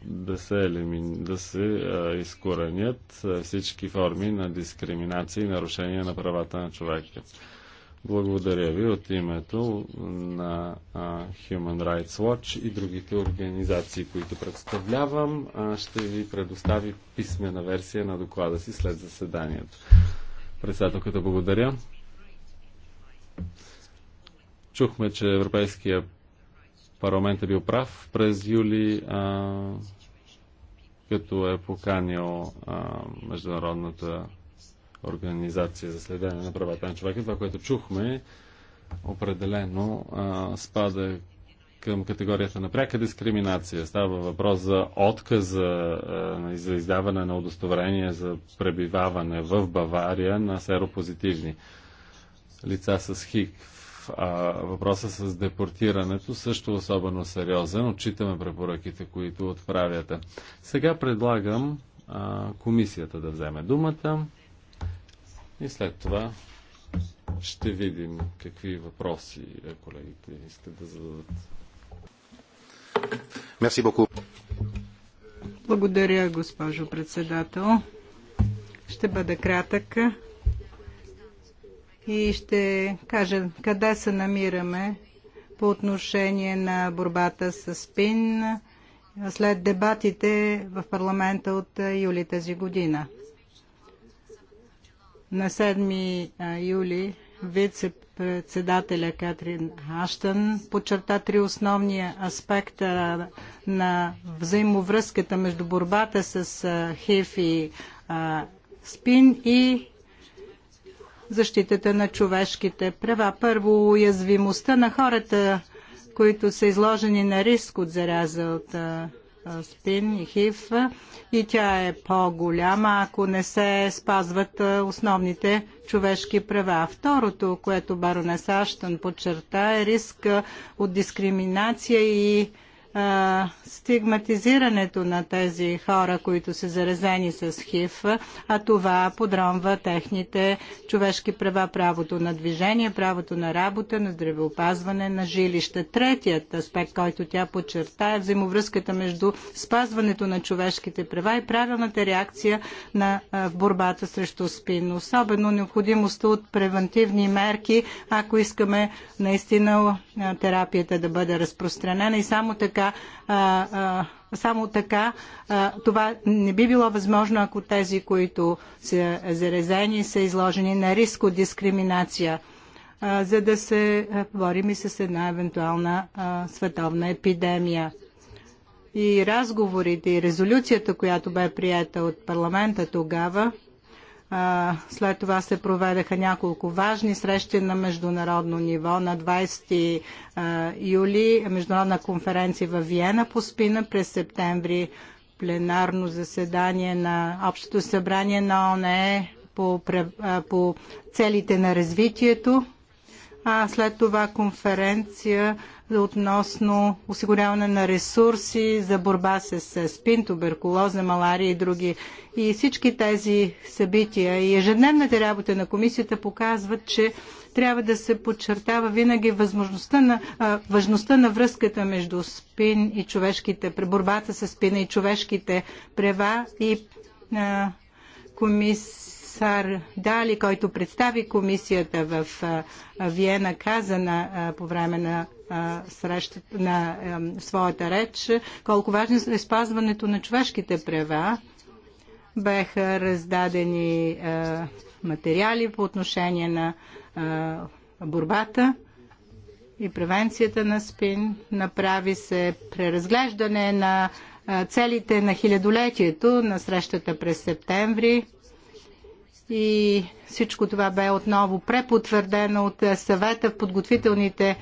да се, елимин... да се а, изкоренят а, всички форми на дискриминация и нарушение на правата на човека. Благодаря ви от името на а, Human Rights Watch и другите организации, които представлявам. А, ще ви предостави писмена версия на доклада си след заседанието. Председателката, благодаря. Чухме, че Европейския парламент е бил прав през юли, а, като е поканил а, Международната организация за следене на правата на човека. Това, което чухме, определено а, спада към категорията на пряка дискриминация. Става въпрос за отказа а, за издаване на удостоверение за пребиваване в Бавария на серопозитивни лица с ХИК а, въпроса с депортирането също е особено сериозен. Отчитаме препоръките, които отправяте. Сега предлагам а, комисията да вземе думата и след това ще видим какви въпроси е, колегите искат да зададат. Мерси Благодаря, госпожо председател. Ще бъда кратък и ще кажа къде се намираме по отношение на борбата с пин, след дебатите в парламента от юли тази година. На 7 юли вице-председателя Катрин Аштън подчерта три основни аспекта на взаимовръзката между борбата с ХИФ и СПИН и защитата на човешките права. Първо, уязвимостта на хората, които са изложени на риск от зараза от спин и хив и тя е по-голяма, ако не се спазват основните човешки права. Второто, което баронес Аштън подчерта е риска от дискриминация и стигматизирането на тези хора, които са заразени с ХИВ, а това подронва техните човешки права, правото на движение, правото на работа, на здравеопазване, на жилище. Третият аспект, който тя подчерта е взаимовръзката между спазването на човешките права и правилната реакция на, в борбата срещу спин. Особено необходимостта от превентивни мерки, ако искаме наистина терапията да бъде разпространена и само така така, а, а, само така. А, това не би било възможно, ако тези, които са заразени, са изложени на риск от дискриминация, а, за да се борим и с една евентуална а, световна епидемия. И разговорите и резолюцията, която бе прията от парламента тогава, след това се проведаха няколко важни срещи на международно ниво. На 20 юли международна конференция в Виена по спина през септември пленарно заседание на Общото събрание на ОНЕ по, по целите на развитието а след това конференция относно осигуряване на ресурси за борба с спин, туберкулоза, малария и други. И всички тези събития и ежедневната работа на комисията показват, че трябва да се подчертава винаги възможността на, а, важността на връзката между спин и човешките, борбата с спина и човешките права и а, комисар Дали, който представи комисията в а, Виена, каза на, а, по време на срещата, на своята реч, колко важно е спазването на човешките права. Беха раздадени материали по отношение на борбата и превенцията на спин. Направи се преразглеждане на целите на хилядолетието на срещата през септември. И всичко това бе отново препотвърдено от съвета в подготвителните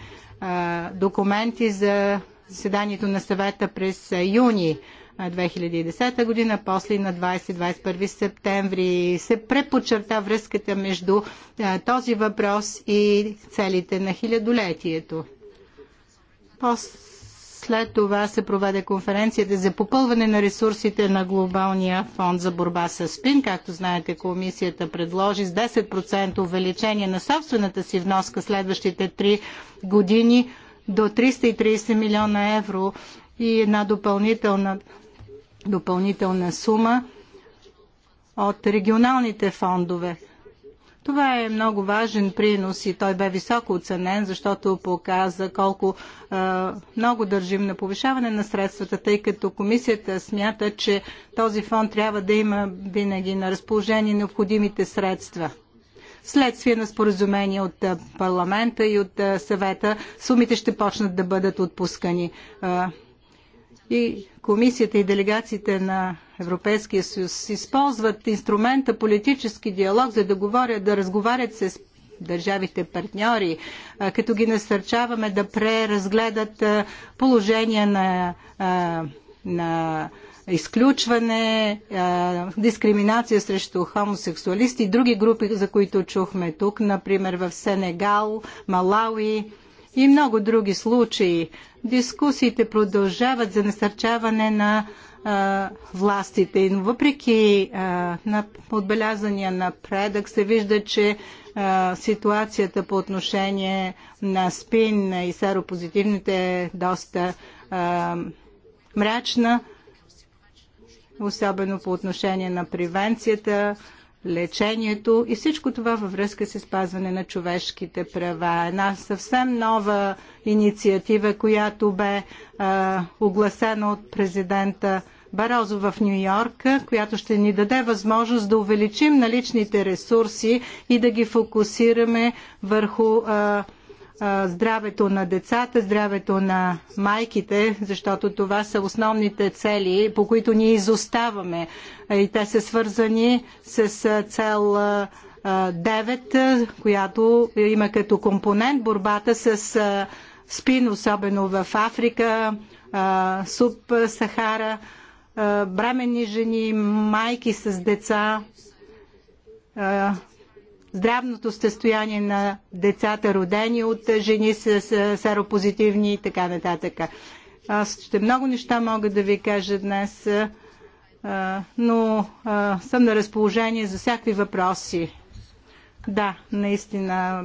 документи за заседанието на съвета през юни 2010 година, после на 20-21 септември се препочерта връзката между този въпрос и целите на хилядолетието. После след това се проведе конференцията за попълване на ресурсите на Глобалния фонд за борба с спин. Както знаете, комисията предложи с 10% увеличение на собствената си вноска следващите 3 години до 330 милиона евро и една допълнителна, допълнителна сума от регионалните фондове. Това е много важен принос и той бе високо оценен, защото показа колко е, много държим на повишаване на средствата, тъй като комисията смята, че този фонд трябва да има винаги на разположение необходимите средства. Следствие на споразумение от парламента и от съвета, сумите ще почнат да бъдат отпускани. Е, и комисията и делегациите на Европейския съюз използват инструмента политически диалог, за да говорят, да разговарят с държавите партньори, като ги насърчаваме да преразгледат положение на, на изключване, дискриминация срещу хомосексуалисти и други групи, за които чухме тук, например в Сенегал, Малауи и много други случаи. Дискусиите продължават за насърчаване на властите. Но въпреки а, на отбелязания напредък се вижда, че а, ситуацията по отношение на спин и серопозитивните е доста а, мрачна, особено по отношение на превенцията лечението и всичко това във връзка с спазване на човешките права. Една съвсем нова инициатива, която бе а, огласена от президента Барозо в Нью Йорк, която ще ни даде възможност да увеличим наличните ресурси и да ги фокусираме върху а, здравето на децата, здравето на майките, защото това са основните цели, по които ние изоставаме. И те са свързани с цел 9, която има като компонент борбата с спин, особено в Африка, Субсахара, бремени жени, майки с деца, здравното състояние на децата, родени от жени с серопозитивни и така нататък. Аз ще много неща мога да ви кажа днес, но съм на разположение за всякакви въпроси. Да, наистина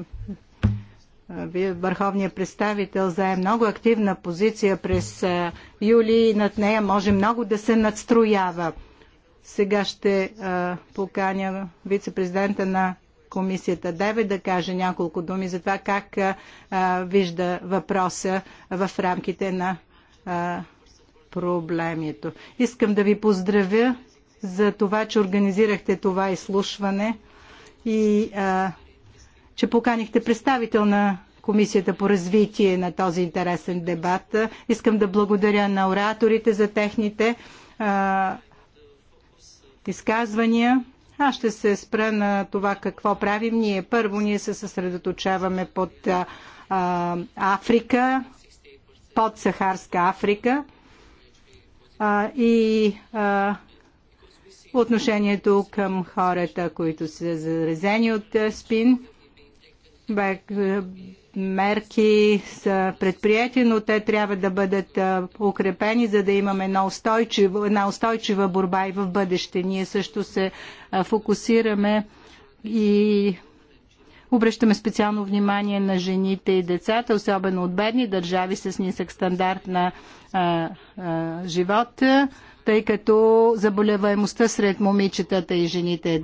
Върховният представител зае много активна позиция през юли и над нея може много да се надстроява. Сега ще поканя вице-президента на комисията Деве да каже няколко думи за това как вижда въпроса в рамките на проблемието. Искам да ви поздравя за това, че организирахте това изслушване и а, че поканихте представител на Комисията по развитие на този интересен дебат. Искам да благодаря на ораторите за техните а, изказвания. Аз ще се спра на това какво правим ние. Първо, ние се съсредоточаваме под а, Африка, под Сахарска Африка а, и а, отношението към хората, които са заразени от спин. Бе, мерки са предприяти, но те трябва да бъдат укрепени, за да имаме една устойчива, една устойчива борба и в бъдеще. Ние също се фокусираме и Обръщаме специално внимание на жените и децата, особено от бедни държави с нисък стандарт на а, а, живот, тъй като заболеваемостта сред момичетата и жените е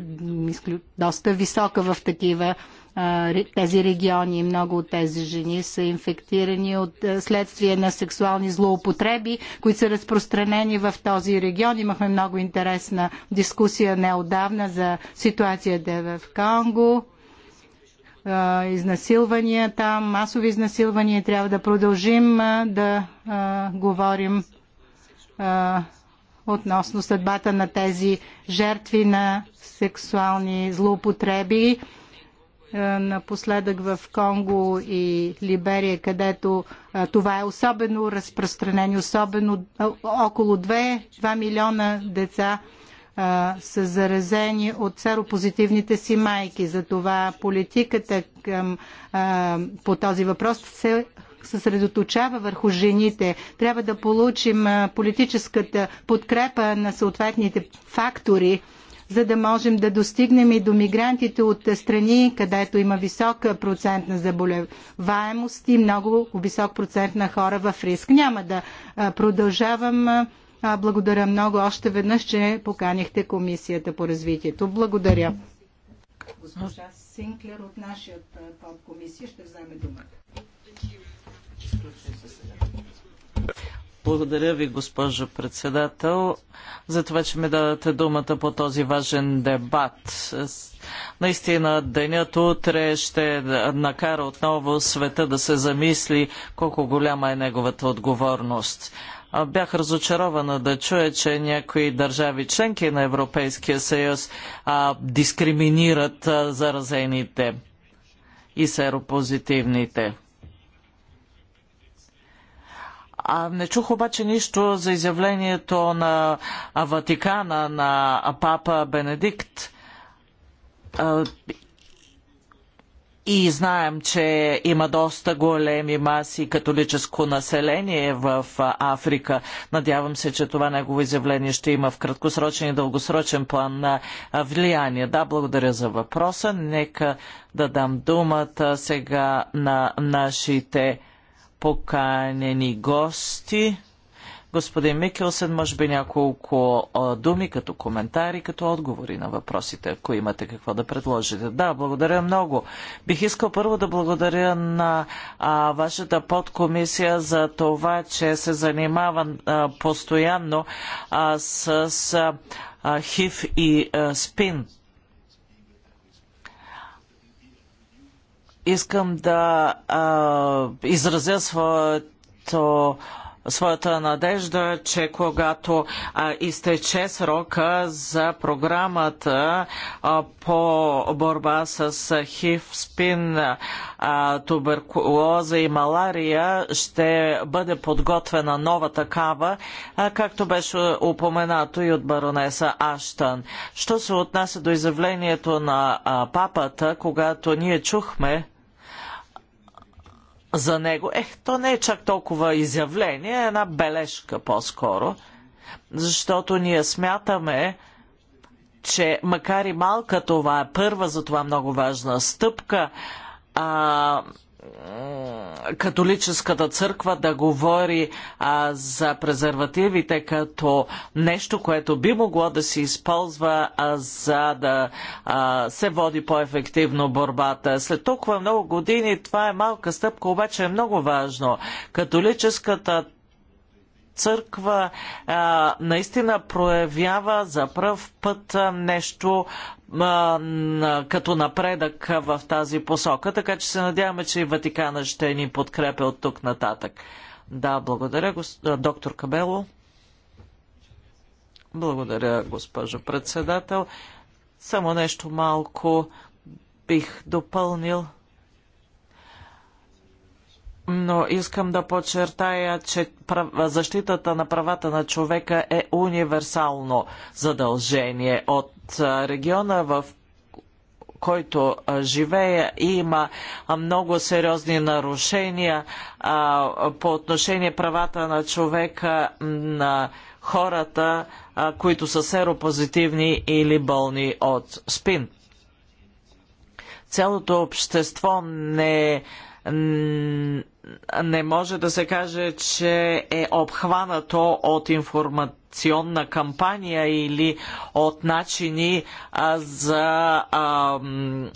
доста висока в такива тези региони. и Много от тези жени са инфектирани от следствие на сексуални злоупотреби, които са разпространени в този регион. Имахме много интересна дискусия неодавна за ситуацията в Конго. Изнасилвания там, масови изнасилвания. Трябва да продължим да говорим относно съдбата на тези жертви на сексуални злоупотреби. Е, напоследък в Конго и Либерия, където е, това е особено разпространено, особено е, около 2, 2 милиона деца са заразени от серопозитивните си майки. Затова политиката към, а, по този въпрос се съсредоточава върху жените. Трябва да получим политическата подкрепа на съответните фактори, за да можем да достигнем и до мигрантите от страни, където има висок процент на заболеваемост и много висок процент на хора в риск. Няма да продължавам. Благодаря много още веднъж, че поканихте Комисията по развитието. Благодаря. Госпожа Синклер от нашия подкомисия ще вземе думата. Благодаря ви, госпожо председател, за това, че ми давате думата по този важен дебат. Наистина, денят утре ще накара отново света да се замисли колко голяма е неговата отговорност. Бях разочарована да чуя, че някои държави членки на Европейския съюз дискриминират заразените и серопозитивните. А, не чух обаче нищо за изявлението на Ватикана, на папа Бенедикт. и знаем, че има доста големи маси католическо население в Африка. Надявам се, че това негово изявление ще има в краткосрочен и дългосрочен план на влияние. Да, благодаря за въпроса. Нека да дам думата сега на нашите поканени гости. Господин Микелсен, може би няколко думи като коментари, като отговори на въпросите, ако имате какво да предложите. Да, благодаря много. Бих искал първо да благодаря на а, вашата подкомисия за това, че се занимава а, постоянно а, с а, ХИВ и а, СПИН искам да а, изразя своето своята надежда, че когато а, изтече срока за програмата а, по борба с хив, спин, а, туберкулоза и малария, ще бъде подготвена нова такава, а, както беше упоменато и от баронеса Аштън. Що се отнася до изявлението на а, папата, когато ние чухме за него. Ех, то не е чак толкова изявление, е една бележка по-скоро, защото ние смятаме, че макар и малка това е първа, за това много важна стъпка, а, католическата църква да говори а, за презервативите като нещо, което би могло да се използва а, за да а, се води по-ефективно борбата. След толкова много години това е малка стъпка, обаче е много важно. Католическата църква а, наистина проявява за пръв път нещо като напредък в тази посока, така че се надяваме, че и Ватикана ще ни подкрепя от тук нататък. Да, благодаря, доктор Кабело. Благодаря, госпожо председател. Само нещо малко бих допълнил но искам да подчертая, че защитата на правата на човека е универсално задължение. От региона, в който живея, има много сериозни нарушения по отношение правата на човека на хората, които са серопозитивни или болни от спин. Цялото общество не не може да се каже, че е обхванато от информационна кампания или от начини а, за а,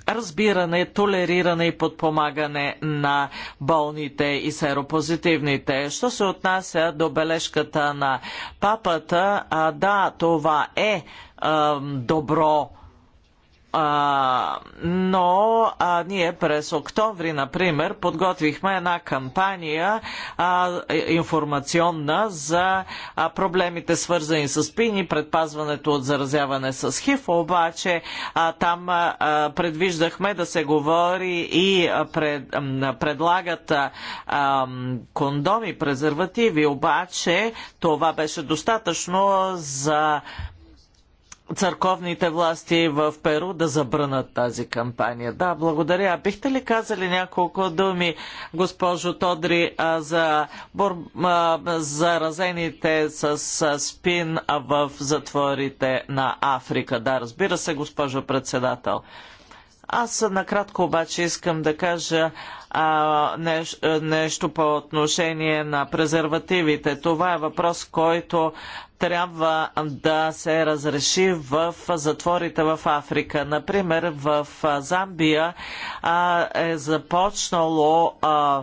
разбиране, толериране и подпомагане на болните и серопозитивните. Що се отнася до бележката на папата, а, да, това е а, добро а, но а, ние през октомври, например, подготвихме една кампания а, информационна за а, проблемите свързани с ПИН и предпазването от заразяване с ХИВ, обаче а, там а, предвиждахме да се говори и пред, а, предлагат а, кондоми, презервативи, обаче това беше достатъчно за църковните власти в Перу да забранат тази кампания. Да, благодаря. А бихте ли казали няколко думи, госпожо Тодри, за бор... заразените с спин в затворите на Африка? Да, разбира се, госпожо председател. Аз накратко обаче искам да кажа а, нещо, нещо по отношение на презервативите. Това е въпрос, който трябва да се разреши в затворите в Африка. Например, в Замбия а, е започнало. А,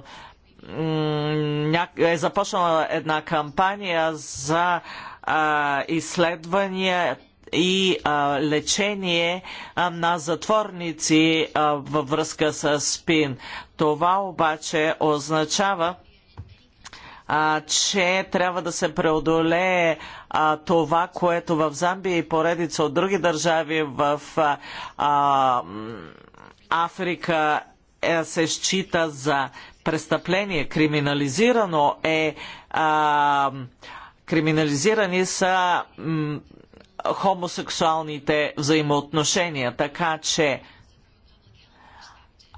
е започнала една кампания за а, изследвания и а, лечение а, на затворници а, във връзка с СПИН. Това обаче означава, че трябва да се преодолее а, това, което в Замбия и поредица от други държави в а, а, Африка е, се счита за престъпление. Криминализирано е. Криминализирани са хомосексуалните взаимоотношения. Така че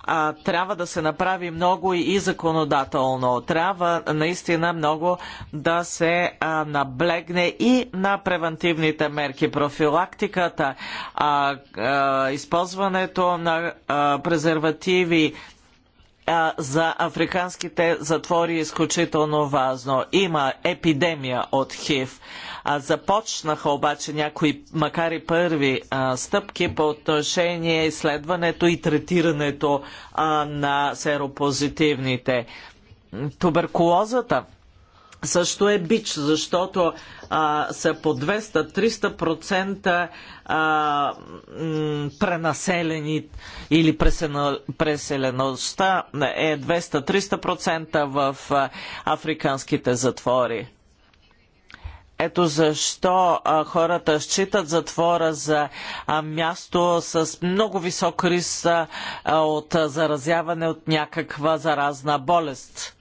а, трябва да се направи много и законодателно. Трябва наистина много да се а, наблегне и на превентивните мерки, профилактиката, а, а, използването на а, презервативи а, за африканските затвори е изключително важно. Има епидемия от ХИВ започнаха обаче някои, макар и първи, стъпки по отношение изследването и третирането на серопозитивните. Туберкулозата също е бич, защото а, са по 200-300% а, пренаселени или преселеността е 200-300% в а, африканските затвори. Ето защо а, хората считат затвора за а, място с много висок риск а, от а, заразяване от някаква заразна болест.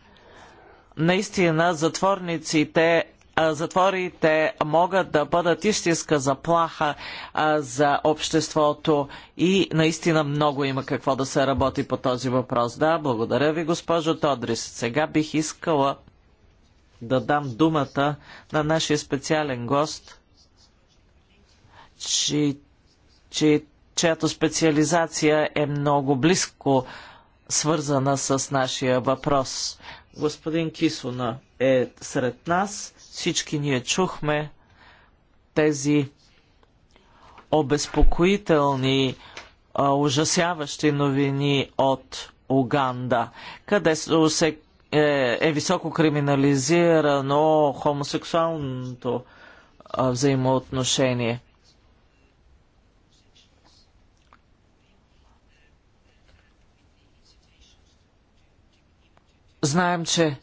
Наистина, затворниците затворите могат да бъдат истинска заплаха а, за обществото и наистина много има какво да се работи по този въпрос. Да, благодаря ви, госпожо Тодрис. Сега бих искала да дам думата на нашия специален гост, чи, чи, чиято специализация е много близко свързана с нашия въпрос. Господин Кисона е сред нас. Всички ние чухме тези обезпокоителни, ужасяващи новини от Уганда, където се е, е високо криминализирано хомосексуалното а, взаимоотношение. Знаем, че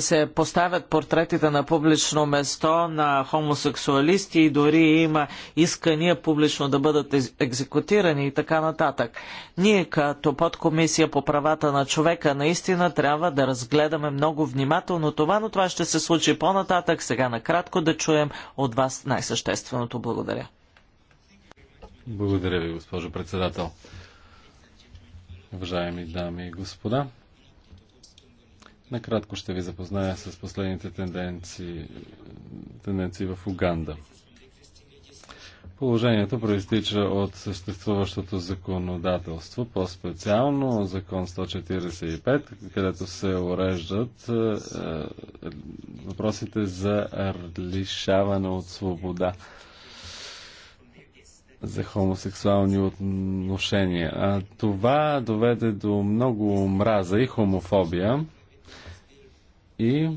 се поставят портретите на публично место на хомосексуалисти и дори има искания публично да бъдат екзекутирани и така нататък. Ние като подкомисия по правата на човека наистина трябва да разгледаме много внимателно това, но това ще се случи по-нататък. Сега накратко да чуем от вас най-същественото. Благодаря. Благодаря ви, госпожо председател. Уважаеми дами и господа, Накратко ще ви запозная с последните тенденции, тенденции в Уганда. Положението проистича от съществуващото законодателство, по-специално закон 145, където се уреждат е, е, въпросите за лишаване от свобода за хомосексуални отношения. А това доведе до много омраза и хомофобия и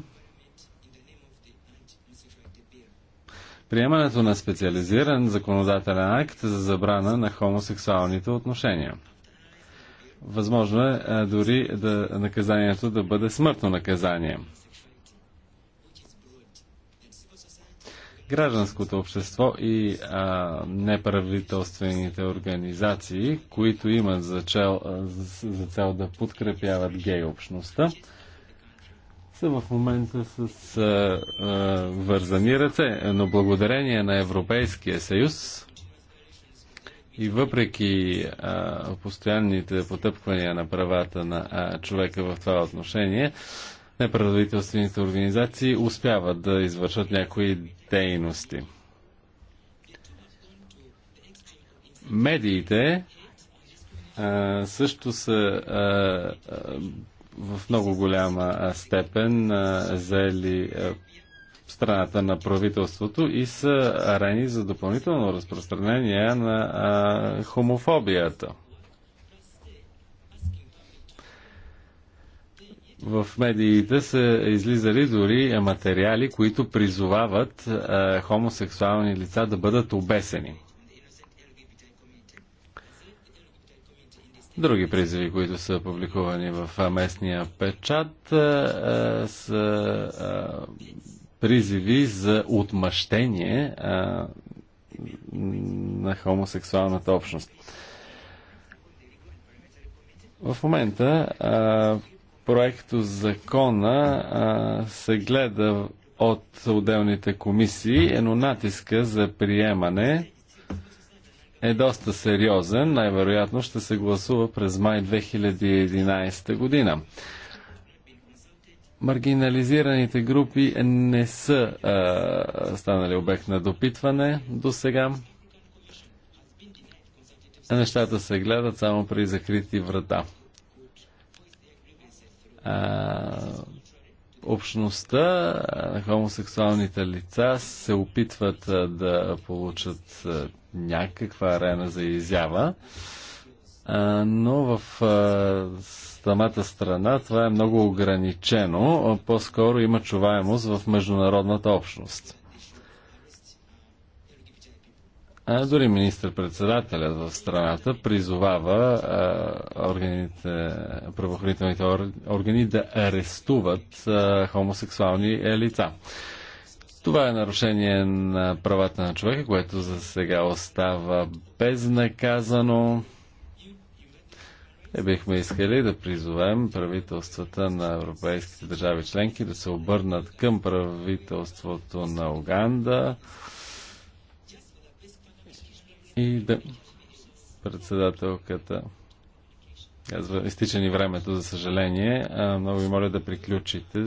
приемането на специализиран законодателен акт за забрана на хомосексуалните отношения. Възможно е, е дори да наказанието да бъде смъртно наказание. Гражданското общество и а, неправителствените организации, които имат за цел, за, за цел да подкрепяват гей общността, са в момента с а, а, вързани ръце, но благодарение на Европейския съюз и въпреки а, постоянните потъпквания на правата на а, човека в това отношение, неправителствените организации успяват да извършат някои дейности. Медиите а, също са а, а, в много голяма степен заели страната на правителството и са арени за допълнително разпространение на хомофобията. В медиите са излизали дори материали, които призовават хомосексуални лица да бъдат обесени. Други призиви, които са публикувани в местния печат, са призиви за отмъщение на хомосексуалната общност. В момента проекто закона се гледа от отделните комисии, е, но натиска за приемане е доста сериозен. Най-вероятно ще се гласува през май 2011 година. Маргинализираните групи не са а, станали обект на допитване до сега. Нещата се гледат само при закрити врата. А, общността, хомосексуалните лица се опитват да получат някаква арена за изява, но в самата страна това е много ограничено, по-скоро има чуваемост в международната общност. А дори министър-председателят в страната призовава а, органите, правоохранителните органи да арестуват а, хомосексуални е, лица. Това е нарушение на правата на човека, което за сега остава безнаказано. Е, бихме искали да призовем правителствата на европейските държави членки да се обърнат към правителството на Уганда и да председателката казва, изтича ни времето, за съжаление. Много ви моля да приключите.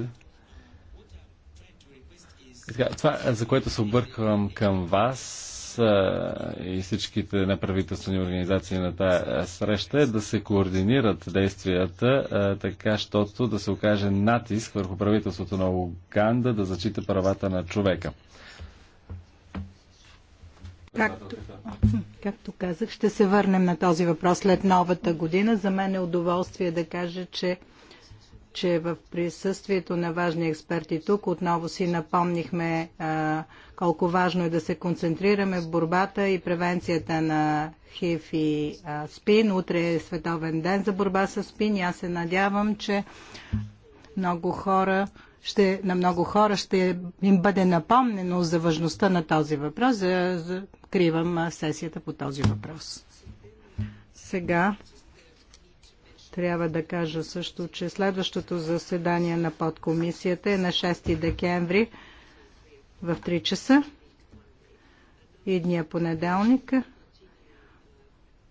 Така, това, за което се обърквам към вас и всичките неправителствени организации на тази среща е да се координират действията така, щото да се окаже натиск върху правителството на Уганда да зачита правата на човека. Както, както казах, ще се върнем на този въпрос след новата година. За мен е удоволствие да кажа, че че в присъствието на важни експерти тук отново си напомнихме а, колко важно е да се концентрираме в борбата и превенцията на ХИВ и а, СПИН. Утре е Световен ден за борба с СПИН и аз се надявам, че много хора ще, на много хора ще им бъде напомнено за важността на този въпрос. Закривам сесията по този въпрос. Сега трябва да кажа също, че следващото заседание на подкомисията е на 6 декември в 3 часа и дния понеделник.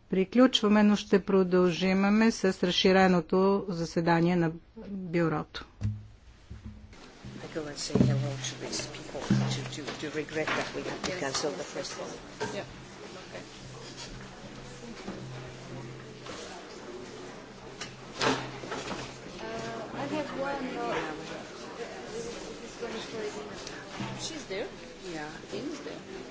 Приключваме, но ще продължиме с разширеното заседание на бюрото. and say hello to these people to, to, to regret that we have to cancel the first one. Yeah. She's there? Yeah, Dean there.